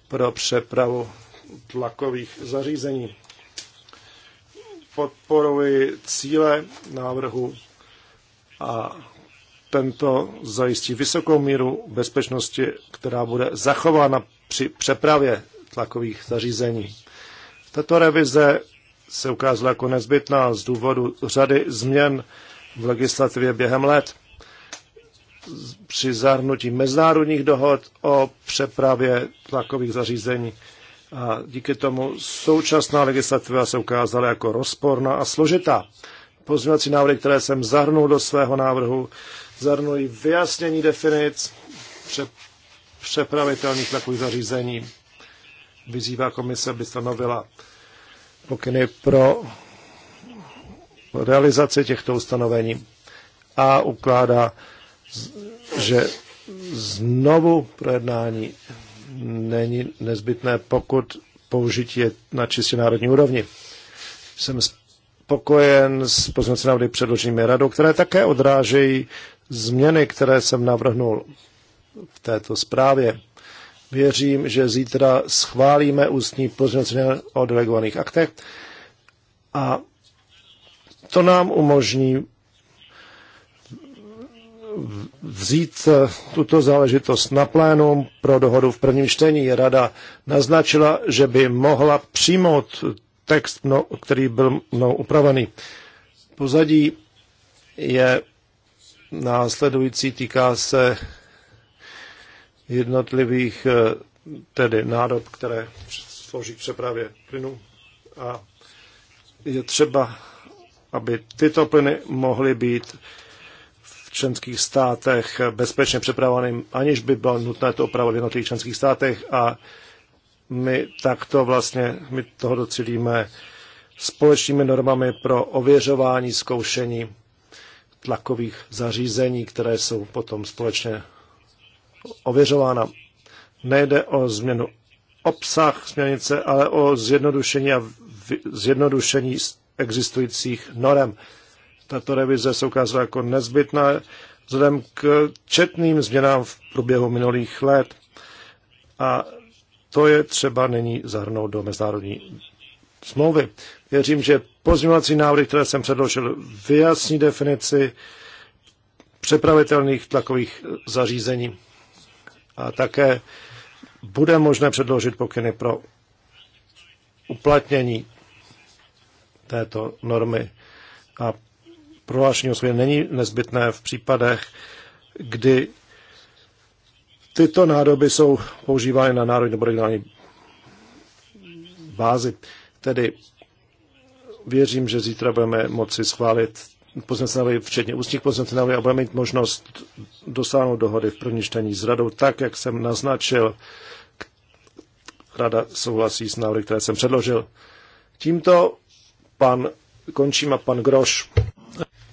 pro přepravu tlakových zařízení podporuji cíle návrhu a tento zajistí vysokou míru bezpečnosti, která bude zachována při přepravě tlakových zařízení. Tato revize se ukázala jako nezbytná z důvodu řady změn v legislativě během let při zahrnutí mezinárodních dohod o přepravě tlakových zařízení a díky tomu současná legislativa se ukázala jako rozporná a složitá. Pozměňovací návrhy, které jsem zahrnul do svého návrhu, zahrnují vyjasnění definic pře- přepravitelných takových zařízení. Vyzývá komise, aby stanovila pokyny pro realizaci těchto ustanovení a ukládá, že znovu projednání není nezbytné, pokud použití je na čistě národní úrovni. Jsem spokojen s pozměnce návody předloženými radou, které také odrážejí změny, které jsem navrhnul v této zprávě. Věřím, že zítra schválíme ústní pozměnce o delegovaných aktech a to nám umožní vzít eh, tuto záležitost na plénum pro dohodu v prvním čtení. Rada naznačila, že by mohla přijmout text, který byl mnou upravený. Pozadí je následující, týká se jednotlivých eh, tedy nádob, které slouží k přepravě plynu a je třeba, aby tyto plyny mohly být členských státech bezpečně přepravovaným, aniž by bylo nutné to opravovat v jednotlivých členských státech a my takto vlastně, my toho docílíme společnými normami pro ověřování, zkoušení tlakových zařízení, které jsou potom společně ověřována. Nejde o změnu obsah směrnice, ale o zjednodušení a zjednodušení existujících norem. Tato revize se ukázala jako nezbytná vzhledem k četným změnám v průběhu minulých let. A to je třeba nyní zahrnout do mezinárodní smlouvy. Věřím, že pozměňovací návrhy, které jsem předložil, vyjasní definici přepravitelných tlakových zařízení. A také bude možné předložit pokyny pro uplatnění této normy. A prohlášení o sobě není nezbytné v případech, kdy tyto nádoby jsou používány na národní nebo regionální bázi. Tedy věřím, že zítra budeme moci schválit pozměnce včetně ústních pozměnce a budeme mít možnost dosáhnout dohody v první čtení s radou, tak, jak jsem naznačil. Rada souhlasí s návrhy, které jsem předložil. Tímto pan, končím a pan Groš.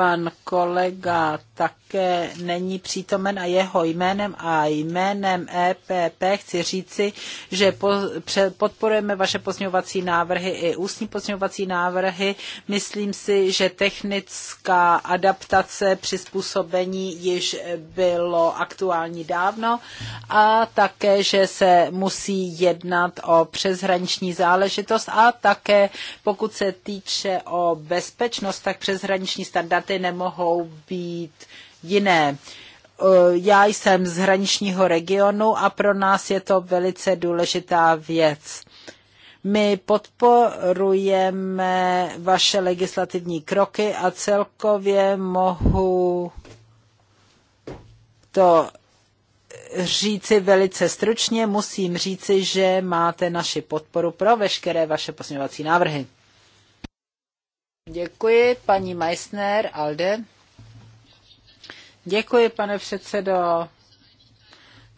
pan kolega také není přítomen a jeho jménem a jménem EPP chci říci, že podporujeme vaše pozměňovací návrhy i ústní pozměňovací návrhy. Myslím si, že technická adaptace přizpůsobení již bylo aktuální dávno a také, že se musí jednat o přeshraniční záležitost a také pokud se týče o bezpečnost, tak přeshraniční standardy státy nemohou být jiné. Eh, Já jsem z hraničního regionu a pro nás je to velice důležitá věc. My podporujeme vaše legislativní kroky a celkově mohu to říci velice stručně, musím říci, že máte naši podporu pro veškeré vaše posměvací návrhy. Děkuji, paní Meissner, Alde. Děkuji, pane předsedo.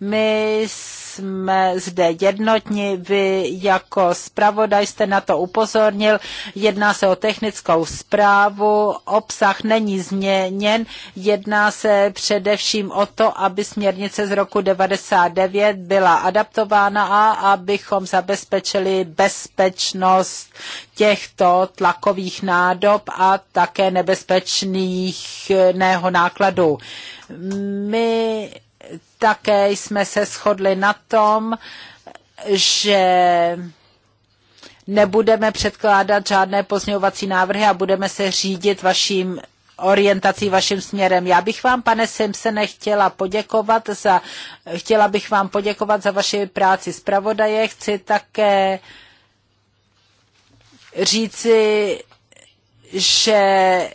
My jsme zde jednotní. Vy jako zpravodaj jste na to upozornil. Jedná se o technickou zprávu. Obsah není změněn. Jedná se především o to, aby směrnice z roku 99 byla adaptována a abychom zabezpečili bezpečnost těchto tlakových nádob a také nebezpečných eh, nákladu. My také jsme se shodli na tom, že nebudeme předkládat žádné pozměňovací návrhy a budeme se řídit vaším orientací vaším směrem. Já bych vám, pane Simpsone, chtěla poděkovat za, chtěla bych vám poděkovat za vaši práci zpravodaje. Chci také říci, že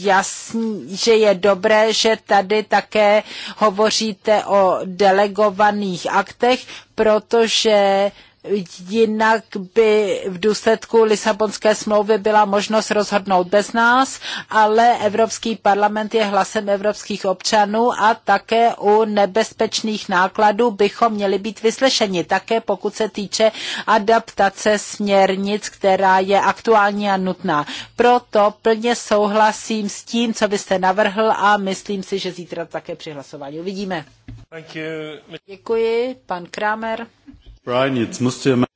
jasný, že je dobré, že tady také hovoříte o delegovaných aktech, protože jinak by v důsledku Lisabonské smlouvy byla možnost rozhodnout bez nás, ale Evropský parlament je hlasem evropských občanů a také u nebezpečných nákladů bychom měli být vyslyšeni, také pokud se týče adaptace směrnic, která je aktuální a nutná. Proto plně souhlasím s tím, co byste navrhl a myslím si, že zítra také při hlasování uvidíme.
Děkuji,
pan Kramer.
Brian, jetzt musst du ja mal...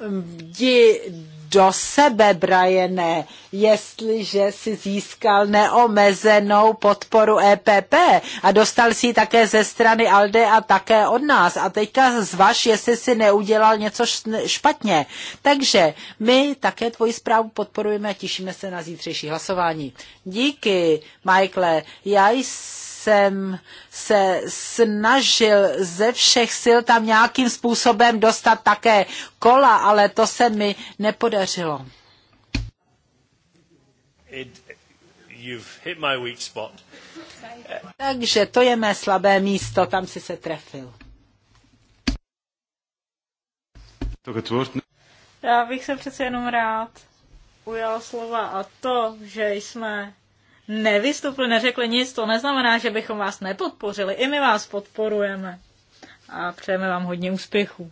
Jdi do sebe, Briane, jestliže si získal neomezenou podporu EPP a dostal si ji také ze strany ALDE a také od nás. A teďka zvaž, jestli si neudělal něco špatně. Takže my také tvoji zprávu podporujeme a těšíme se na zítřejší hlasování. Díky, Michael. Já jsem jsem se snažil ze všech sil tam nějakým způsobem dostat také kola, ale to se mi nepodařilo. It, Takže to je mé slabé místo, tam si se trefil.
Já bych se přece jenom rád ujal slova a to, že jsme nevystupili, neřekli nic, to neznamená, že bychom vás nepodpořili. I my vás podporujeme a přejeme vám hodně úspěchů.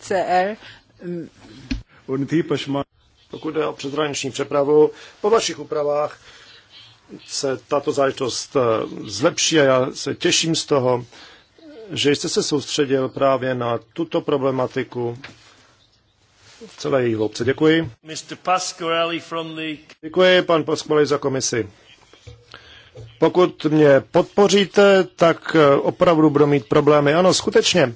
CR.
Pokud jde o přeshraniční přepravu, po vašich úpravách se tato záležitost eh, zlepší a já se těším z toho že jste se soustředil právě na tuto problematiku v celé její hloubce. Děkuji. Děkuji, pan Pasquale za komisi. Pokud mě podpoříte, tak eh, opravdu budu mít problémy. Ano, skutečně.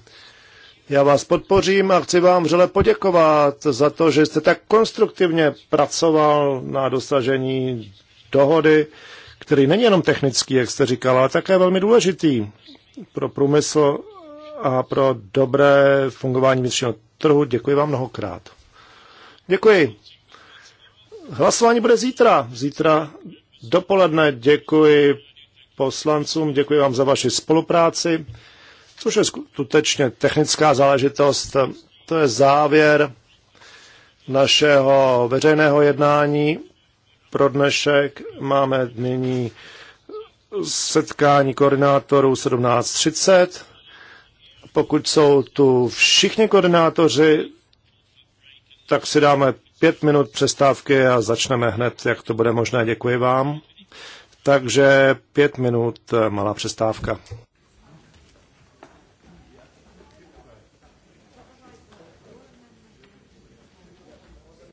Já vás podpořím a chci vám vřele poděkovat za to, že jste tak konstruktivně pracoval na dosažení dohody, který není jenom technický, jak jste říkal, ale také velmi důležitý pro průmysl a pro dobré fungování vnitřního trhu. Děkuji vám mnohokrát. Děkuji. Hlasování bude zítra. Zítra dopoledne děkuji poslancům, děkuji vám za vaši spolupráci, což je skutečně technická záležitost. To je závěr našeho veřejného jednání pro dnešek. Máme nyní setkání koordinátorů 17.30. Pokud jsou tu všichni koordinátoři, tak si dáme pět minut přestávky a začneme hned, jak to bude možné. Děkuji vám. Takže pět minut eh, malá přestávka.